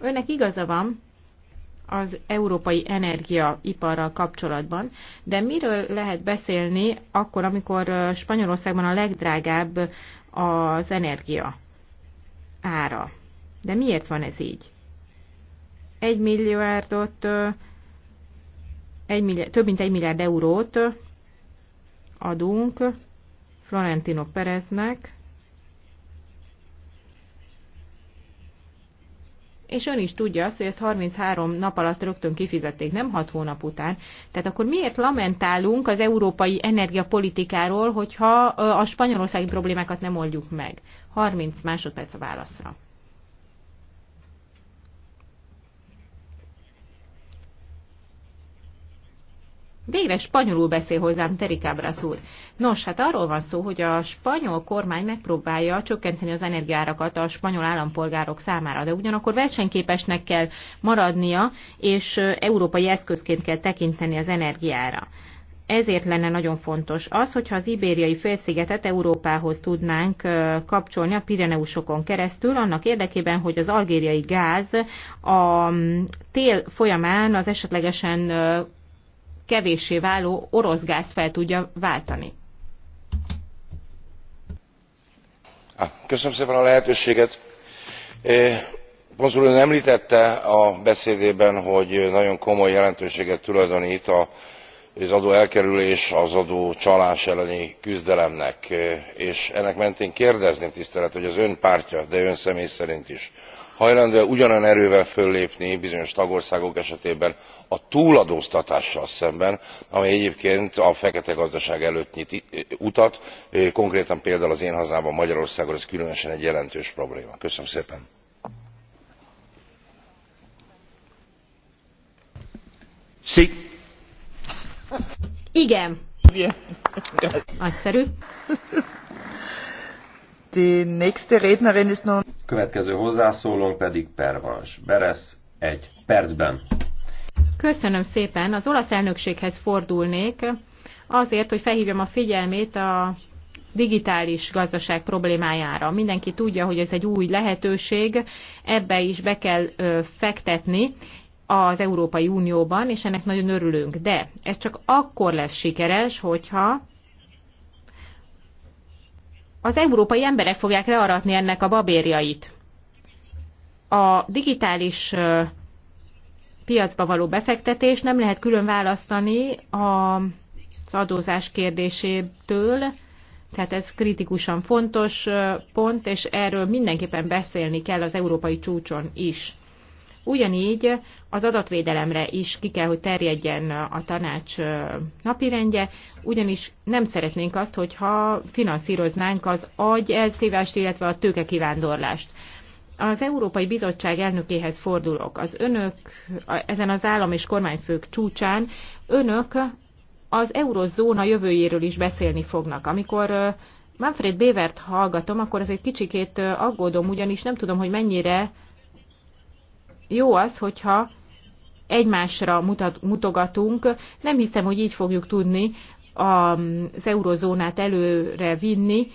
B: Önnek igaza van az európai energiaiparral kapcsolatban, de miről lehet beszélni akkor, amikor Spanyolországban a legdrágább az energia ára? De miért van ez így? Egy milliárdot, egy milliárd, több mint egy milliárd eurót adunk Florentino Pereznek, és ön is tudja azt, hogy ezt 33 nap alatt rögtön kifizették, nem 6 hónap után. Tehát akkor miért lamentálunk az európai energiapolitikáról, hogyha a spanyolországi problémákat nem oldjuk meg? 30 másodperc a válaszra. Végre spanyolul beszél hozzám Cabras úr. Nos, hát arról van szó, hogy a spanyol kormány megpróbálja csökkenteni az energiárakat a spanyol állampolgárok számára, de ugyanakkor versenyképesnek kell maradnia, és európai eszközként kell tekinteni az energiára. Ezért lenne nagyon fontos az, hogyha az ibériai félszigetet Európához tudnánk kapcsolni a Pireneusokon keresztül, annak érdekében, hogy az algériai gáz a tél folyamán az esetlegesen kevéssé váló orosz gáz fel tudja váltani.
G: Köszönöm szépen a lehetőséget. Konzul nem említette a beszédében, hogy nagyon komoly jelentőséget tulajdonít a az adó elkerülés az adó csalás elleni küzdelemnek és ennek mentén kérdezném tisztelet hogy az ön pártja de ön személy szerint is hajlandó e ugyanolyan erővel föllépni bizonyos tagországok esetében a túladóztatással szemben amely egyébként a feketegazdaság előtt nyit utat konkrétan például az én hazámban magyarországon ez különösen egy jelentős probléma. köszönöm szépen!
B: Igen. Nagyszerű.
A: Következő hozzászólónk pedig Pervans Beres egy percben.
B: Köszönöm szépen. Az olasz elnökséghez fordulnék azért, hogy felhívjam a figyelmét a digitális gazdaság problémájára. Mindenki tudja, hogy ez egy új lehetőség, ebbe is be kell fektetni az Európai Unióban, és ennek nagyon örülünk. De ez csak akkor lesz sikeres, hogyha az európai emberek fogják learatni ennek a babérjait. A digitális piacba való befektetés nem lehet külön választani az adózás kérdésétől, tehát ez kritikusan fontos pont, és erről mindenképpen beszélni kell az európai csúcson is. Ugyanígy az adatvédelemre is ki kell, hogy terjedjen a tanács napirendje, ugyanis nem szeretnénk azt, hogyha finanszíroznánk az agy elszívást, illetve a tőkekivándorlást. Az Európai Bizottság elnökéhez fordulok. Az önök ezen az állam és kormányfők csúcsán önök az eurozóna jövőjéről is beszélni fognak. Amikor Manfred Bévert hallgatom, akkor az egy kicsikét aggódom, ugyanis nem tudom, hogy mennyire jó az, hogyha egymásra mutat, mutogatunk. Nem hiszem, hogy így fogjuk tudni az eurozónát előre vinni.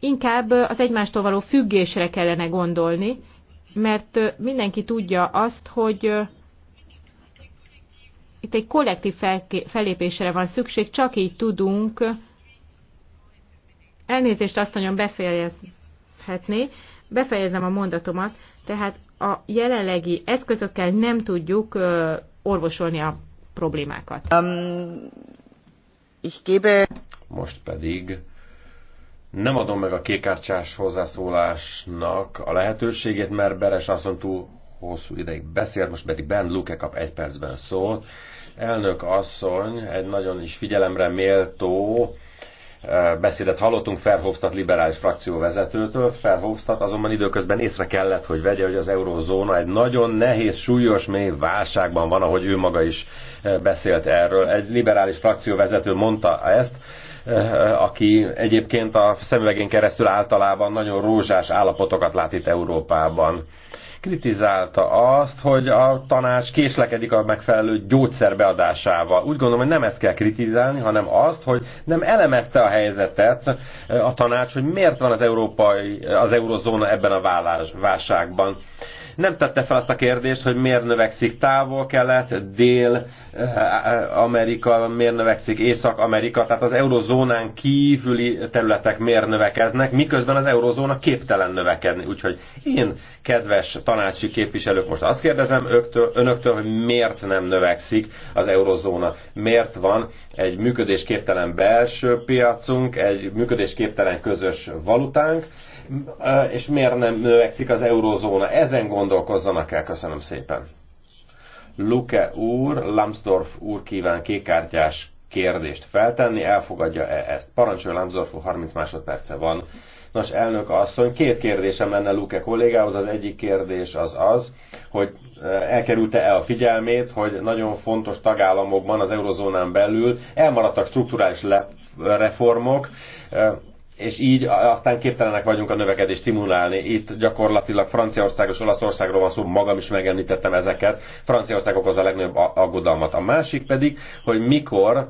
B: Inkább az egymástól való függésre kellene gondolni, mert mindenki tudja azt, hogy itt egy kollektív felépésre van szükség, csak így tudunk elnézést azt mondjam, befejezhetné, befejezem a mondatomat, tehát a jelenlegi eszközökkel nem tudjuk orvosolni a problémákat. Um, ich gebe...
A: Most pedig nem adom meg a kékárcsás hozzászólásnak a lehetőségét, mert Beres asszony túl hosszú ideig beszélt, most pedig Ben Luke kap egy percben szót. Elnök asszony egy nagyon is figyelemre méltó beszédet hallottunk Ferhofstadt liberális frakcióvezetőtől. Ferhofstadt azonban időközben észre kellett, hogy vegye, hogy az Eurózóna egy nagyon nehéz, súlyos, mély válságban van, ahogy ő maga is eh, beszélt erről. Egy liberális frakcióvezető mondta ezt, eh, aki egyébként a szemüvegén keresztül általában nagyon rózsás állapotokat lát itt Európában kritizálta azt, hogy a tanács késlekedik a megfelelő gyógyszer beadásával. Úgy gondolom, hogy nem ezt kell kritizálni, hanem azt, hogy nem elemezte a helyzetet a tanács, hogy miért van az, európai, az eurozóna ebben a válságban nem tette fel azt a kérdést, hogy miért növekszik távol-kelet, dél-amerika, eh, miért növekszik észak-amerika, tehát az eurozónán kívüli területek miért növekeznek, miközben az eurozóna képtelen növekedni. Úgyhogy én, kedves tanácsi képviselők, most azt kérdezem öktől, önöktől, hogy miért nem növekszik az eurozóna, miért van egy működésképtelen belső piacunk, egy működésképtelen közös valutánk, és miért nem növekszik az eurozóna. Ezen gondolkozzanak el, köszönöm szépen. Luke úr, Lambsdorff úr kíván kékkártyás kérdést feltenni, elfogadja-e ezt? Parancsolja Lambsdorff úr, 30 másodperce van. Nos, elnök asszony, két kérdésem lenne Luke kollégához. Az egyik kérdés az az, hogy elkerülte-e a figyelmét, hogy nagyon fontos tagállamokban, az eurozónán belül elmaradtak strukturális reformok, és így aztán képtelenek vagyunk a növekedést stimulálni. Itt gyakorlatilag Franciaország és Olaszországról van szó, magam is megemlítettem ezeket. Franciaország okoz a legnagyobb aggodalmat. A másik pedig, hogy mikor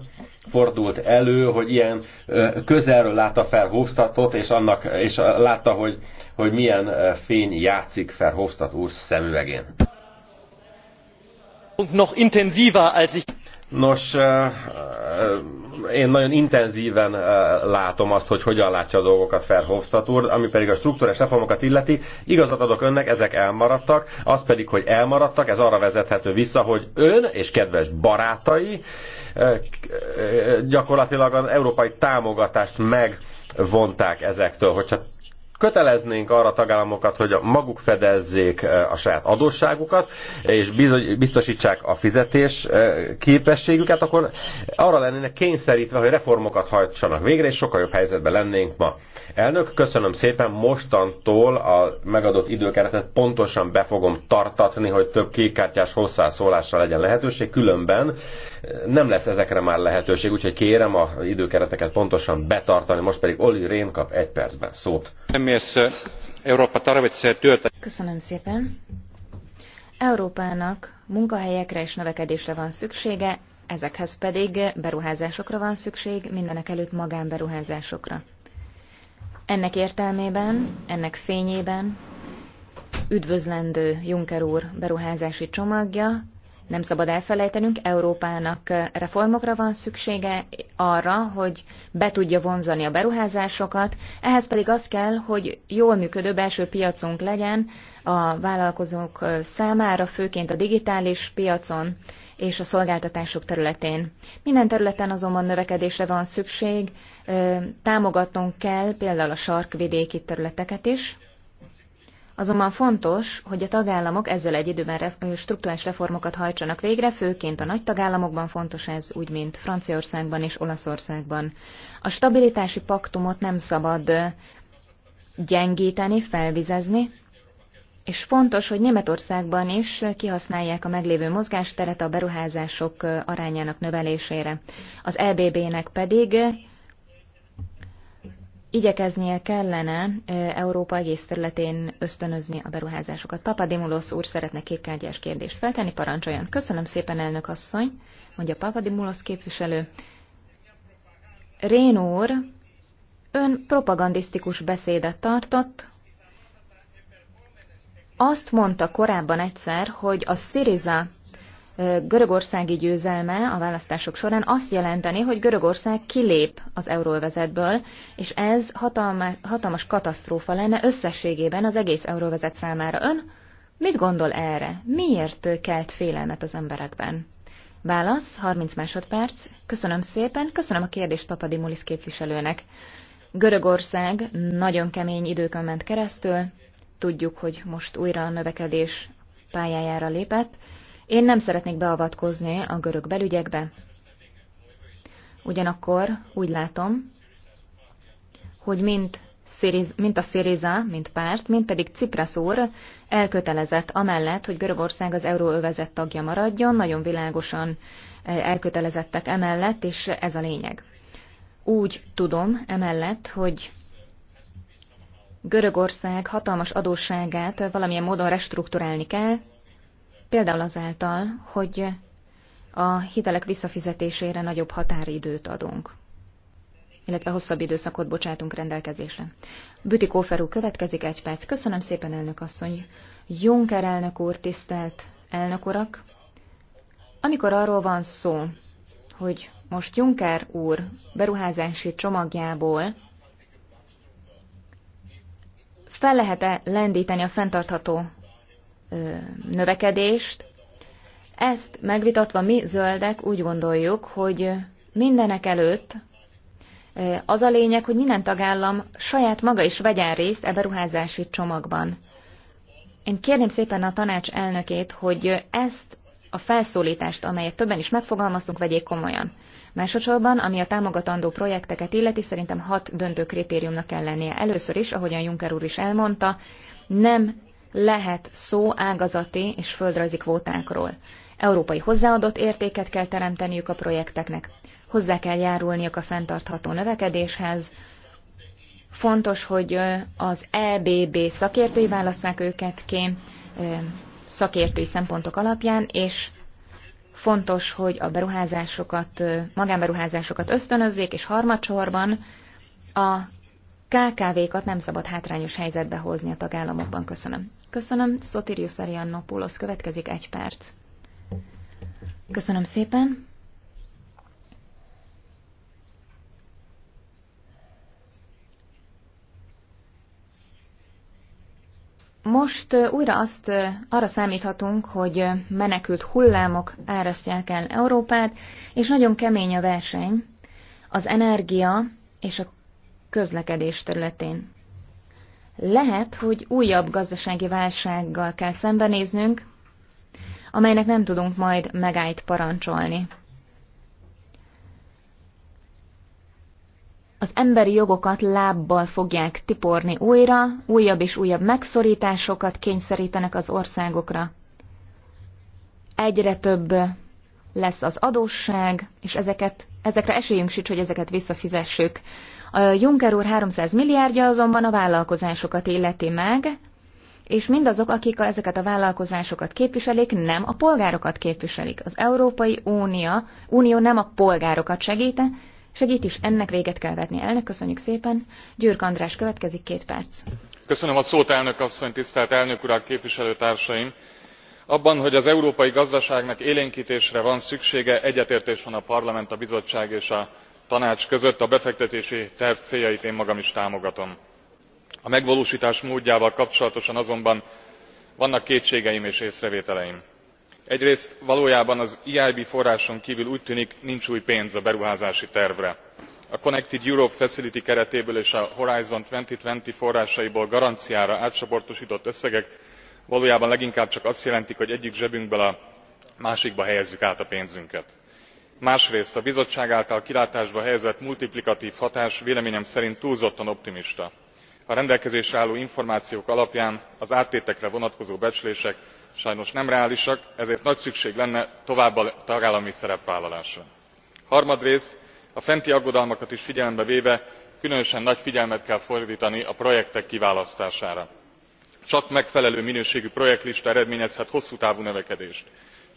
A: fordult elő, hogy ilyen közelről látta Verhofstadtot, és, annak, és látta, hogy, hogy milyen fény játszik Verhofstadt úr szemüvegén. Noch intensiver, als ich Nos, eh, eh, én nagyon intenzíven eh, látom azt, hogy hogyan látja a dolgokat Ferhofstadt úr, ami pedig a struktúrás reformokat illeti. Igazat adok önnek, ezek elmaradtak, az pedig, hogy elmaradtak, ez arra vezethető vissza, hogy ön és kedves barátai gyakorlatilag az európai támogatást megvonták ezektől. Hogyha köteleznénk arra a tagállamokat, hogy maguk fedezzék eh, a saját adósságukat, és biztosítsák a fizetés eh, képességüket, akkor arra lennének kényszerítve, hogy reformokat hajtsanak végre, és sokkal jobb helyzetben lennénk ma. Elnök, köszönöm szépen, mostantól a megadott időkeretet pontosan be fogom tartatni, hogy több kékkártyás hozzászólásra legyen lehetőség, különben eh, nem lesz ezekre már lehetőség, úgyhogy kérem a időkereteket pontosan betartani. Most pedig Oli Rén kap egy percben szót. Eh, köszönöm szépen.
D: Európának munkahelyekre és növekedésre van szüksége, ezekhez pedig beruházásokra van szükség, mindenek előtt magánberuházásokra. Ennek értelmében, ennek fényében üdvözlendő Juncker úr beruházási csomagja, nem szabad elfelejtenünk, Európának eh, reformokra van szüksége arra, hogy be tudja vonzani a beruházásokat, ehhez pedig az kell, hogy jól működő belső piacunk legyen a vállalkozók eh, számára, főként a digitális piacon, és a szolgáltatások területén. Minden területen azonban növekedésre van szükség, támogatnunk kell például a sarkvidéki területeket is, Azonban fontos, hogy a tagállamok ezzel egy időben struktúrás reformokat hajtsanak végre, főként a nagy tagállamokban fontos ez, úgy mint Franciaországban és Olaszországban. A stabilitási paktumot nem szabad gyengíteni, felvizezni, és fontos, hogy Németországban is kihasználják a meglévő mozgásteret a beruházások arányának növelésére. Az EBB-nek pedig igyekeznie kellene Európa egész területén ösztönözni a beruházásokat. Papadimulos úr szeretne kékkártyás kérdést feltenni, parancsoljon. Köszönöm szépen, elnök asszony, mondja Papadimulos képviselő. Rén úr, ön propagandisztikus beszédet tartott, azt mondta korábban egyszer, hogy a Syriza görögországi győzelme a választások során azt jelenteni, hogy Görögország kilép az euróvezetből, és ez hatalma, hatalmas katasztrófa lenne összességében az egész euróvezet számára. Ön mit gondol erre? Miért kelt félelmet az emberekben? Válasz, 30 másodperc. Köszönöm szépen, köszönöm a kérdést Mulisz képviselőnek. Görögország nagyon kemény időkön ment keresztül, Tudjuk, hogy most újra a növekedés pályájára lépett. Én nem szeretnék beavatkozni a görög belügyekbe. Ugyanakkor úgy látom, hogy mint, Sziriz, mint a Sziriza, mint párt, mint pedig Ciprasz úr elkötelezett amellett, hogy Görögország az euróövezet tagja maradjon, nagyon világosan eh, elkötelezettek emellett, és ez a lényeg. Úgy tudom emellett, hogy Görögország hatalmas adósságát valamilyen módon restruktúrálni kell, például azáltal, hogy a hitelek visszafizetésére nagyobb határidőt adunk, illetve hosszabb időszakot bocsátunk rendelkezésre. Büti Kóferú következik egy perc. Köszönöm szépen, elnök asszony. Juncker elnök úr, tisztelt elnök urak! Amikor arról van szó, hogy most Juncker úr beruházási csomagjából fel lehet-e lendíteni a fenntartható ö, növekedést. Ezt megvitatva mi zöldek úgy gondoljuk, hogy mindenek előtt az a lényeg, hogy minden tagállam saját maga is vegyen részt e beruházási csomagban. Én kérném szépen a tanács elnökét, hogy ezt a felszólítást, amelyet többen is megfogalmaztunk, vegyék komolyan. Másodszorban, ami a támogatandó projekteket illeti, szerintem hat döntő kritériumnak kell lennie. Először is, ahogyan Juncker úr is elmondta, nem lehet szó ágazati és földrajzi kvótákról. Európai hozzáadott értéket kell teremteniük a projekteknek, hozzá kell járulniuk a fenntartható növekedéshez, fontos, hogy az EBB szakértői válasszák őket ki szakértői szempontok alapján, és fontos, hogy a beruházásokat, magánberuházásokat ösztönözzék, és harmadsorban a KKV-kat nem szabad hátrányos helyzetbe hozni a tagállamokban. Köszönöm. Köszönöm. Szotirius Ariannopoulos következik egy perc. Köszönöm szépen. Most újra azt, arra számíthatunk, hogy menekült hullámok árasztják el Európát, és nagyon kemény a verseny az energia és a közlekedés területén. Lehet, hogy újabb gazdasági válsággal kell szembenéznünk, amelynek nem tudunk majd megállt parancsolni. az emberi jogokat lábbal fogják tiporni újra, újabb és újabb megszorításokat kényszerítenek az országokra. Egyre több lesz az adósság, és ezeket, ezekre esélyünk sincs, hogy ezeket visszafizessük. A Juncker úr 300 milliárdja azonban a vállalkozásokat illeti meg, és mindazok, akik ezeket a vállalkozásokat képviselik, nem a polgárokat képviselik. Az Európai Unió, Unió nem a polgárokat segíte, Segít is, ennek véget kell vetni. Elnök, köszönjük szépen. Győrk András következik két perc.
F: Köszönöm a szót, elnök asszony, tisztelt elnök urak, képviselőtársaim! abban hogy az európai gazdaságnak élénkítésre van szüksége egyetértés van a parlament a bizottság és a tanács között a befektetési terv céljait én magam is támogatom. a megvalósítás módjával kapcsolatosan azonban vannak kétségeim és észrevételeim egyrészt valójában az eib forráson kvül úgy tűnik nincs új pénz a beruházási tervre. a connecting europe facility keretéből és a horizon two thousand and twenty forrásaiból garanciára átcsoportostott összegek valójában leginkább csak azt jelentik hogy egyik zsebünkből a másikba helyezzük át a pénzünket. másrészt a bizottság által kilátásba helyezett multiplikatv hatás véleményem szerint túlzottan optimista. a rendelkezésre álló információk alapján az áttétekre vonatkozó becslések sajnos nem reálisak ezért nagy szükség lenne további tagállami szerepvállalásra. harmadrészt a fenti aggodalmakat is figyelembe véve különösen nagy figyelmet kell fordtani a projektek kiválasztására. csak megfelelő minőségű projektlista eredményezhet hosszú távú növekedést.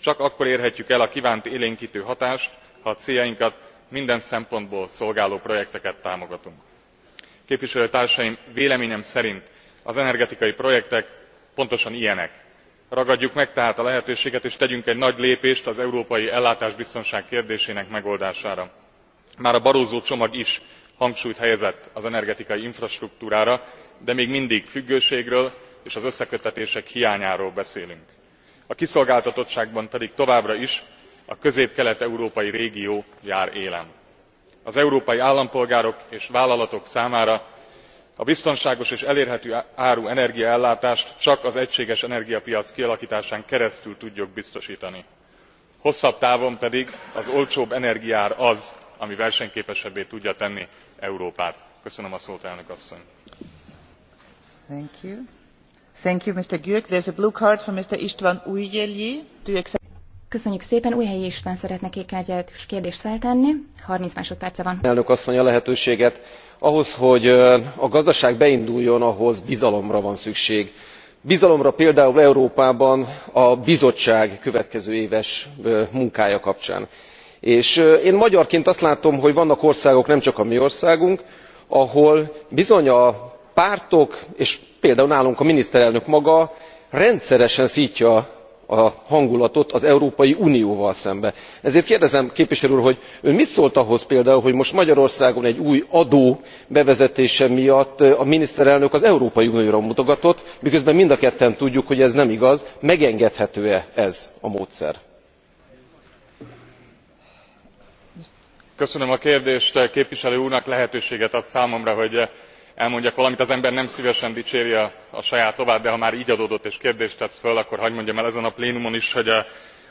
F: csak akkor érhetjük el a kvánt élénktő hatást ha a céljainkat minden szempontból szolgáló projekteket támogatunk. képviselőtársaim véleményem szerint az energetikai projektek pontosan ilyenek ragadjuk meg tehát a lehetőséget és tegyünk egy nagy lépést az európai ellátásbiztonság kérdésének megoldására. már a barroso csomag is hangsúlyt helyezett az energetikai infrastruktúrára de még mindig függőségről és az összeköttetések hiányáról beszélünk. a kiszolgáltatottságban pedig továbbra is a közép kelet európai régió jár élen. az európai állampolgárok és vállalatok számára a biztonságos és elérhető áru energiaellátást csak az egységes energiapiac kialaktásán keresztül tudjuk biztostani hosszabb távon pedig az olcsóbb energiaár az ami versenyképesebbé tudja tenni európát. köszönöm a szót elnök asszony!
D: Köszönjük szépen. Újhelyi István szeretne kékkártyát és kérdést feltenni. 30 másodperce van.
H: Elnök asszony, a lehetőséget ahhoz, hogy a gazdaság beinduljon, ahhoz bizalomra van szükség. Bizalomra például Európában a bizottság következő éves munkája kapcsán. És én magyarként azt látom, hogy vannak országok, nem csak a mi országunk, ahol bizony a pártok, és például nálunk a miniszterelnök maga rendszeresen szítja a hangulatot az európai unióval szemben. ezért kérdezem képviselő úr hogy ön mit szólt ahhoz például hogy most magyarországon egy új adó bevezetése miatt a miniszterelnök az európai unióra mutogatott miközben mind a ketten tudjuk hogy ez nem igaz megengedhető e ez a módszer?
F: köszönöm a kérdést képviselő úrnak lehetőséget ad számomra hogy elmondjak valamit az ember nem szvesen dicséri a saját lovát de ha már gy adódott és kérdést tett föl akkor hadd mondjam el ezen a plénumon is hogy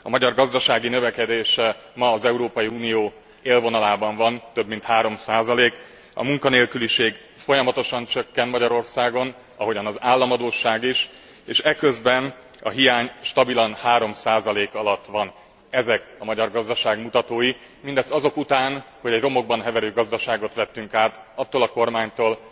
F: a magyar gazdasági növekedés ma az európai unió élvonalában van több mint three százalék a munkanélküliség folyamatosan csökken magyarországon ahogyan az államadósság is és eközben a hiány stabilan three százalék alatt van. ezek a magyar gazdaság mutatói mindez azok után hogy egy romokban heverő gazdaságot vettünk át attól a kormánytól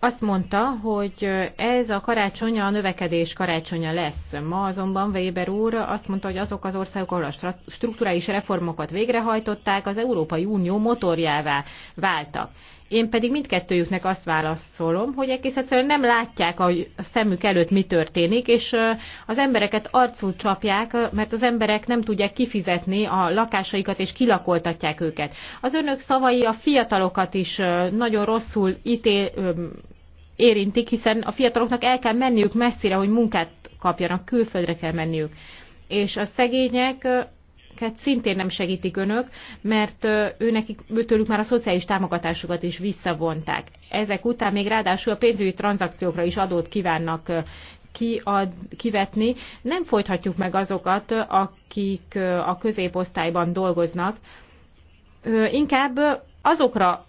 B: azt mondta, hogy ez a karácsonya a növekedés karácsonya lesz. Ma azonban Weber úr azt mondta, hogy azok az országok, ahol a strukturális reformokat végrehajtották, az Európai Unió motorjává váltak. Én pedig mindkettőjüknek azt válaszolom, hogy egész egyszerűen nem látják a szemük előtt, mi történik, és az embereket arcul csapják, mert az emberek nem tudják kifizetni a lakásaikat, és kilakoltatják őket. Az önök szavai a fiatalokat is nagyon rosszul ítél, érintik, hiszen a fiataloknak el kell menniük messzire, hogy munkát kapjanak, külföldre kell menniük. És a szegények szintén nem segítik önök, mert nekik őtőlük már a szociális támogatásokat is visszavonták. Ezek után még ráadásul a pénzügyi tranzakciókra is adót kívánnak kiad, kivetni. Nem folytatjuk meg azokat, akik a középosztályban dolgoznak. Inkább azokra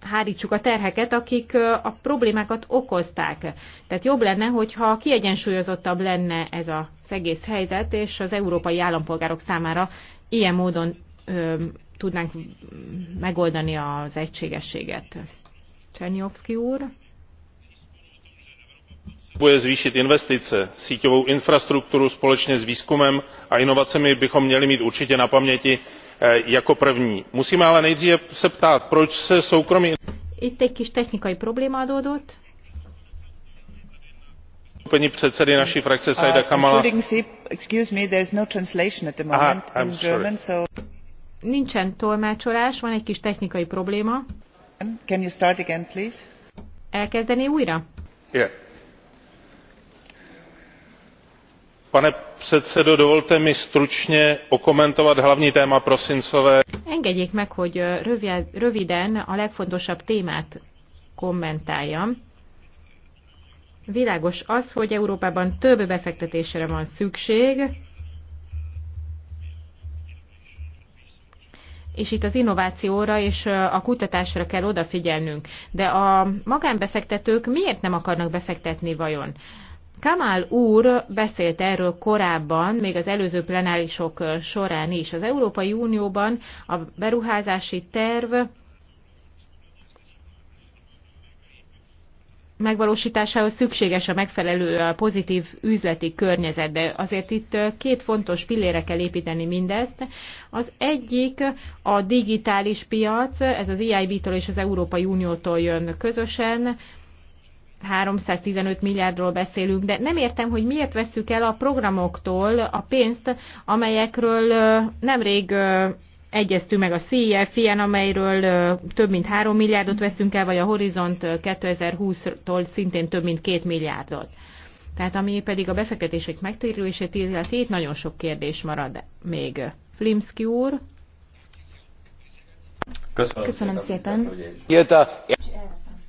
B: hárítsuk a terheket, akik a problémákat okozták. Tehát jobb lenne, hogyha kiegyensúlyozottabb lenne ez a az egész helyzet, és az európai állampolgárok számára ilyen módon ö, tudnánk megoldani az egységességet. Csernyovszki úr.
F: Bude zvýšit investice, síťovou infrastrukturu společně s výzkumem a inovacemi bychom měli mít určitě na paměti eh, jako první. Musíme ale nejdříve se ptát, proč se soukromí...
B: Itt egy kis technikai probléma adódott
F: zastoupení předsedy naší frakce saida uh, kamala
B: nincsen tolmácsolás van egy kis technikai probléma Can you start again, please? elkezdeni újra
F: yeah. pane předsedo dovolte mi stručně okomentovat hlavní téma prosincové
B: engedjék meg hogy röviden a legfontosabb témát kommentáljam Világos az, hogy Európában több befektetésre van szükség, és itt az innovációra és a kutatásra kell odafigyelnünk. De a magánbefektetők miért nem akarnak befektetni vajon? Kamal úr beszélt erről korábban, még az előző plenárisok során is. Az Európai Unióban a beruházási terv megvalósításához szükséges a megfelelő pozitív üzleti környezet, de azért itt két fontos pillére kell építeni mindezt. Az egyik a digitális piac, ez az eib tól és az Európai Uniótól jön közösen, 315 milliárdról beszélünk, de nem értem, hogy miért veszük el a programoktól a pénzt, amelyekről nemrég egyeztünk meg a CIF-en, amelyről több mint 3 milliárdot veszünk el, vagy a Horizont 2020-tól szintén több mint 2 milliárdot. Tehát ami pedig a befektetések megtérülését illeti, itt nagyon sok kérdés marad még. Flimski úr.
G: Köszönöm, Köszönöm szépen. szépen.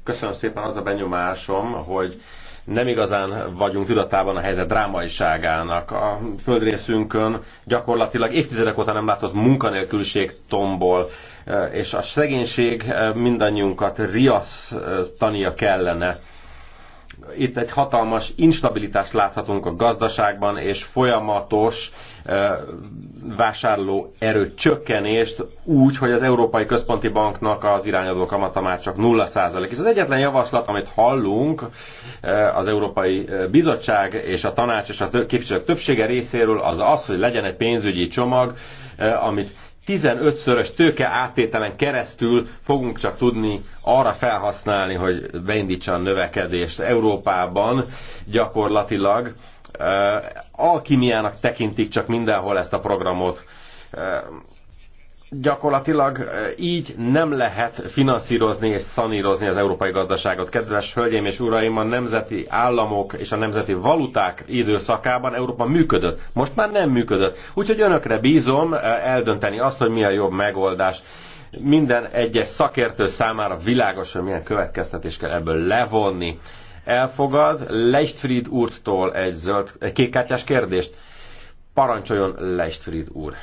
A: Köszönöm szépen, az a benyomásom, hogy nem igazán vagyunk tudatában a helyzet drámaiságának. A földrészünkön gyakorlatilag évtizedek óta nem látott munkanélküliség tombol, eh, és a szegénység eh, mindannyiunkat riasztania kellene. Itt egy hatalmas instabilitást láthatunk a gazdaságban, és folyamatos vásárló erő csökkenést úgy, hogy az Európai Központi Banknak az irányadó kamata már csak 0%. És az egyetlen javaslat, amit hallunk az Európai Bizottság és a tanács és a képviselők többsége részéről, az az, hogy legyen egy pénzügyi csomag, amit 15-szörös tőke áttételen keresztül fogunk csak tudni arra felhasználni, hogy beindítsa a növekedést Európában gyakorlatilag alkimiának tekintik csak mindenhol ezt a programot. Gyakorlatilag így nem lehet finanszírozni és szanírozni az európai gazdaságot. Kedves hölgyeim és uraim, a nemzeti államok és a nemzeti valuták időszakában Európa működött. Most már nem működött. Úgyhogy önökre bízom eldönteni azt, hogy mi a jobb megoldás minden egyes szakértő számára világos, hogy milyen következtetés kell ebből levonni elfogad Leichtfried úrtól egy, zöld, egy kékkártyás kérdést. Parancsoljon Leichtfried úr.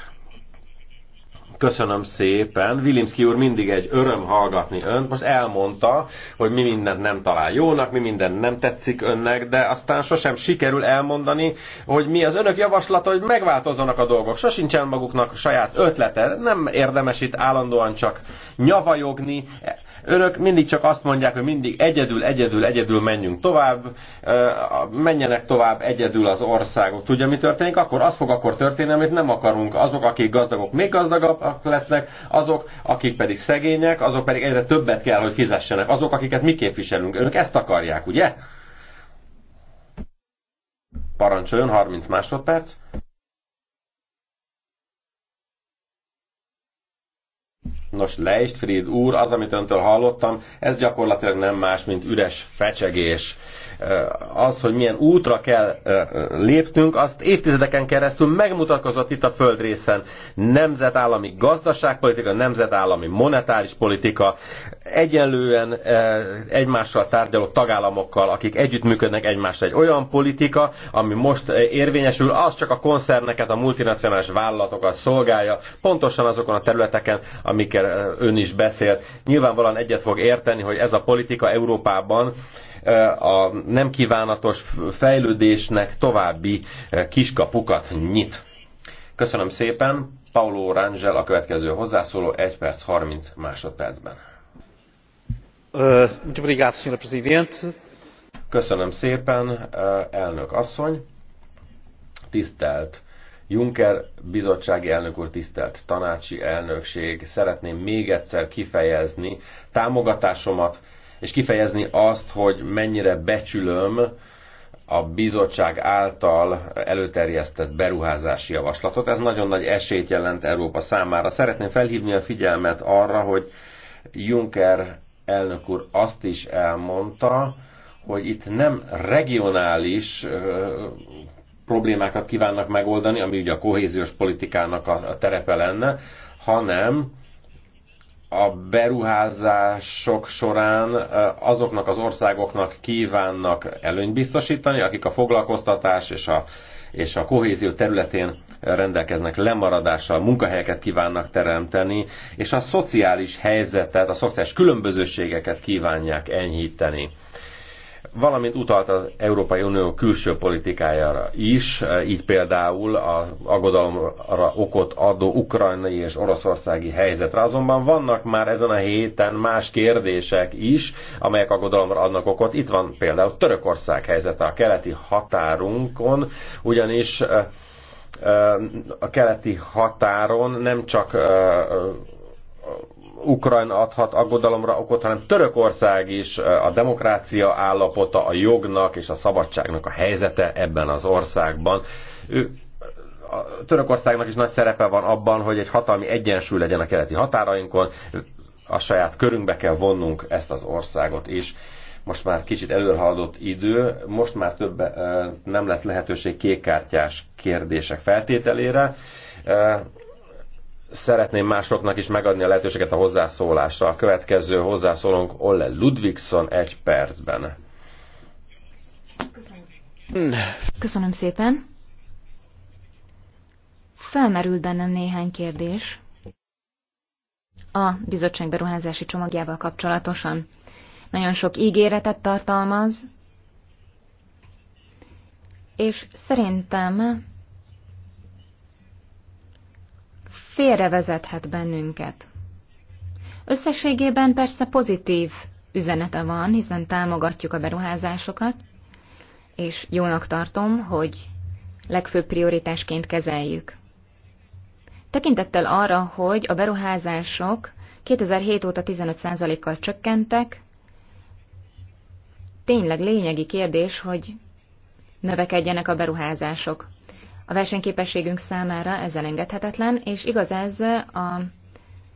A: Köszönöm szépen. Vilimski úr mindig egy öröm hallgatni önt. Most elmondta, hogy mi mindent nem talál jónak, mi mindent nem tetszik önnek, de aztán sosem sikerül elmondani, hogy mi az önök javaslata, hogy megváltozzanak a dolgok. Sosincsen maguknak saját ötlete. Nem érdemes itt állandóan csak nyavajogni, Önök mindig csak azt mondják, hogy mindig egyedül, egyedül, egyedül menjünk tovább, menjenek tovább egyedül az országok. Tudja, mi történik? Akkor az fog akkor történni, amit nem akarunk. Azok, akik gazdagok, még gazdagabbak lesznek, azok, akik pedig szegények, azok pedig egyre többet kell, hogy fizessenek. Azok, akiket mi képviselünk. Önök ezt akarják, ugye? Parancsoljon, 30 másodperc. Nos, Leist úr, az, amit öntől hallottam, ez gyakorlatilag nem más, mint üres fecsegés az, hogy milyen útra kell léptünk, azt évtizedeken keresztül megmutatkozott itt a földrészen. Nemzetállami gazdaságpolitika, nemzetállami monetáris politika, egyenlően egymással tárgyaló tagállamokkal, akik együttműködnek egymással. Egy olyan politika, ami most érvényesül, az csak a koncerneket, a multinacionális vállalatokat szolgálja, pontosan azokon a területeken, amikkel ön is beszélt. Nyilvánvalóan egyet fog érteni, hogy ez a politika Európában a nem kívánatos fejlődésnek további kiskapukat nyit. Köszönöm szépen. Paulo Rangel a következő hozzászóló 1 perc 30 másodpercben. Köszönöm szépen, elnök asszony. Tisztelt Juncker bizottsági elnök úr, tisztelt tanácsi elnökség, szeretném még egyszer kifejezni támogatásomat és kifejezni azt, hogy mennyire becsülöm a bizottság által előterjesztett beruházási javaslatot. Ez nagyon nagy esélyt jelent Európa számára. Szeretném felhívni a figyelmet arra, hogy Juncker elnök úr azt is elmondta, hogy itt nem regionális problémákat kívánnak megoldani, ami ugye a kohéziós politikának a terepe lenne, hanem a beruházások során azoknak az országoknak kívánnak előnyt biztosítani, akik a foglalkoztatás és a, és a kohézió területén rendelkeznek lemaradással, munkahelyeket kívánnak teremteni, és a szociális helyzetet, a szociális különbözőségeket kívánják enyhíteni valamint utalt az Európai Unió külső politikájára is, így például a aggodalomra okot adó ukrajnai és oroszországi helyzetre. Azonban vannak már ezen a héten más kérdések is, amelyek aggodalomra adnak okot. Itt van például Törökország helyzete a keleti határunkon, ugyanis a keleti határon nem csak Ukrajna adhat aggodalomra okot, hanem Törökország is, a demokrácia állapota, a jognak és a szabadságnak a helyzete ebben az országban. Ő, a Törökországnak is nagy szerepe van abban, hogy egy hatalmi egyensúly legyen a keleti határainkon, a saját körünkbe kell vonnunk ezt az országot is. Most már kicsit előrehaladott idő, most már több nem lesz lehetőség kékkártyás kérdések feltételére szeretném másoknak is megadni a lehetőséget a hozzászólásra. A következő hozzászólónk Olle Ludvigson egy percben.
D: Köszönöm szépen. Felmerült bennem néhány kérdés a bizottság beruházási csomagjával kapcsolatosan. Nagyon sok ígéretet tartalmaz, és szerintem félrevezethet bennünket. Összességében persze pozitív üzenete van, hiszen támogatjuk a beruházásokat, és jónak tartom, hogy legfőbb prioritásként kezeljük. Tekintettel arra, hogy a beruházások 2007 óta 15%-kal csökkentek, tényleg lényegi kérdés, hogy növekedjenek a beruházások a versenyképességünk számára ez elengedhetetlen, és igaz ez a,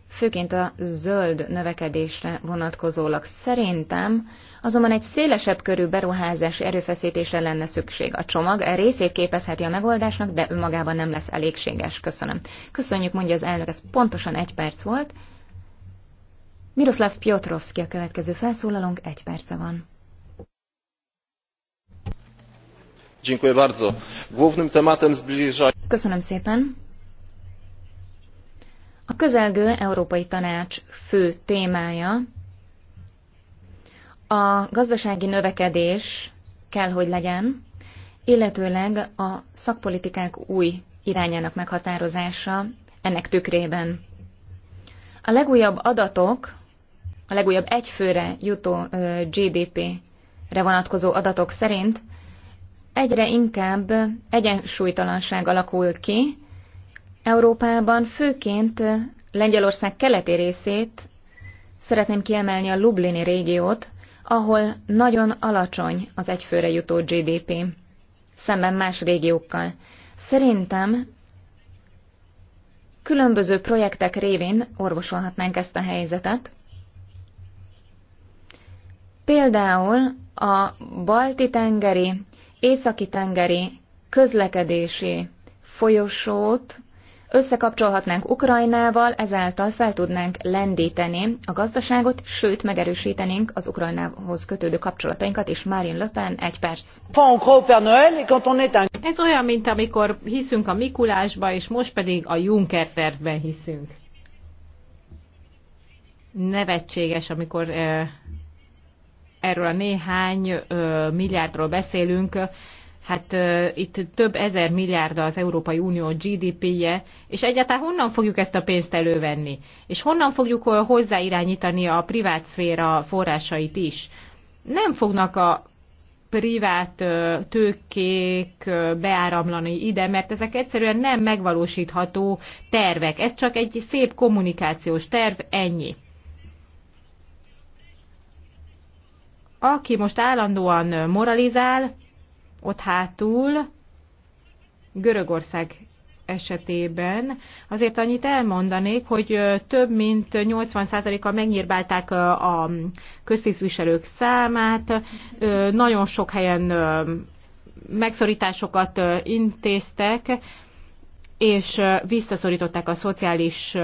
D: főként a zöld növekedésre vonatkozólag. Szerintem azonban egy szélesebb körű beruházási erőfeszítésre lenne szükség. A csomag e részét képezheti a megoldásnak, de önmagában nem lesz elégséges. Köszönöm. Köszönjük, mondja az elnök, ez pontosan egy perc volt. Miroslav Piotrowski a következő felszólalónk, egy perce van. Köszönöm szépen. A közelgő Európai Tanács fő témája a gazdasági növekedés kell, hogy legyen, illetőleg a szakpolitikák új irányának meghatározása ennek tükrében. A legújabb adatok, a legújabb egyfőre jutó GDP-re vonatkozó adatok szerint egyre inkább egyensúlytalanság alakul ki. Európában főként Lengyelország keleti részét szeretném kiemelni a Lublini régiót, ahol nagyon alacsony az egyfőre jutó GDP, szemben más régiókkal. Szerintem különböző projektek révén orvosolhatnánk ezt a helyzetet. Például a balti tengeri északi-tengeri közlekedési folyosót összekapcsolhatnánk Ukrajnával, ezáltal fel tudnánk lendíteni a gazdaságot, sőt megerősítenénk az Ukrajnához kötődő kapcsolatainkat, és Márin Löpen egy perc.
B: Ez olyan, mint amikor hiszünk a Mikulásba, és most pedig a Juncker tervben hiszünk. Nevetséges, amikor eh, erről a néhány milliárdról beszélünk, hát itt több ezer milliárd az Európai Unió GDP-je, és egyáltalán honnan fogjuk ezt a pénzt elővenni? És honnan fogjuk hozzáirányítani a privát szféra forrásait is? Nem fognak a privát tőkék beáramlani ide, mert ezek egyszerűen nem megvalósítható tervek. Ez csak egy szép kommunikációs terv, ennyi. aki most állandóan moralizál, ott hátul, Görögország esetében. Azért annyit elmondanék, hogy több mint 80 a megnyírbálták a köztisztviselők számát, nagyon sok helyen megszorításokat intéztek, és visszaszorították a szociális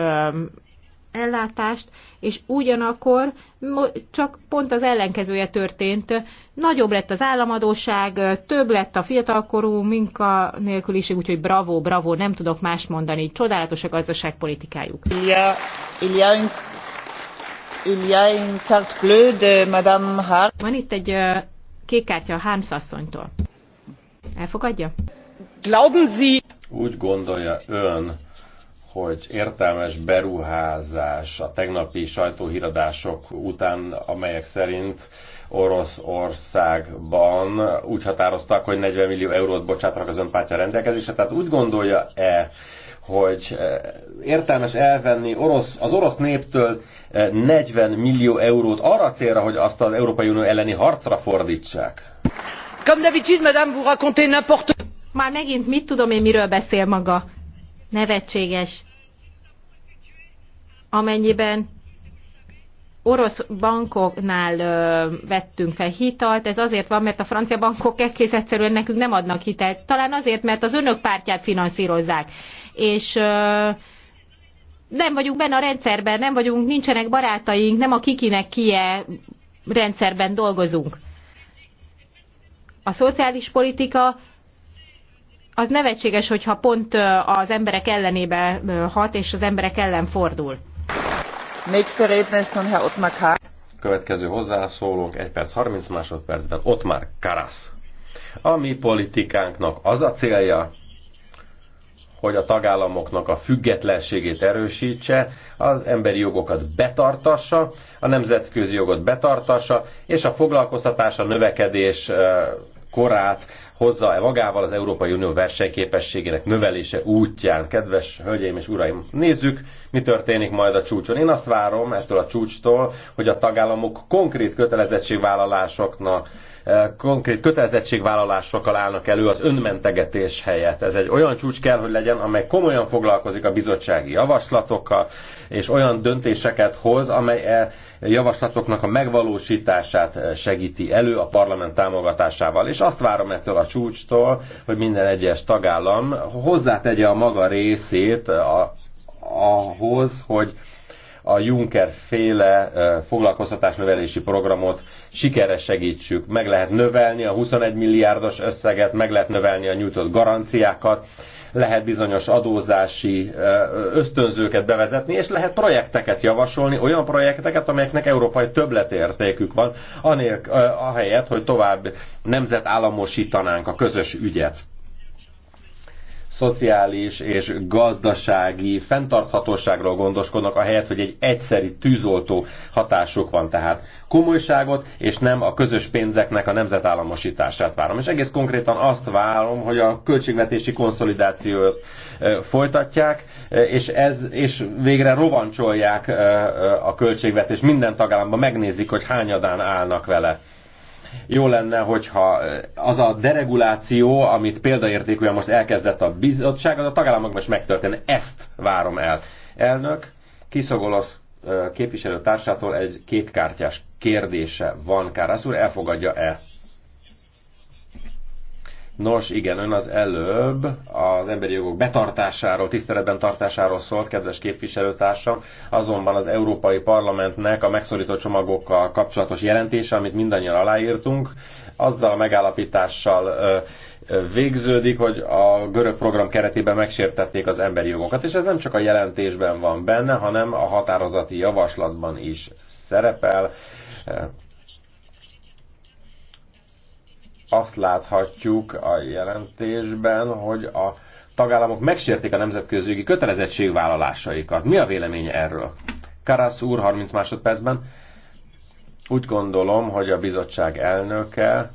B: ellátást, és ugyanakkor csak pont az ellenkezője történt. Nagyobb lett az államadóság, több lett a fiatalkorú nélküliség, úgyhogy bravo, bravo, nem tudok más mondani. Csodálatos a gazdaságpolitikájuk. Il y a, il y a une,
F: il y a une carte bleue de Madame Hart.
B: Van itt egy kék kártya a Harms asszonytól. Elfogadja? Glauben Sie...
A: Úgy gondolja ön, hogy értelmes beruházás a tegnapi sajtóhíradások után, amelyek szerint Oroszországban úgy határoztak, hogy 40 millió eurót bocsátanak az önpártya rendelkezésre. Tehát úgy gondolja-e, hogy eh, értelmes elvenni orosz, az orosz néptől 40 eh, millió eurót arra célra, hogy azt az Európai Unió elleni harcra fordítsák?
B: Comme d'habitude, madame, vous racontez n'importe... Már megint mit tudom én, miről beszél maga? nevetséges, amennyiben orosz bankoknál ö, vettünk fel hitalt, ez azért van, mert a francia bankok egész egyszerűen nekünk nem adnak hitelt. Talán azért, mert az önök pártját finanszírozzák. És ö, nem vagyunk benne a rendszerben, nem vagyunk, nincsenek barátaink, nem a kikinek kie rendszerben dolgozunk. A szociális politika az nevetséges, hogyha pont az emberek ellenébe hat, és az emberek ellen fordul.
A: Következő hozzászólók: 1 perc 30 másodpercben ott már Karasz. A mi politikánknak az a célja, hogy a tagállamoknak a függetlenségét erősítse, az emberi jogokat betartassa, a nemzetközi jogot betartassa, és a foglalkoztatás, a növekedés korát hozza-e magával az Európai Unió versenyképességének növelése útján. Kedves hölgyeim és uraim, nézzük, mi történik majd a csúcson. Én azt várom ettől a csúcstól, hogy a tagállamok konkrét kötelezettségvállalásoknak eh, konkrét kötelezettségvállalásokkal állnak elő az önmentegetés helyett. Ez egy olyan csúcs kell, hogy legyen, amely komolyan foglalkozik a bizottsági javaslatokkal, és olyan döntéseket hoz, amely eh, javaslatoknak a megvalósítását eh, segíti elő a parlament támogatásával. És azt várom ettől a csúcstól, hogy minden egyes tagállam hozzátegye a maga részét eh, a, ahhoz, hogy a Juncker féle foglalkoztatásnövelési programot sikeres segítsük. Meg lehet növelni a 21 milliárdos összeget, meg lehet növelni a nyújtott garanciákat, lehet bizonyos adózási ösztönzőket bevezetni, és lehet projekteket javasolni, olyan projekteket, amelyeknek európai többletértékük van, anélk, ahelyett, hogy tovább nemzetállamosítanánk a közös ügyet szociális és gazdasági fenntarthatóságról gondoskodnak, ahelyett, hogy egy egyszeri tűzoltó hatásuk van. Tehát komolyságot, és nem a közös pénzeknek a nemzetállamosítását várom. És egész konkrétan azt várom, hogy a költségvetési konszolidációt folytatják, és, ez, és végre rovancsolják a költségvetést. Minden tagállamban megnézik, hogy hányadán állnak vele. Jó lenne, hogyha eh, az a dereguláció, amit példaértékűen most elkezdett a bizottság, az a tagállamokban is megtörténne. Ezt várom el. Elnök, kiszogolosz eh, képviselő társától egy kétkártyás kérdése van. Kárász úr, elfogadja-e? Nos, igen, ön az előbb az emberi jogok betartásáról, tiszteletben tartásáról szólt, kedves képviselőtársam, azonban az Európai Parlamentnek a megszorító csomagokkal kapcsolatos jelentése, amit mindannyian aláírtunk, azzal a megállapítással végződik, hogy a görög program keretében megsértették az emberi jogokat, és ez nem csak a jelentésben van benne, hanem a határozati javaslatban is szerepel azt láthatjuk a jelentésben, hogy a tagállamok megsértik a nemzetközi kötelezettségvállalásaikat. Mi a véleménye erről? Karasz úr, 30 másodpercben. Úgy gondolom, hogy a bizottság elnöke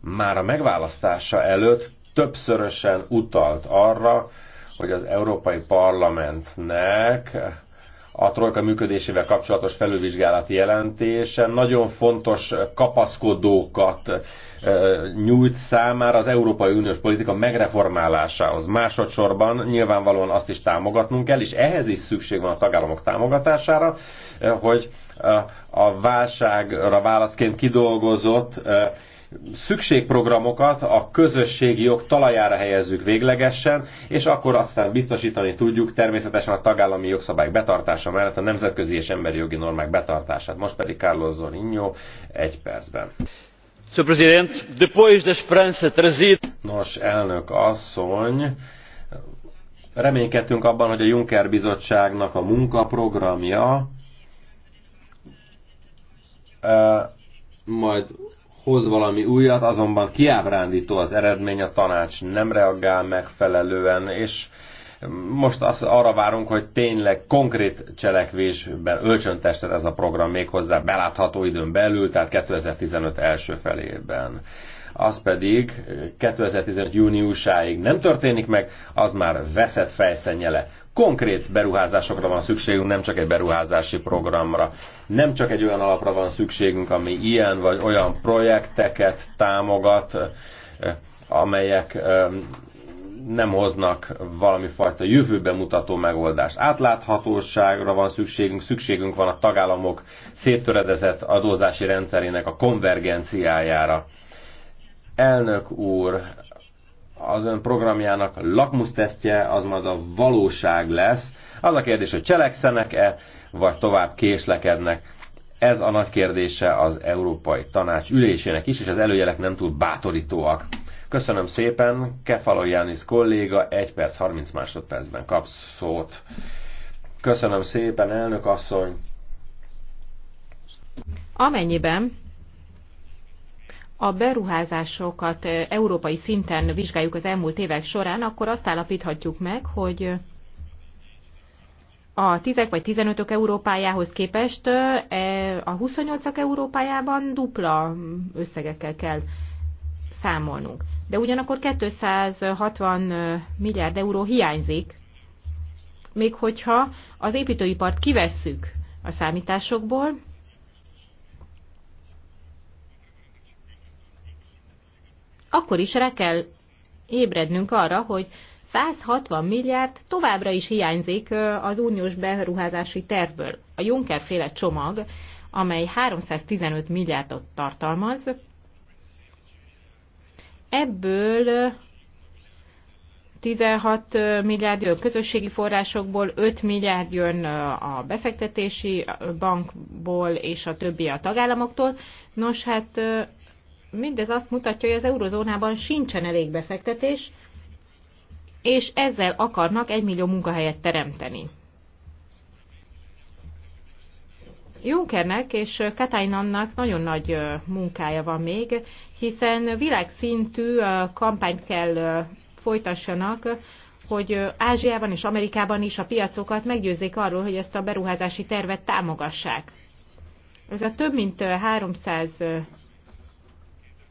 A: már a megválasztása előtt többszörösen utalt arra, hogy az Európai Parlamentnek a trojka működésével kapcsolatos felülvizsgálati jelentése nagyon fontos kapaszkodókat nyújt számára az Európai Uniós politika megreformálásához. Másodszorban nyilvánvalóan azt is támogatnunk kell, és ehhez is szükség van a tagállamok támogatására, hogy a válságra válaszként kidolgozott szükségprogramokat a közösségi jog talajára helyezzük véglegesen, és akkor aztán biztosítani tudjuk természetesen a tagállami jogszabályok betartása mellett a nemzetközi és emberi jogi normák betartását. Most pedig Carlos Zorinho egy percben. Sr. Presidente, depois da esperança trazida... Nos, elnök asszony, reménykedtünk abban, hogy a Juncker bizottságnak a munkaprogramja uh, majd hoz valami újat, azonban kiábrándító az eredmény, a tanács nem reagál megfelelően, és most azt arra várunk, hogy tényleg konkrét cselekvésben ölcsöntested ez a program még hozzá belátható időn belül, tehát 2015 első felében. Az pedig 2015 júniusáig nem történik meg, az már veszett fejszennyele konkrét beruházásokra van szükségünk, nem csak egy beruházási programra. Nem csak egy olyan alapra van szükségünk, ami ilyen vagy olyan projekteket támogat, eh, amelyek nem hoznak valami fajta jövőbe mutató megoldást. Átláthatóságra van szükségünk, szükségünk van a tagállamok széttöredezett adózási rendszerének a konvergenciájára. Elnök úr, az ön programjának lakmusztesztje az majd a valóság lesz. Az a kérdés, hogy cselekszenek-e, vagy tovább késlekednek. Ez a nagy kérdése az Európai Tanács ülésének is, és az előjelek nem túl bátorítóak. Köszönöm szépen, Kefalo Jánisz kolléga, 1 perc 30 másodpercben kapsz szót. Köszönöm szépen, elnök asszony.
B: Amennyiben a beruházásokat eh, európai szinten vizsgáljuk az elmúlt évek során, akkor azt állapíthatjuk meg, hogy a 10 vagy 15-ök Európájához képest eh, a 28-ak Európájában dupla összegekkel kell számolnunk. De ugyanakkor 260 eh, milliárd euró hiányzik, még hogyha az építőipart kivesszük a számításokból, akkor is rá kell ébrednünk arra, hogy 160 milliárd továbbra is hiányzik az uniós beruházási tervből. A Juncker féle csomag, amely 315 milliárdot tartalmaz, ebből 16 milliárd jön közösségi forrásokból, 5 milliárd jön a befektetési bankból, és a többi a tagállamoktól. Nos, hát mindez azt mutatja, hogy az eurozónában sincsen elég befektetés, és ezzel akarnak egymillió munkahelyet teremteni. Junckernek és Katainannak nagyon nagy munkája van még, hiszen világszintű kampányt kell folytassanak, hogy Ázsiában és Amerikában is a piacokat meggyőzzék arról, hogy ezt a beruházási tervet támogassák. Ez a több mint 300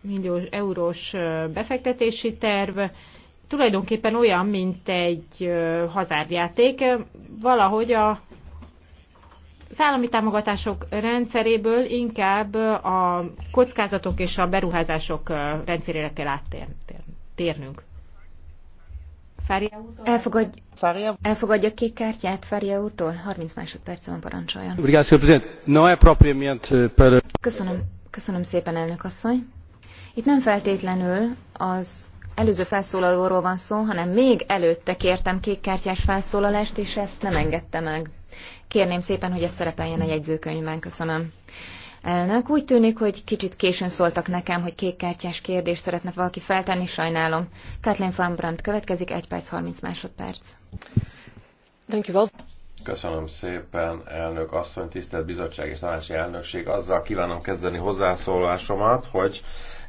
B: millió eurós befektetési terv, tulajdonképpen olyan, mint egy hazárjáték, valahogy a az állami támogatások rendszeréből inkább a kockázatok és a beruházások rendszerére kell áttérnünk.
D: Elfogadj, Fária? Elfogadja kék kártyát Fária úrtól? 30 másodperc van parancsoljon. Köszönöm, köszönöm szépen, elnök asszony. Itt nem feltétlenül az előző felszólalóról van szó, hanem még előtte kértem kékkártyás felszólalást, és ezt nem engedte meg. Kérném szépen, hogy ez szerepeljen a jegyzőkönyvben. Köszönöm. Elnök, úgy tűnik, hogy kicsit későn szóltak nekem, hogy kékkártyás kérdést szeretne valaki feltenni, sajnálom. Kathleen van Brandt következik, 1 perc 30 másodperc. Thank you
F: Köszönöm szépen,
A: elnök asszony, tisztelt bizottság és tanácsi elnökség. Azzal kívánom kezdeni hozzászólásomat, hogy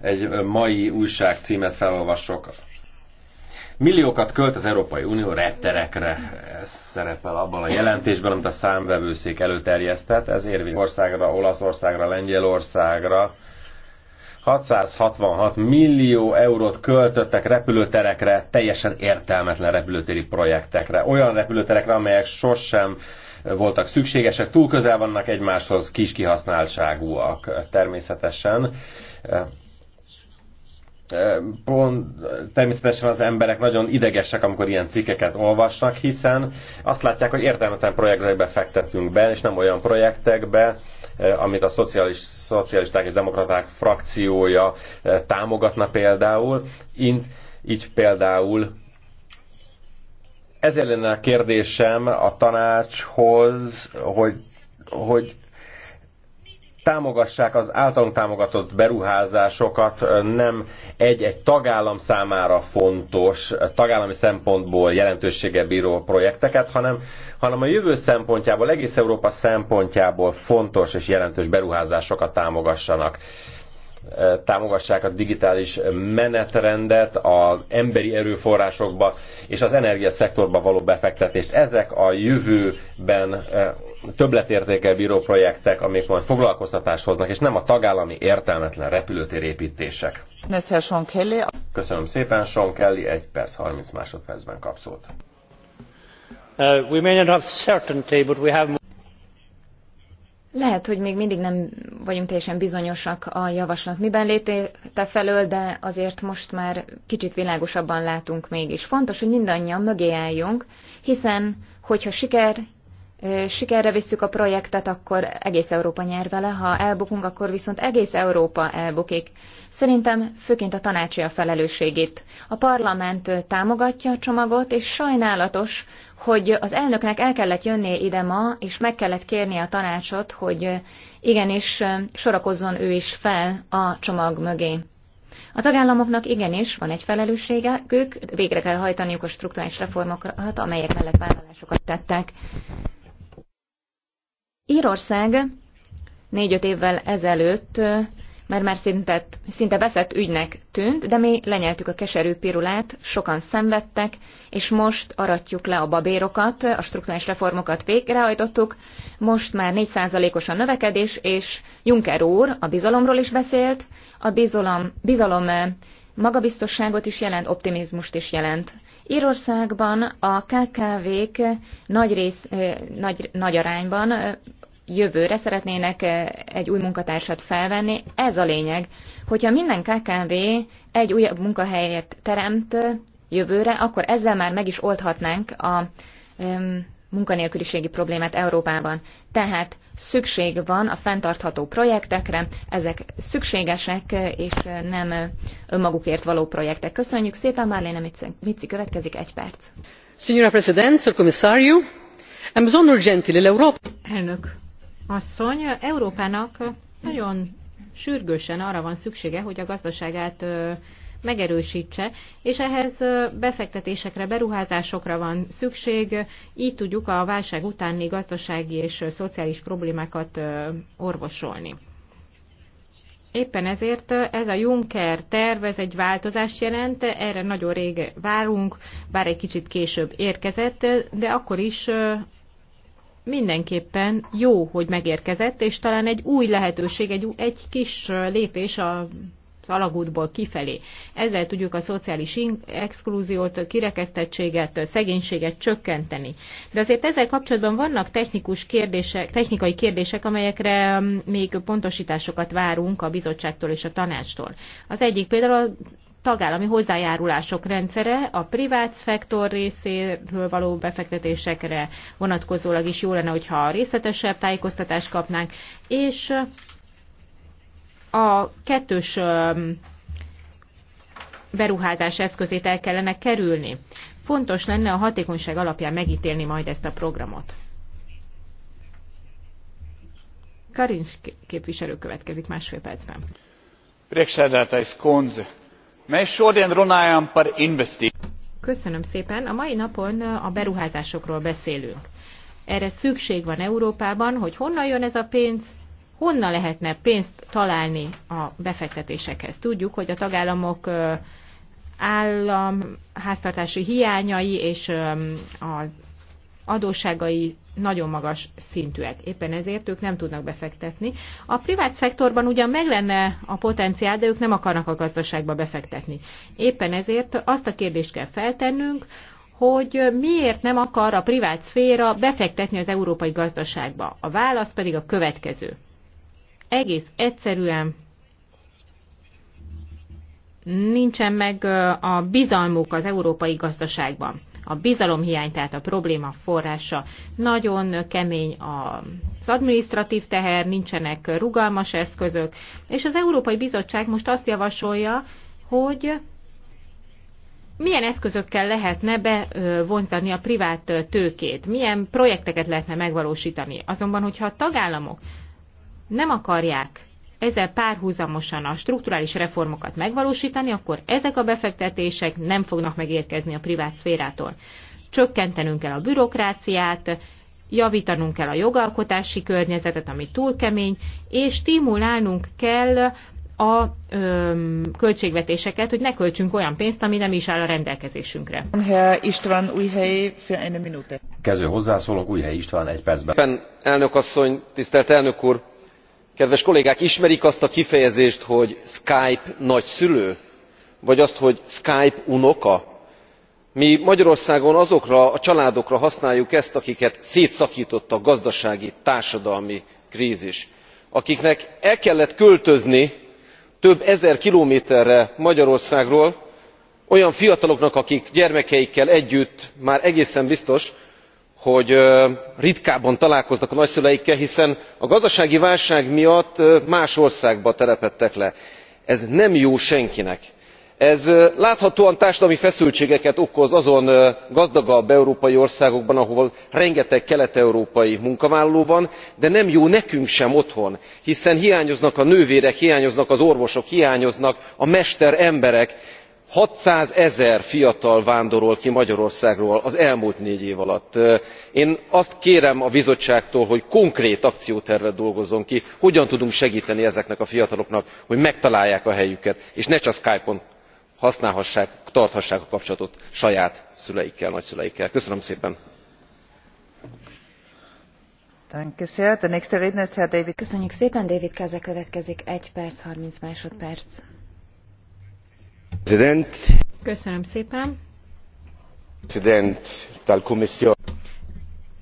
A: egy mai újság címet felolvasok. Milliókat költ az Európai Unió retterekre. Ez szerepel abban a jelentésben, amit a számvevőszék előterjesztett. Ez érvény országra, Olaszországra, Lengyelországra. 666 millió eurót költöttek repülőterekre, teljesen értelmetlen repülőtéri projektekre. Olyan repülőterekre, amelyek sosem voltak szükségesek, túl közel vannak egymáshoz, kis kihasználtságúak természetesen pont, természetesen az emberek nagyon idegesek, amikor ilyen cikkeket olvasnak, hiszen azt látják, hogy értelmetlen projektekbe fektetünk be, és nem olyan projektekbe, amit a szociális, szocialisták és demokraták frakciója támogatna például. Így, így például ez lenne a kérdésem a tanácshoz, hogy, hogy támogassák az általunk támogatott beruházásokat, nem egy-egy tagállam számára fontos, tagállami szempontból jelentősége bíró projekteket, hanem, hanem a jövő szempontjából, egész Európa szempontjából fontos és jelentős beruházásokat támogassanak támogassák a digitális menetrendet, az emberi erőforrásokba és az energiaszektorba való befektetést. Ezek a jövőben többletértékel bíró projektek, amik majd foglalkoztatást hoznak, és nem a tagállami értelmetlen építések. Köszönöm szépen, Sean Kelly, 1 perc 30
E: másodpercben kap szót. Uh, we may not have certainty, but we have...
D: Lehet, hogy még mindig nem vagyunk teljesen bizonyosak a javaslat miben léte felől, de azért most már kicsit világosabban látunk mégis. Fontos, hogy mindannyian mögé álljunk, hiszen hogyha siker sikerre visszük a projektet, akkor egész Európa nyer vele, ha elbukunk, akkor viszont egész Európa elbukik. Szerintem főként a tanácsi a felelősségét. A parlament támogatja a csomagot, és sajnálatos, hogy az elnöknek el kellett jönnie ide ma, és meg kellett kérnie a tanácsot, hogy igenis sorakozzon ő is fel a csomag mögé. A tagállamoknak igenis van egy felelősségük, végre kell hajtaniuk a struktúrális reformokat, amelyek mellett vállalásokat tettek. Írország négy-öt évvel ezelőtt mert már szinte, szinte veszett ügynek tűnt, de mi lenyeltük a keserű pirulát, sokan szenvedtek, és most aratjuk le a babérokat, a struktúrális reformokat végrehajtottuk, most már 4%-os a növekedés, és Juncker úr a bizalomról is beszélt, a bizalom, bizalom magabiztosságot is jelent, optimizmust is jelent. Írországban a KKV-k nagy, rész, nagy, nagy arányban jövőre szeretnének eh, egy új munkatársat felvenni. Ez a lényeg, hogyha minden KKV egy újabb munkahelyet teremt eh, jövőre, akkor ezzel már meg is oldhatnánk a munkanélküliségi problémát Európában. Tehát szükség van a fenntartható projektekre, ezek szükségesek eh, és nem önmagukért való projektek. Köszönjük szépen, Marlene Mici következik
E: egy perc. Signora President, Commissario, Amazon urgenti l'Europa.
B: Elnök asszony, Európának nagyon sürgősen arra van szüksége, hogy a gazdaságát megerősítse, és ehhez befektetésekre, beruházásokra van szükség, így tudjuk a válság utáni gazdasági és szociális problémákat orvosolni. Éppen ezért ez a Juncker terv, ez egy változást jelent, erre nagyon rég várunk, bár egy kicsit később érkezett, de akkor is mindenképpen jó, hogy megérkezett, és talán egy új lehetőség, egy, egy kis lépés a az alagútból kifelé. Ezzel tudjuk a szociális exklúziót, kirekesztettséget, szegénységet csökkenteni. De azért ezzel kapcsolatban vannak technikus kérdések, technikai kérdések, amelyekre még pontosításokat várunk a bizottságtól és a tanácstól. Az egyik például a tagállami hozzájárulások rendszere a privát szektor részéről való befektetésekre vonatkozólag is jó lenne, hogyha részletesebb tájékoztatást kapnánk, és a kettős beruházás eszközét el kellene kerülni. Fontos lenne a hatékonyság alapján megítélni majd ezt a programot. Karin képviselő következik másfél percben.
F: Priekšsēdētājs Konze, Köszönöm
B: szépen. A mai napon a beruházásokról beszélünk. Erre szükség van Európában, hogy honnan jön ez a pénz, honnan lehetne pénzt találni a befektetésekhez. Tudjuk, hogy a tagállamok államháztartási hiányai és az adósságai nagyon magas szintűek. Éppen ezért ők nem tudnak befektetni. A privát szektorban ugyan meg lenne a potenciál, de ők nem akarnak a gazdaságba befektetni. Éppen ezért azt a kérdést kell feltennünk, hogy miért nem akar a privát szféra befektetni az európai gazdaságba. A válasz pedig a következő. Egész egyszerűen nincsen meg a bizalmuk az európai gazdaságban. A bizalomhiány, tehát a probléma forrása. Nagyon kemény az administratív teher, nincsenek rugalmas eszközök, és az Európai Bizottság most azt javasolja, hogy milyen eszközökkel lehetne bevonzani a privát tőkét, milyen projekteket lehetne megvalósítani. Azonban, hogyha a tagállamok nem akarják ezzel párhuzamosan a strukturális reformokat megvalósítani, akkor ezek a befektetések nem fognak megérkezni a privát szférától. Csökkentenünk kell a bürokráciát, javítanunk kell a jogalkotási környezetet, ami túl kemény, és stimulálnunk kell a ö, költségvetéseket, hogy ne költsünk olyan pénzt, ami nem is áll a rendelkezésünkre.
F: Herr István Újhelyi, für eine Minute.
H: Kező hozzászólok, Újhelyi István egy percben. Fenn, elnök asszony, tisztelt elnök úr! kedves kollégák ismerik azt a kifejezést hogy skype nagyszülő vagy azt hogy skype unoka? mi magyarországon azokra a családokra használjuk ezt akiket szétszaktott a gazdasági társadalmi krzis akiknek el kellett költözni több ezer kilométerre magyarországról olyan fiataloknak akik gyermekeikkel együtt már egészen biztos hogy ritkábban találkoznak a nagyszüleikkel hiszen a gazdasági válság miatt más országba telepedtek le. ez nem jó senkinek. ez láthatóan társadalmi feszültségeket okoz azon gazdagabb európai országokban ahol rengeteg kelet európai munkavállaló van de nem jó nekünk sem otthon hiszen hiányoznak a nővérek hiányoznak az orvosok hiányoznak a mesteremberek hatszázezer fiatal vándorolt ki magyarországról az elmúlt négy év alatt. én azt kérem a bizottságtól hogy konkrét akciótervet dolgozzon ki hogyan tudunk segteni ezeknek a fiataloknak hogy megtalálják a helyüket és ne csak skype on használhassák tarthassák a kapcsolatot saját szüleikkel nagyszüleikkel. köszönöm szépen!
D: köszönjük szépen david következik egy perc másodperc.
B: Köszönöm szépen.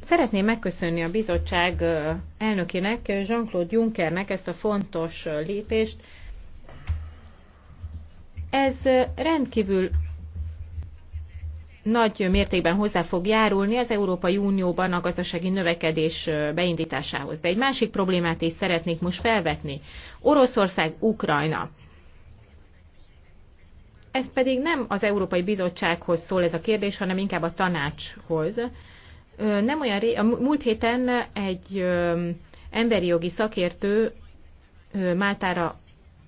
B: Szeretném megköszönni a bizottság elnökének, Jean-Claude Junckernek ezt a fontos lépést. Ez rendkívül nagy mértékben hozzá fog járulni az Európai Unióban a gazdasági növekedés beindításához. De egy másik problémát is szeretnék most felvetni. Oroszország, Ukrajna. Ez pedig nem az Európai Bizottsághoz szól ez a kérdés, hanem inkább a tanácshoz. Nem olyan ré... A múlt héten egy emberi jogi szakértő Máltára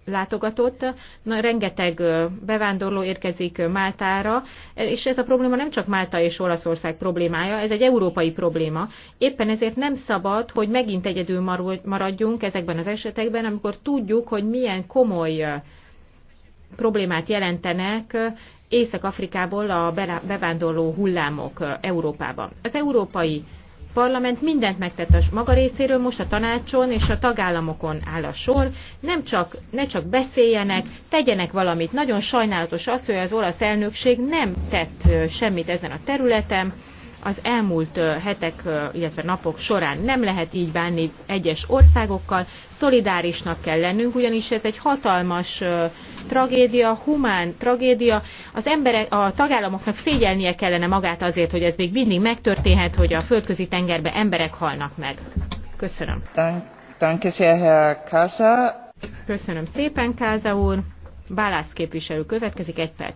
B: látogatott. Na, rengeteg bevándorló érkezik Máltára, e, és ez a probléma nem csak Málta és Olaszország problémája, ez egy európai probléma. Éppen ezért nem szabad, hogy megint egyedül maradjunk ezekben az esetekben, amikor tudjuk, hogy milyen komoly problémát jelentenek Észak-Afrikából a bevándorló hullámok Európában. Az Európai Parlament mindent megtett a maga részéről, most a tanácson és a tagállamokon áll a sor. Nem csak, ne csak beszéljenek, tegyenek valamit. Nagyon sajnálatos az, hogy az olasz elnökség nem tett semmit ezen a területen az elmúlt hetek, illetve napok során. Nem lehet így bánni egyes országokkal, szolidárisnak kell lennünk, ugyanis ez egy hatalmas tragédia, humán tragédia. Az emberek, a tagállamoknak szégyelnie kellene magát azért, hogy ez még mindig megtörténhet, hogy a földközi tengerbe emberek halnak meg. Köszönöm. Köszönöm szépen, Káza úr. Bálász képviselő következik, egy perc.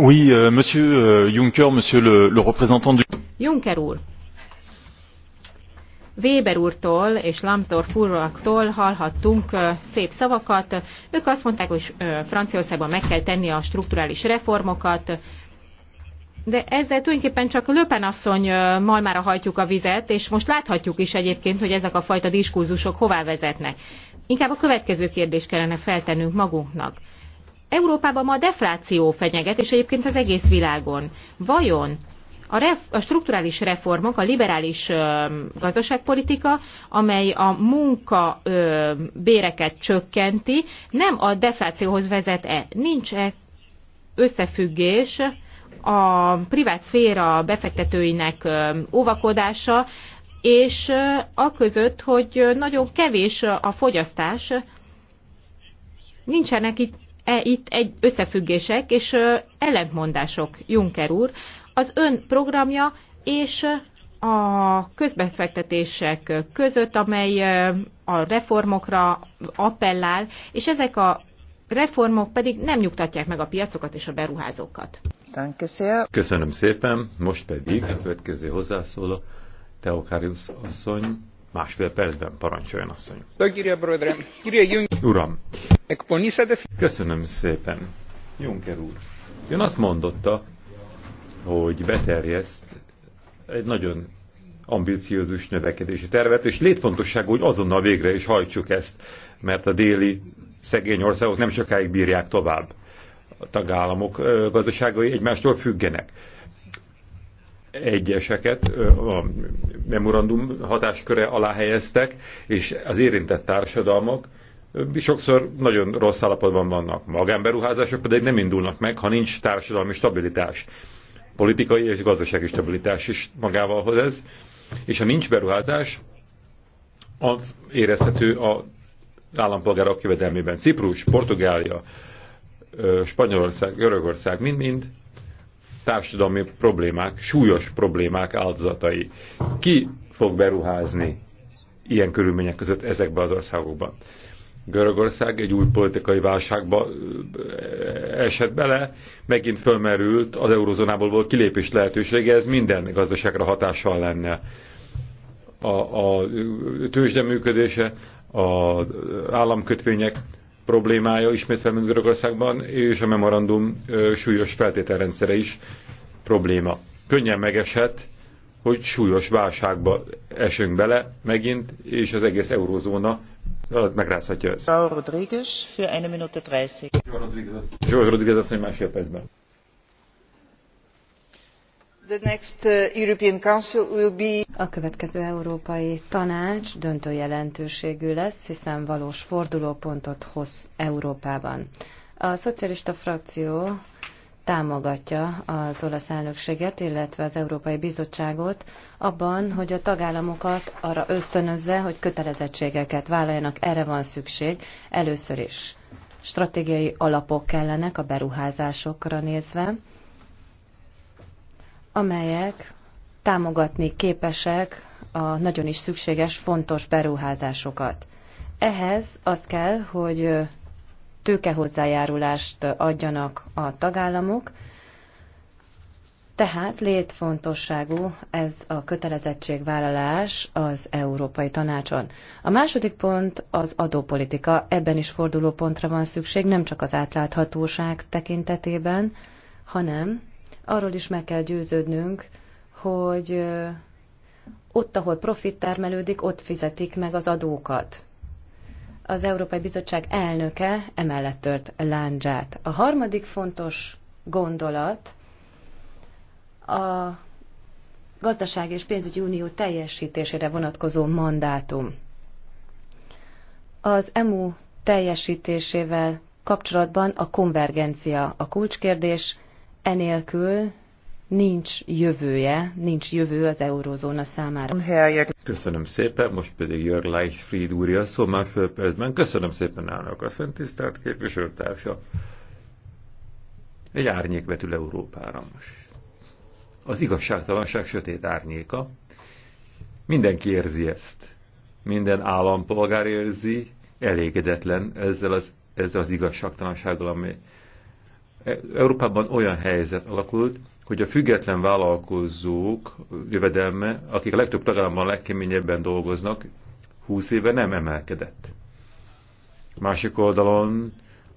F: Euh, euh, Juncker, monsieur le, le représentant du...
B: Juncker úr, Weber úrtól és Lamtor Furraktól hallhattunk szép szavakat. Ők azt mondták, hogy Franciaországban meg kell tenni a strukturális reformokat, de ezzel tulajdonképpen csak Löpen asszony malmára hajtjuk a vizet, és most láthatjuk is egyébként, hogy ezek a fajta diskurzusok hová vezetnek. Inkább a következő kérdést kellene feltennünk magunknak. Európában ma a defláció fenyeget, és egyébként az egész világon. Vajon a, ref, a strukturális reformok, a liberális ö, gazdaságpolitika, amely a munka ö, béreket csökkenti, nem a deflációhoz vezet-e? Nincs-e összefüggés a privát szféra befektetőinek ö, óvakodása, és a között, hogy nagyon kevés a fogyasztás, nincsenek itt e, itt egy összefüggések és ellentmondások, Juncker úr. Az ön programja és a közbefektetések között, amely a reformokra appellál, és ezek a reformok pedig nem nyugtatják meg a piacokat és a beruházókat.
C: Köszönöm szépen, most pedig a következő hozzászóló Teokárius asszony Másfél percben parancsoljon asszony. Uram, köszönöm szépen. Juncker úr, ön azt mondotta, hogy beterjeszt egy nagyon ambiciózus növekedési tervet, és létfontosságú, hogy azonnal végre is hajtsuk ezt, mert a déli szegény országok nem sokáig bírják tovább. A tagállamok gazdaságai egymástól függenek egyeseket a memorandum hatásköre alá helyeztek, és az érintett társadalmak sokszor nagyon rossz állapotban vannak. Magánberuházások pedig nem indulnak meg, ha nincs társadalmi stabilitás. Politikai és gazdasági stabilitás is magával hoz ez. És ha nincs beruházás, az érezhető a állampolgárok jövedelmében. Ciprus, Portugália, Spanyolország, Görögország mind-mind társadalmi problémák, súlyos problémák áldozatai. Ki fog beruházni ilyen körülmények között ezekben az országokban? Görögország egy új politikai válságba esett bele, megint fölmerült az eurozónából való kilépés lehetősége, ez minden gazdaságra hatással lenne. A, a tőzsde működése, az államkötvények problémája ismét felműnt Görögországban, és a memorandum súlyos feltételrendszere is probléma. Könnyen megeshet, hogy súlyos válságba esünk bele megint, és az egész eurózóna megrázhatja ezt.
F: Joe Rodriguez, für eine Minute 30. Joe Rodriguez, Rodriguez
C: azt mondja másfél percben.
E: Uh, a következő Európai Tanács döntő jelentőségű lesz, hiszen valós fordulópontot hoz Európában. A szocialista frakció támogatja az olasz elnökséget, illetve az Európai Bizottságot abban, hogy a tagállamokat arra ösztönözze, hogy kötelezettségeket vállaljanak. Erre van szükség először is. Stratégiai alapok kellenek a beruházásokra nézve amelyek támogatni képesek a nagyon is szükséges, fontos beruházásokat. Ehhez az kell, hogy tőkehozzájárulást adjanak a tagállamok, tehát létfontosságú ez a kötelezettségvállalás az Európai Tanácson. A második pont az adópolitika. Ebben is forduló pontra van szükség, nem csak az átláthatóság tekintetében, hanem arról is meg kell győződnünk, hogy ott, ahol profit termelődik, ott fizetik meg az adókat. Az Európai Bizottság elnöke emellett tört láncsát. A harmadik fontos gondolat a gazdaság és pénzügyi unió teljesítésére vonatkozó mandátum. Az EMU teljesítésével kapcsolatban a konvergencia a kulcskérdés, Enélkül nincs jövője, nincs jövő az eurozóna számára. Köszönöm
C: szépen, most pedig Jörg Leichfried úr a szó másfélpercben. Köszönöm szépen állnak a szent tisztelt képviselőtársa. Egy árnyék vetül Európára most. Az igazságtalanság sötét árnyéka. Mindenki érzi ezt. Minden állampolgár érzi, elégedetlen ezzel az, ezzel az igazságtalansággal, amely Európában olyan helyzet alakult, hogy a független vállalkozók jövedelme, akik a legtöbb tagállamban legkeményebben dolgoznak, 20 éve nem emelkedett. Másik oldalon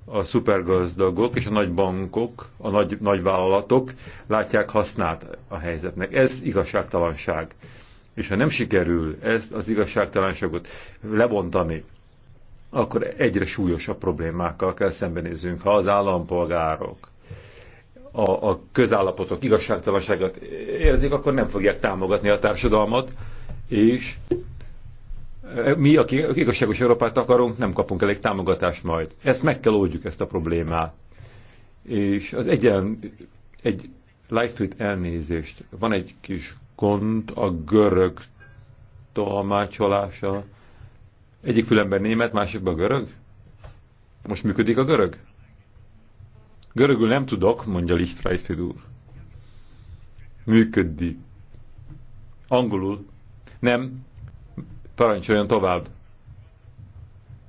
C: a szupergazdagok és a nagy bankok, a nagy, nagy vállalatok látják hasznát a helyzetnek. Ez igazságtalanság. És ha nem sikerül ezt az igazságtalanságot lebontani, akkor egyre súlyosabb problémákkal kell szembenéznünk, ha az állampolgárok a, a közállapotok igazságtalanságát érzik, akkor nem fogják támogatni a társadalmat, és e, mi, akik igazságos Európát akarunk, nem kapunk elég támogatást majd. Ezt meg kell oldjuk, ezt a problémát. És az egyen, egy Lightfoot elnézést. Van egy kis gond a görög tolmácsolása. Egyik fülemben német, másikban görög? Most működik a görög? Görögül nem tudok, mondja Lichtfreisfeld úr.
F: Működik.
C: Angolul. Nem. Parancsoljon tovább.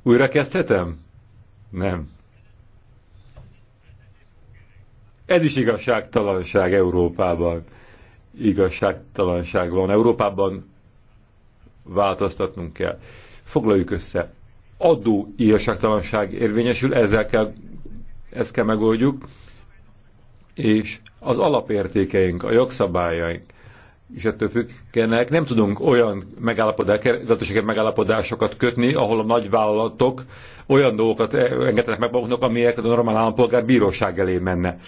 C: Újra kezdhetem? Nem. Ez is igazságtalanság Európában. Igazságtalanság van. Európában változtatnunk kell. Foglaljuk össze. Adó írságtalanság érvényesül, ezzel kell, ezt kell megoldjuk, és az alapértékeink, a jogszabályaink, és ettől függenek. Nem tudunk olyan gazdasági megállapodásokat kötni, ahol a nagyvállalatok olyan dolgokat engednek meg maguknak, amiért a normál állampolgár bíróság elé menne.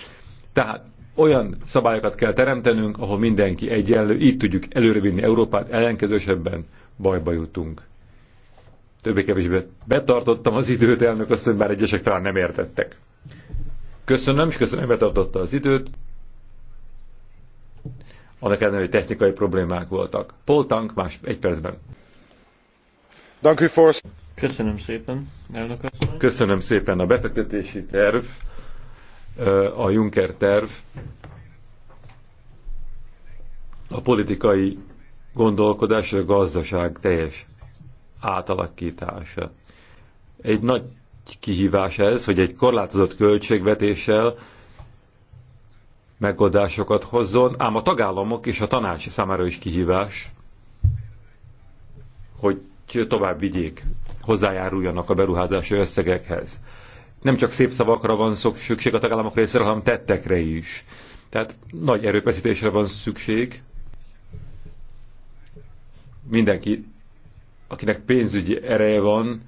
C: Tehát olyan szabályokat kell teremtenünk, ahol mindenki egyenlő, így tudjuk előrevinni Európát, ellenkezősebben bajba jutunk többé-kevésbé betartottam az időt, elnök asszony, bár egyesek talán nem értettek. Köszönöm, és köszönöm, hogy betartotta az időt. Annak ellenére, hogy technikai problémák voltak. Poltank más egy percben.
I: Köszönöm szépen, elnök asszony.
C: Köszönöm szépen a befektetési terv, eh, a Juncker terv, a politikai gondolkodás, a gazdaság teljes átalakítása. Egy nagy kihívás ez, hogy egy korlátozott költségvetéssel megoldásokat hozzon, ám a tagállamok és a tanács számára is kihívás, hogy tovább vigyék, hozzájáruljanak a beruházási összegekhez. Nem csak szép szavakra van szükség a tagállamok részéről, hanem tettekre is. Tehát nagy erőfeszítésre van szükség. Mindenki akinek pénzügyi ereje van,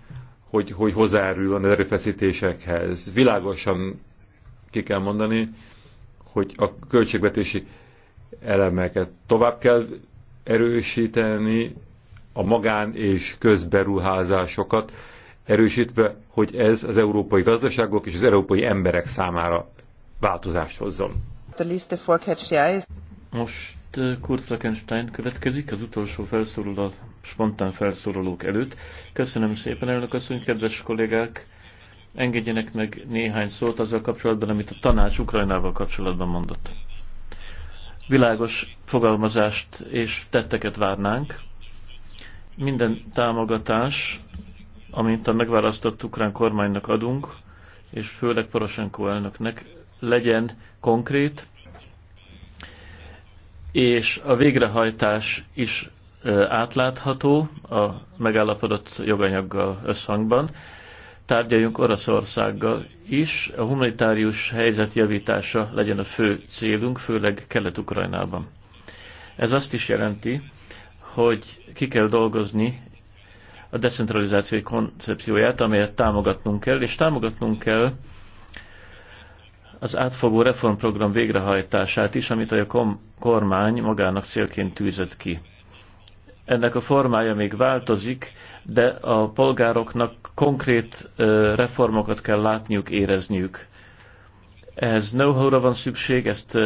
C: hogy, hogy hozzáruljon az erőfeszítésekhez. Világosan ki kell mondani, hogy a költségvetési elemeket tovább kell erősíteni, a magán és közberuházásokat erősítve, hogy ez az európai gazdaságok és az európai emberek számára változást hozzon.
I: Most Kurt Fleckenstein következik, az utolsó felszólaló, a spontán felszólalók előtt. Köszönöm szépen, elnök asszony, kedves kollégák! Engedjenek meg néhány szót azzal kapcsolatban, amit a tanács Ukrajnával kapcsolatban mondott. Világos fogalmazást és tetteket várnánk. Minden támogatás, amint a megválasztott ukrán kormánynak adunk, és főleg Poroshenko elnöknek, legyen konkrét, és a végrehajtás is átlátható a megállapodott joganyaggal összhangban. Tárgyaljunk Oroszországgal is, a humanitárius helyzet javítása legyen a fő célunk, főleg Kelet-Ukrajnában. Ez azt is jelenti, hogy ki kell dolgozni a decentralizációi koncepcióját, amelyet támogatnunk kell, és támogatnunk kell az átfogó reformprogram végrehajtását is, amit a kormány magának célként tűzött ki. Ennek a formája még változik, de a polgároknak konkrét reformokat kell látniuk, érezniük. Ehhez know-how-ra van szükség, ezt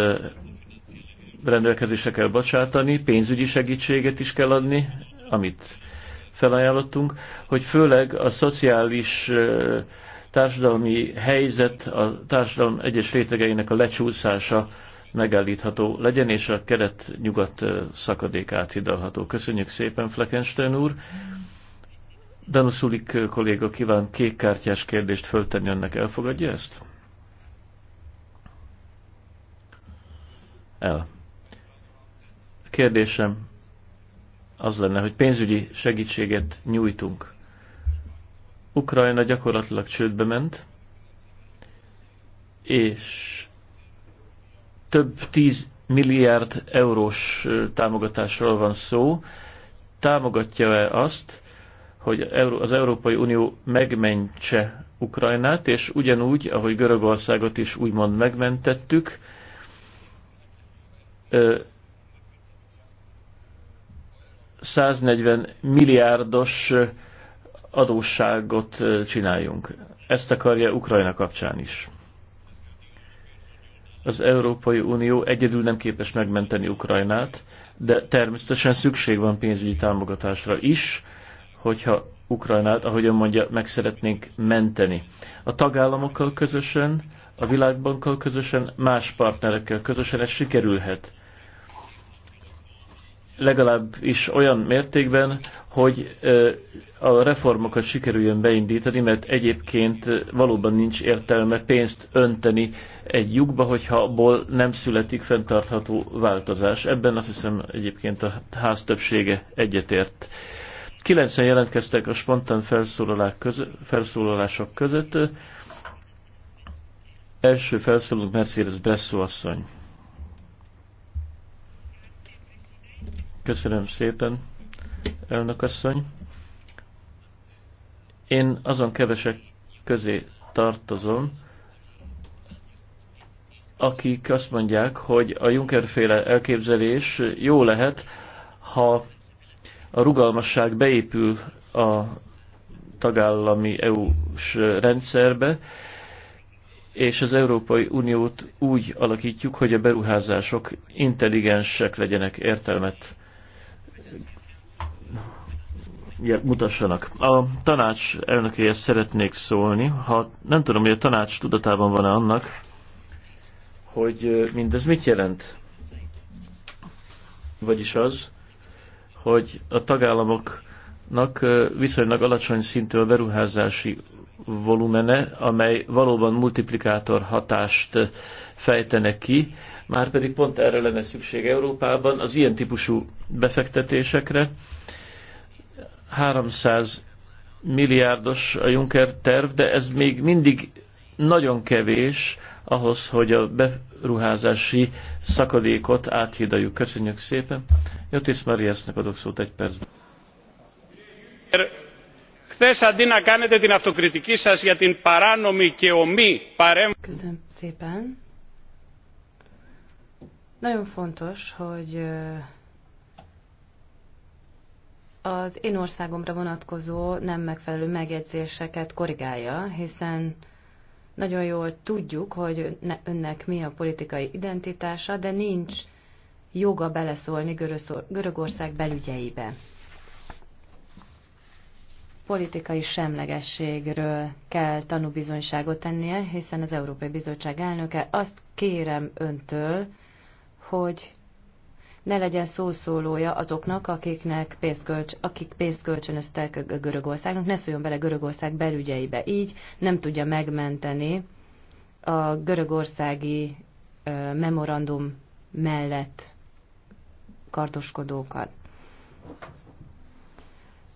I: rendelkezésre kell bocsátani, pénzügyi segítséget is kell adni, amit felajánlottunk, hogy főleg a szociális társadalmi helyzet, a társadalom egyes rétegeinek a lecsúszása megállítható legyen, és a kelet-nyugat szakadék áthidalható. Köszönjük szépen, Fleckenstein úr! Danuszulik kolléga kíván kékkártyás kérdést föltenni önnek. Elfogadja ezt? El. A kérdésem az lenne, hogy pénzügyi segítséget nyújtunk Ukrajna gyakorlatilag csődbe ment, és több tíz milliárd eurós támogatásról van szó. Támogatja-e azt, hogy az Európai Unió megmentse Ukrajnát, és ugyanúgy, ahogy Görögországot is úgymond megmentettük, ö, 140 milliárdos adósságot csináljunk. Ezt akarja Ukrajna kapcsán is. Az Európai Unió egyedül nem képes megmenteni Ukrajnát, de természetesen szükség van pénzügyi támogatásra is, hogyha Ukrajnát, ahogyan mondja, meg szeretnénk menteni. A tagállamokkal közösen, a világbankkal közösen, más partnerekkel közösen ez sikerülhet. Legalább is olyan mértékben, hogy a reformokat sikerüljön beindítani, mert egyébként valóban nincs értelme pénzt önteni egy lyukba, hogyha abból nem születik fenntartható változás. Ebben azt hiszem egyébként a ház többsége egyetért. Kilencen jelentkeztek a spontán között, felszólalások között. Első felszólalunk Mercedes Bresszó asszony. Köszönöm szépen elnökasszony. Én azon kevesek közé tartozom, akik azt mondják, hogy a Juncker-féle elképzelés jó lehet, ha a rugalmasság beépül a tagállami EU-s rendszerbe, és az Európai Uniót úgy alakítjuk, hogy a beruházások intelligensek legyenek, értelmet mutassanak. A tanács elnökéhez szeretnék szólni. Ha nem tudom, hogy a tanács tudatában van-e annak, hogy mindez mit jelent. Vagyis az, hogy a tagállamoknak viszonylag alacsony szintű a beruházási volumene, amely valóban multiplikátor hatást fejtenek ki, már pedig pont erre lenne szükség Európában az ilyen típusú befektetésekre, 300 milliárdos a Juncker terv, de ez még mindig nagyon kevés ahhoz, hogy a beruházási szakadékot áthidaljuk. Köszönjük szépen. Jotis Mariasnak adok szót egy percben.
E: Köszönöm szépen. Nagyon fontos, hogy az én országomra vonatkozó nem megfelelő megjegyzéseket korrigálja, hiszen nagyon jól tudjuk, hogy önnek mi a politikai identitása, de nincs joga beleszólni Görögország belügyeibe. Politikai semlegességről kell tanúbizonyságot tennie, hiszen az Európai Bizottság elnöke azt kérem öntől, hogy ne legyen szószólója azoknak, akiknek pénzkölcs, akik pénzt kölcsönöztek Görögországnak, ne szóljon bele Görögország belügyeibe. Így nem tudja megmenteni a görögországi memorandum mellett kartoskodókat.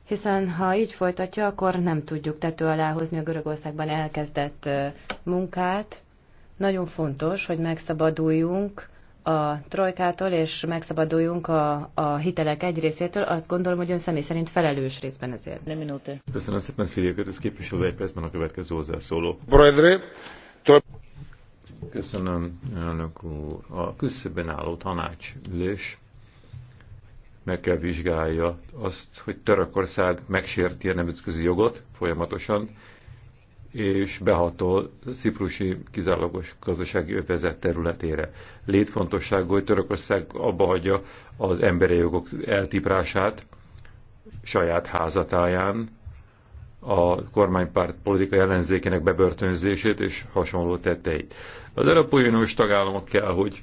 E: Hiszen ha így folytatja, akkor nem tudjuk tető alá hozni a Görögországban elkezdett munkát. Nagyon fontos, hogy megszabaduljunk a trojkától, és megszabaduljunk a, a hitelek egy részétől, azt gondolom, hogy ön személy szerint felelős részben ezért. Nem minúte. Köszönöm
C: szépen, Szíria Kötöz képviselő, egy percben a következő hozzászóló. to... Köszönöm, elnök úr. A küszöbben álló tanácsülés meg kell vizsgálja azt, hogy Törökország megsérti a nemzetközi jogot folyamatosan, és behatol Ciprusi kizárólagos gazdasági övezet területére. Létfontosságú, hogy Törökország abba hagyja az emberi jogok eltiprását saját házatáján, a kormánypárt politikai ellenzékének bebörtönzését és hasonló tetteit. Az Európai Uniós tagállamok kell, hogy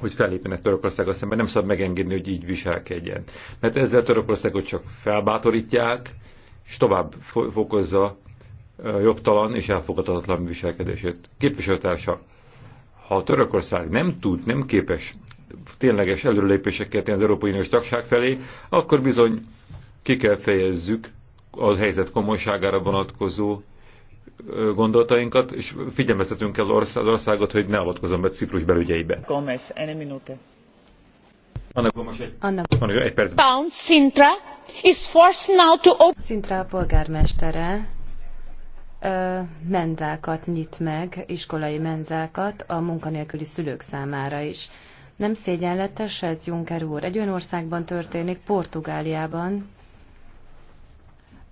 C: hogy felépjenek Törökországgal szemben, nem szabad megengedni, hogy így viselkedjen. Mert ezzel Törökországot csak felbátorítják, és tovább fokozza jogtalan és elfogadhatatlan viselkedését. Képviselőtársa, ha a Törökország nem tud, nem képes tényleges előrelépéseket tenni az Európai Uniós tagság felé, akkor bizony ki kell fejezzük a helyzet komolyságára vonatkozó gondolatainkat, és figyelmeztetünk el az országot, hogy ne avatkozom be Ciprus belügyeibe.
I: Gomez, egy minute. Anna Gomes, egy, Anna.
E: Anna, egy Sintra, is forced now to Szintra polgármestere ö, menzákat nyit meg, iskolai menzákat a munkanélküli szülők számára is. Nem szégyenletes ez, Juncker úr? Egy olyan országban történik, Portugáliában,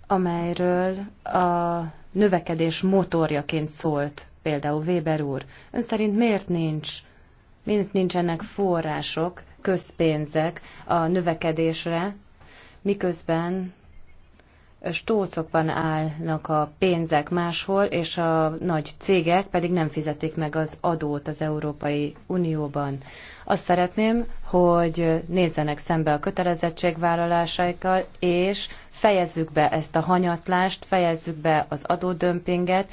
E: amelyről a növekedés motorjaként szólt például Weber úr. Ön szerint miért nincs, miért nincsenek források, közpénzek a növekedésre, miközben stócokban állnak a pénzek máshol, és a nagy cégek pedig nem fizetik meg az adót az Európai Unióban. Azt szeretném, hogy nézzenek szembe a kötelezettségvállalásaikkal, és fejezzük be ezt a hanyatlást, fejezzük be az adódömpinget,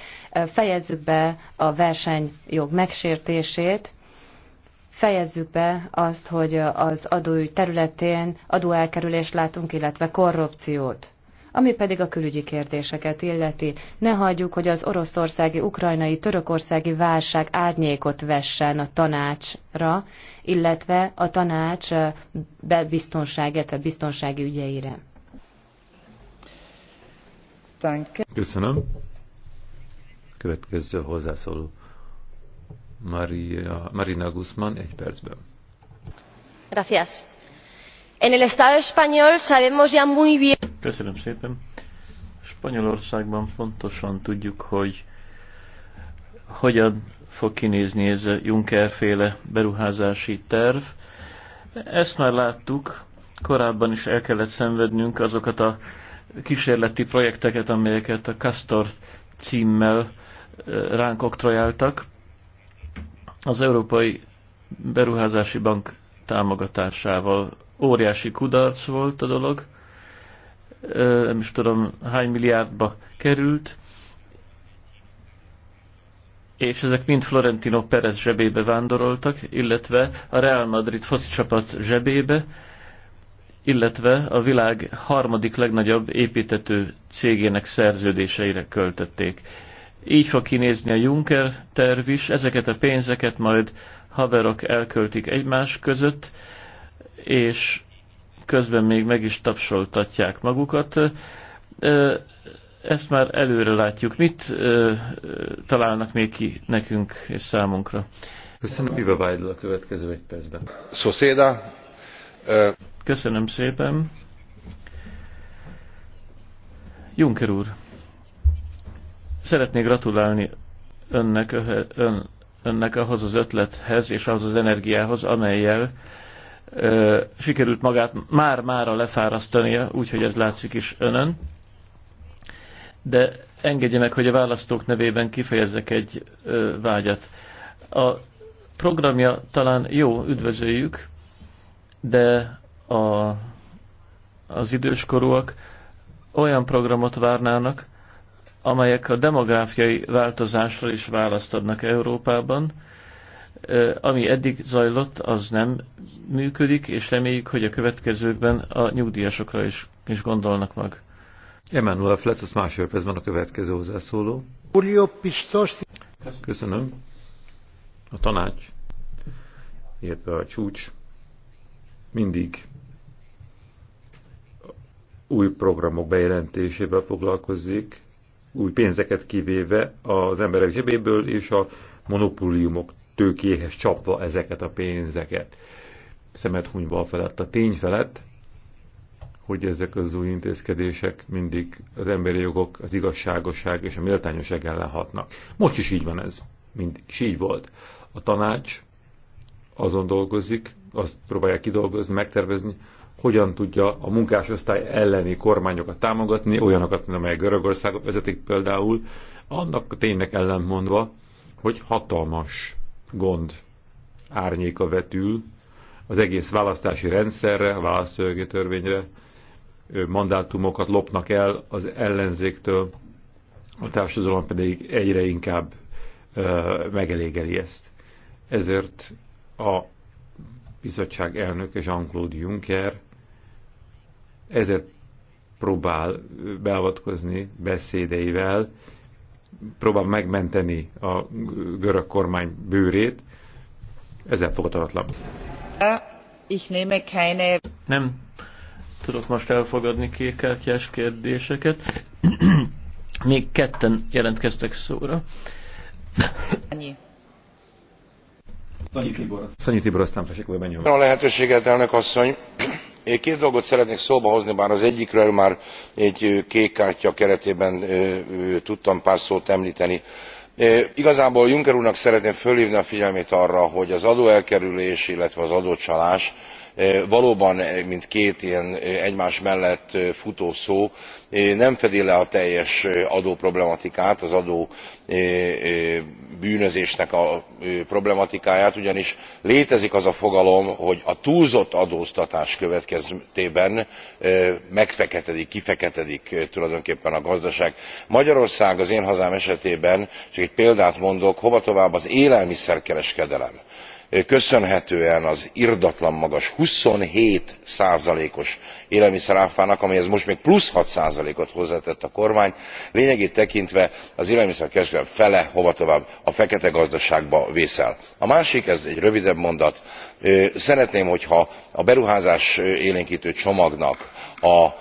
E: fejezzük be a versenyjog megsértését, fejezzük be azt, hogy az adóügy területén adóelkerülést látunk, illetve korrupciót. Ami pedig a külügyi kérdéseket illeti, ne hagyjuk, hogy az oroszországi, ukrajnai, törökországi válság árnyékot vessen a tanácsra, illetve a tanács belbiztonság, illetve biztonsági ügyeire.
C: Köszönöm. Következő hozzászóló. Marina Guzmán
I: egy percben.
E: Gracias. En el Estado español sabemos
I: ya muy bien. Köszönöm szépen. Spanyolországban fontosan tudjuk, hogy hogyan fog kinézni ez a Juncker-féle beruházási terv. Ezt már láttuk, korábban is el kellett szenvednünk azokat a kísérleti projekteket, amelyeket a Castor címmel eh, ránk oktrojáltak az Európai Beruházási Bank támogatásával. Óriási kudarc volt a dolog, nem is tudom hány milliárdba került, és ezek mind Florentino Perez zsebébe vándoroltak, illetve a Real Madrid foci csapat zsebébe, illetve a világ harmadik legnagyobb építető cégének szerződéseire költötték. Így fog kinézni a Juncker terv is, ezeket a pénzeket majd haverok elköltik egymás között, és közben még meg is tapsoltatják magukat. Ezt már előre látjuk. Mit találnak még ki nekünk és számunkra? Köszönöm, Iva Weidl a következő egy percben. Szoszéda. Köszönöm szépen. Juncker úr, Szeretnék gratulálni önnek, ön, önnek ahhoz az ötlethez és ahhoz az energiához, amelyel ö, sikerült magát már-mára lefárasztania, úgyhogy ez látszik is önön. De engedje meg, hogy a választók nevében kifejezzek egy ö, vágyat. A programja talán jó, üdvözöljük, de a, az időskorúak olyan programot várnának, amelyek a demográfiai változásra is választ adnak Európában. Ami eddig zajlott, az nem működik, és reméljük, hogy a következőkben a nyugdíjasokra is, is gondolnak meg. Emmanuel Fletz, percben a következő hozzászóló.
C: Köszönöm. A tanács, illetve a csúcs mindig új programok bejelentésével foglalkozik, új pénzeket kivéve az emberek zsebéből és a monopóliumok tőkéhez csapva ezeket a pénzeket. Szemet hunyva a felett, a tény felett, hogy ezek az új intézkedések mindig az emberi jogok, az igazságosság és a méltányosság ellen hatnak. Most is így van ez, mindig is így volt. A tanács azon dolgozik, azt próbálják kidolgozni, megtervezni, hogyan tudja a munkásosztály elleni kormányokat támogatni, olyanokat, mint amelyek Görögországot vezetik például, annak ténynek ellentmondva, hogy hatalmas gond árnyéka vetül az egész választási rendszerre, a választási törvényre, mandátumokat lopnak el az ellenzéktől, a társadalom pedig egyre inkább megelégeli ezt. Ezért a bizottság elnök és Jean-Claude Juncker ezért próbál beavatkozni beszédeivel, próbál megmenteni a görög kormány bőrét, ezzel fogadatlan.
I: Nem tudok most elfogadni kékkártyás kérdéseket. [CLEARS THROAT] Még ketten jelentkeztek szóra.
A: Annyi. Szanyi
C: Tibor. aztán
G: A lehetőséget, elnök asszony. Én két dolgot szeretnék szóba hozni, bár az egyikről már egy kék kártya keretében tudtam pár szót említeni igazából juncker úrnak szeretném fölhívni a figyelmét arra hogy az adóelkerülés illetve az adócsalás valóban mint két ilyen egymás mellett futó szó nem fedi le a teljes adóproblematikát az adóbűnözésnek a problematikáját ugyanis létezik az a fogalom hogy a túlzott adóztatás következtében megfeketedik kifeketedik tulajdonképpen a gazdaság. magyarország az én hazám esetében csak egy példát mondok hovatovább az élelmiszerkereskedelem köszönhetően az irdatlan magas twenty seven os áfának amelyhez most még plusz six ot hozzátett a kormány lényegét tekintve az kereskedelem fele hovatovább a fekete gazdaságba vészel. a másik ez egy rövidebb mondat szeretném hogyha a beruházásélénktő csomagnak az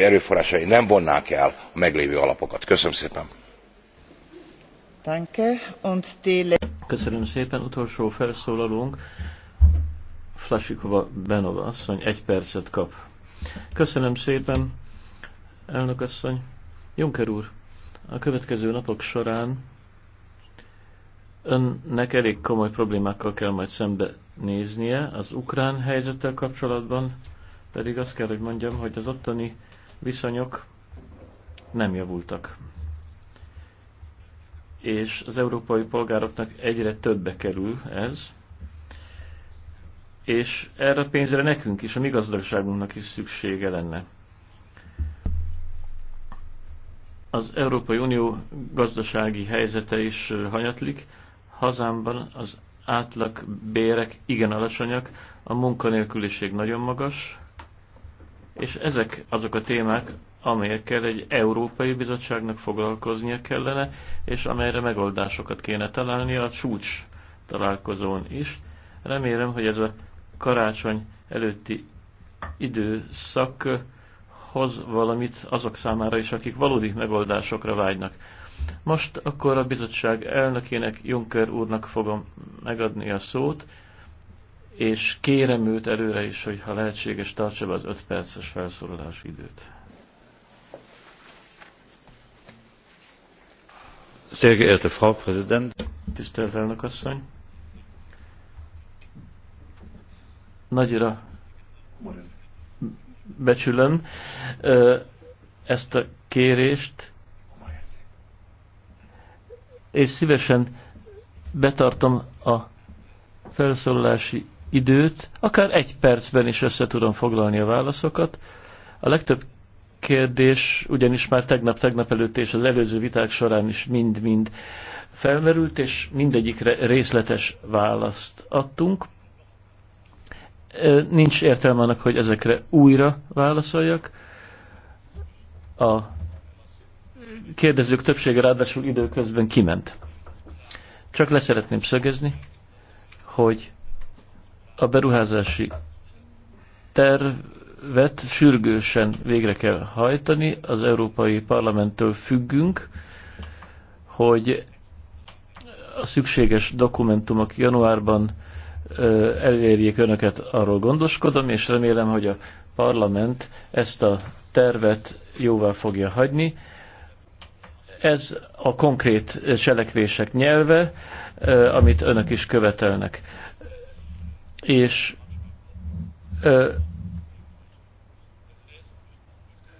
G: erőforrásai nem vonnák el a meglévő alapokat. köszönöm szépen!
I: Köszönöm szépen. Utolsó felszólalónk. Flasikova Benova asszony egy percet kap. Köszönöm szépen, elnök asszony. Juncker úr, a következő napok során önnek elég komoly problémákkal kell majd szembe néznie. Az ukrán helyzettel kapcsolatban pedig azt kell, hogy mondjam, hogy az ottani viszonyok nem javultak és az európai polgároknak egyre többe kerül ez, és erre a pénzre nekünk is, a mi gazdaságunknak is szüksége lenne. Az Európai Unió gazdasági helyzete is hanyatlik, hazámban az átlag bérek igen alacsonyak, a munkanélküliség nagyon magas, és ezek azok a témák, amelyekkel egy Európai Bizottságnak foglalkoznia kellene, és amelyre megoldásokat kéne találni a csúcs találkozón is. Remélem, hogy ez a karácsony előtti időszak hoz valamit azok számára is, akik valódi megoldásokra vágynak. Most akkor a bizottság elnökének, Juncker úrnak fogom megadni a szót, és kérem őt előre is, hogy ha lehetséges, tartsa be az 5 perces felszólalási időt. Sehr geehrte Frau elnök asszony. Nagyra becsülöm ezt a kérést, és szívesen betartom a felszólalási időt, akár egy percben is össze tudom foglalni a válaszokat. A legtöbb kérdés ugyanis már tegnap, tegnap előtt és az előző viták során is mind-mind felmerült, és mindegyikre részletes választ adtunk. Nincs értelme annak, hogy ezekre újra válaszoljak. A kérdezők többsége ráadásul időközben kiment. Csak leszeretném szögezni, hogy a beruházási terv vet sürgősen végre kell hajtani. Az Európai Parlamenttől függünk, hogy a szükséges dokumentumok januárban elérjék önöket, arról gondoskodom, és remélem, hogy a parlament ezt a tervet jóvá fogja hagyni. Ez a konkrét cselekvések nyelve, amit önök is követelnek. És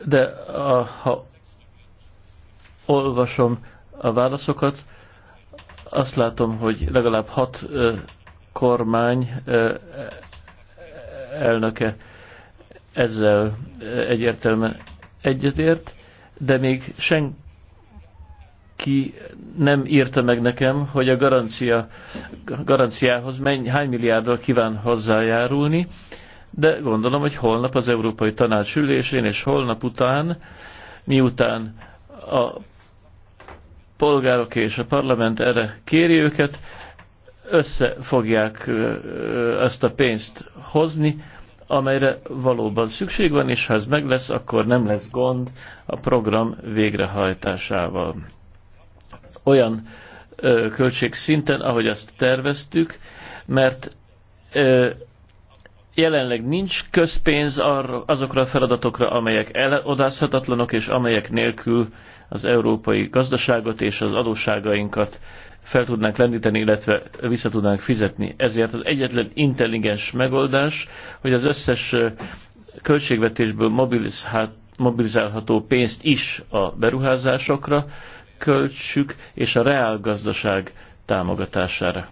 I: de a, ha olvasom a válaszokat, azt látom, hogy legalább hat ö, kormány ö, elnöke ezzel egyértelműen egyetért, de még senki nem írta meg nekem, hogy a garancia, garanciához menny, hány milliárdal kíván hozzájárulni. Ö, de gondolom, hogy holnap az Európai Tanács ülésén, és holnap után, miután a polgárok és a parlament erre kéri őket, össze fogják ezt a pénzt hozni, amelyre valóban szükség van, és ha ez meg lesz, akkor nem lesz gond a program végrehajtásával. Olyan költségszinten, ahogy azt terveztük, mert jelenleg nincs közpénz arra, azokra a feladatokra, amelyek elodázhatatlanok, és amelyek nélkül az európai gazdaságot és az adósságainkat fel tudnánk lendíteni, illetve vissza tudnánk fizetni. Ezért az egyetlen intelligens megoldás, hogy az összes költségvetésből hát, mobilizálható pénzt is a beruházásokra költsük, és a reálgazdaság támogatására.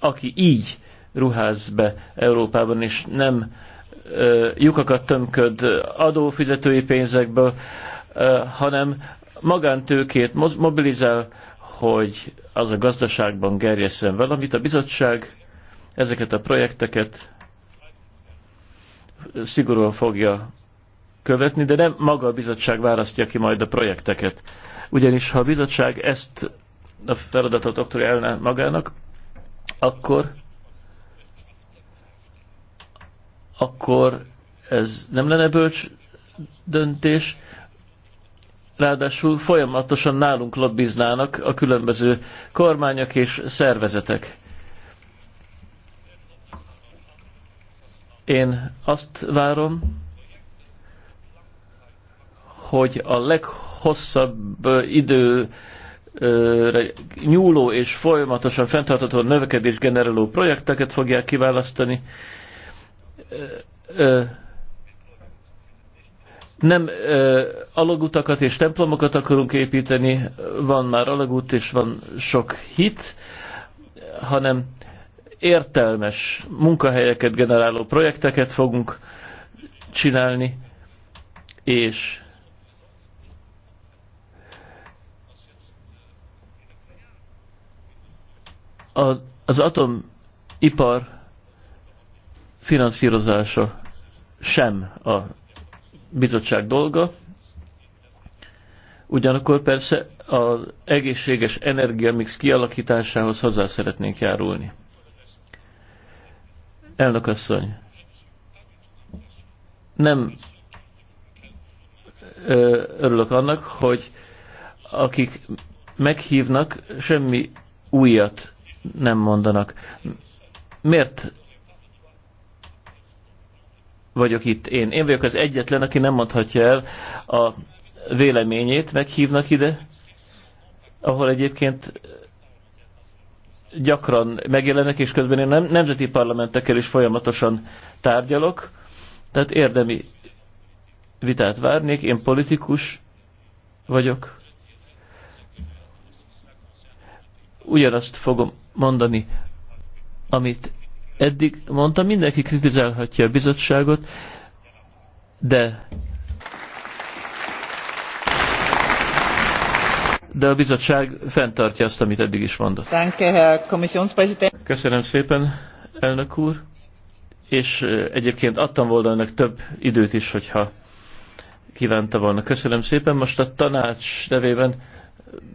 I: Aki így ruház be Európában, és nem lyukakat tömköd adófizetői pénzekből, hanem magántőkét mobilizál, hogy az a gazdaságban gerjesszen, valamit. A bizottság ezeket a projekteket szigorúan fogja követni, de nem maga a bizottság választja ki majd a projekteket. Ugyanis ha a bizottság ezt a feladatot oktorja el magának, akkor akkor ez nem lenne bölcs döntés. Ráadásul folyamatosan nálunk lobbiznának a különböző kormányok és szervezetek. Én azt várom, hogy a leghosszabb idő nyúló és folyamatosan fenntartható növekedés generáló projekteket fogják kiválasztani, ö, nem ö, alagutakat és templomokat akarunk építeni, van már alagút és van sok hit, hanem értelmes munkahelyeket generáló projekteket fogunk csinálni, és az atomipar finanszírozása sem a bizottság dolga, ugyanakkor persze az egészséges energiamix kialakításához hozzá szeretnénk járulni. Elnök asszony, nem örülök annak, hogy akik meghívnak, semmi újat nem mondanak. Miért vagyok itt én. Én vagyok az egyetlen, aki nem mondhatja el a véleményét, meghívnak ide, ahol egyébként gyakran megjelenek, és közben én nem, nemzeti parlamentekkel is folyamatosan tárgyalok, tehát érdemi vitát várnék, én politikus vagyok. Ugyanazt fogom mondani, amit eddig mondtam, mindenki kritizálhatja a bizottságot, de de a bizottság fenntartja azt, amit eddig is mondott. Köszönöm szépen, elnök úr, és egyébként adtam volna önnek több időt is, hogyha kívánta volna. Köszönöm szépen. Most a tanács nevében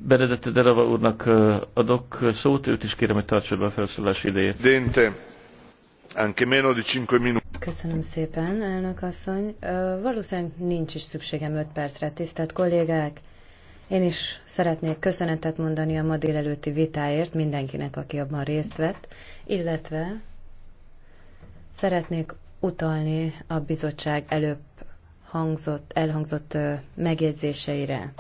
I: Benedette Delava úrnak adok szót, őt is kérem, hogy tartsa be a felszólás idejét.
F: Dente.
E: Köszönöm szépen, elnök asszony. Valószínűleg nincs is szükségem 5 percre, tisztelt kollégák. Én is szeretnék köszönetet mondani a ma délelőtti vitáért mindenkinek, aki abban részt vett, illetve szeretnék utalni a bizottság előbb hangzott, elhangzott megjegyzéseire.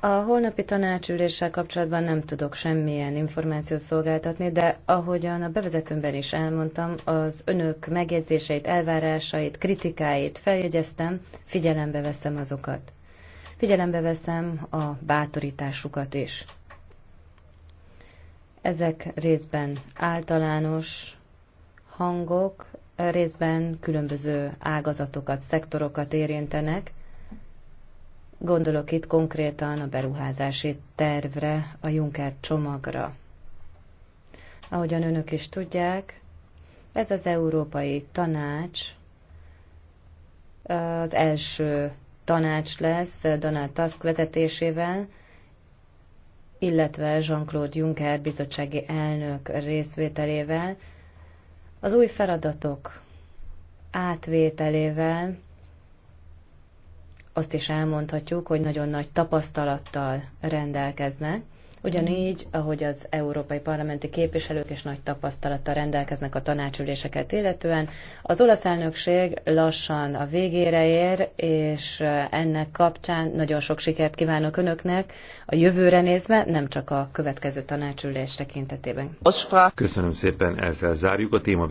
E: A holnapi tanácsüléssel kapcsolatban nem tudok semmilyen információt szolgáltatni, de ahogyan a bevezetőmben is elmondtam, az önök megjegyzéseit, elvárásait, kritikáit feljegyeztem, figyelembe veszem azokat. Figyelembe veszem a bátorításukat is. Ezek részben általános hangok, részben különböző ágazatokat, szektorokat érintenek, Gondolok itt konkrétan a beruházási tervre, a Juncker csomagra. Ahogyan önök is tudják, ez az Európai Tanács az első tanács lesz Donald Tusk vezetésével, illetve Jean-Claude Juncker bizottsági elnök részvételével, az új feladatok átvételével azt is elmondhatjuk, hogy nagyon nagy tapasztalattal rendelkeznek, Ugyanígy, ahogy az európai parlamenti képviselők is nagy tapasztalattal rendelkeznek a tanácsüléseket illetően, az olasz elnökség lassan a végére ér, és ennek kapcsán nagyon sok sikert kívánok önöknek a jövőre nézve, nem csak a következő tanácsülés tekintetében.
C: Köszönöm szépen, ezzel zárjuk a téma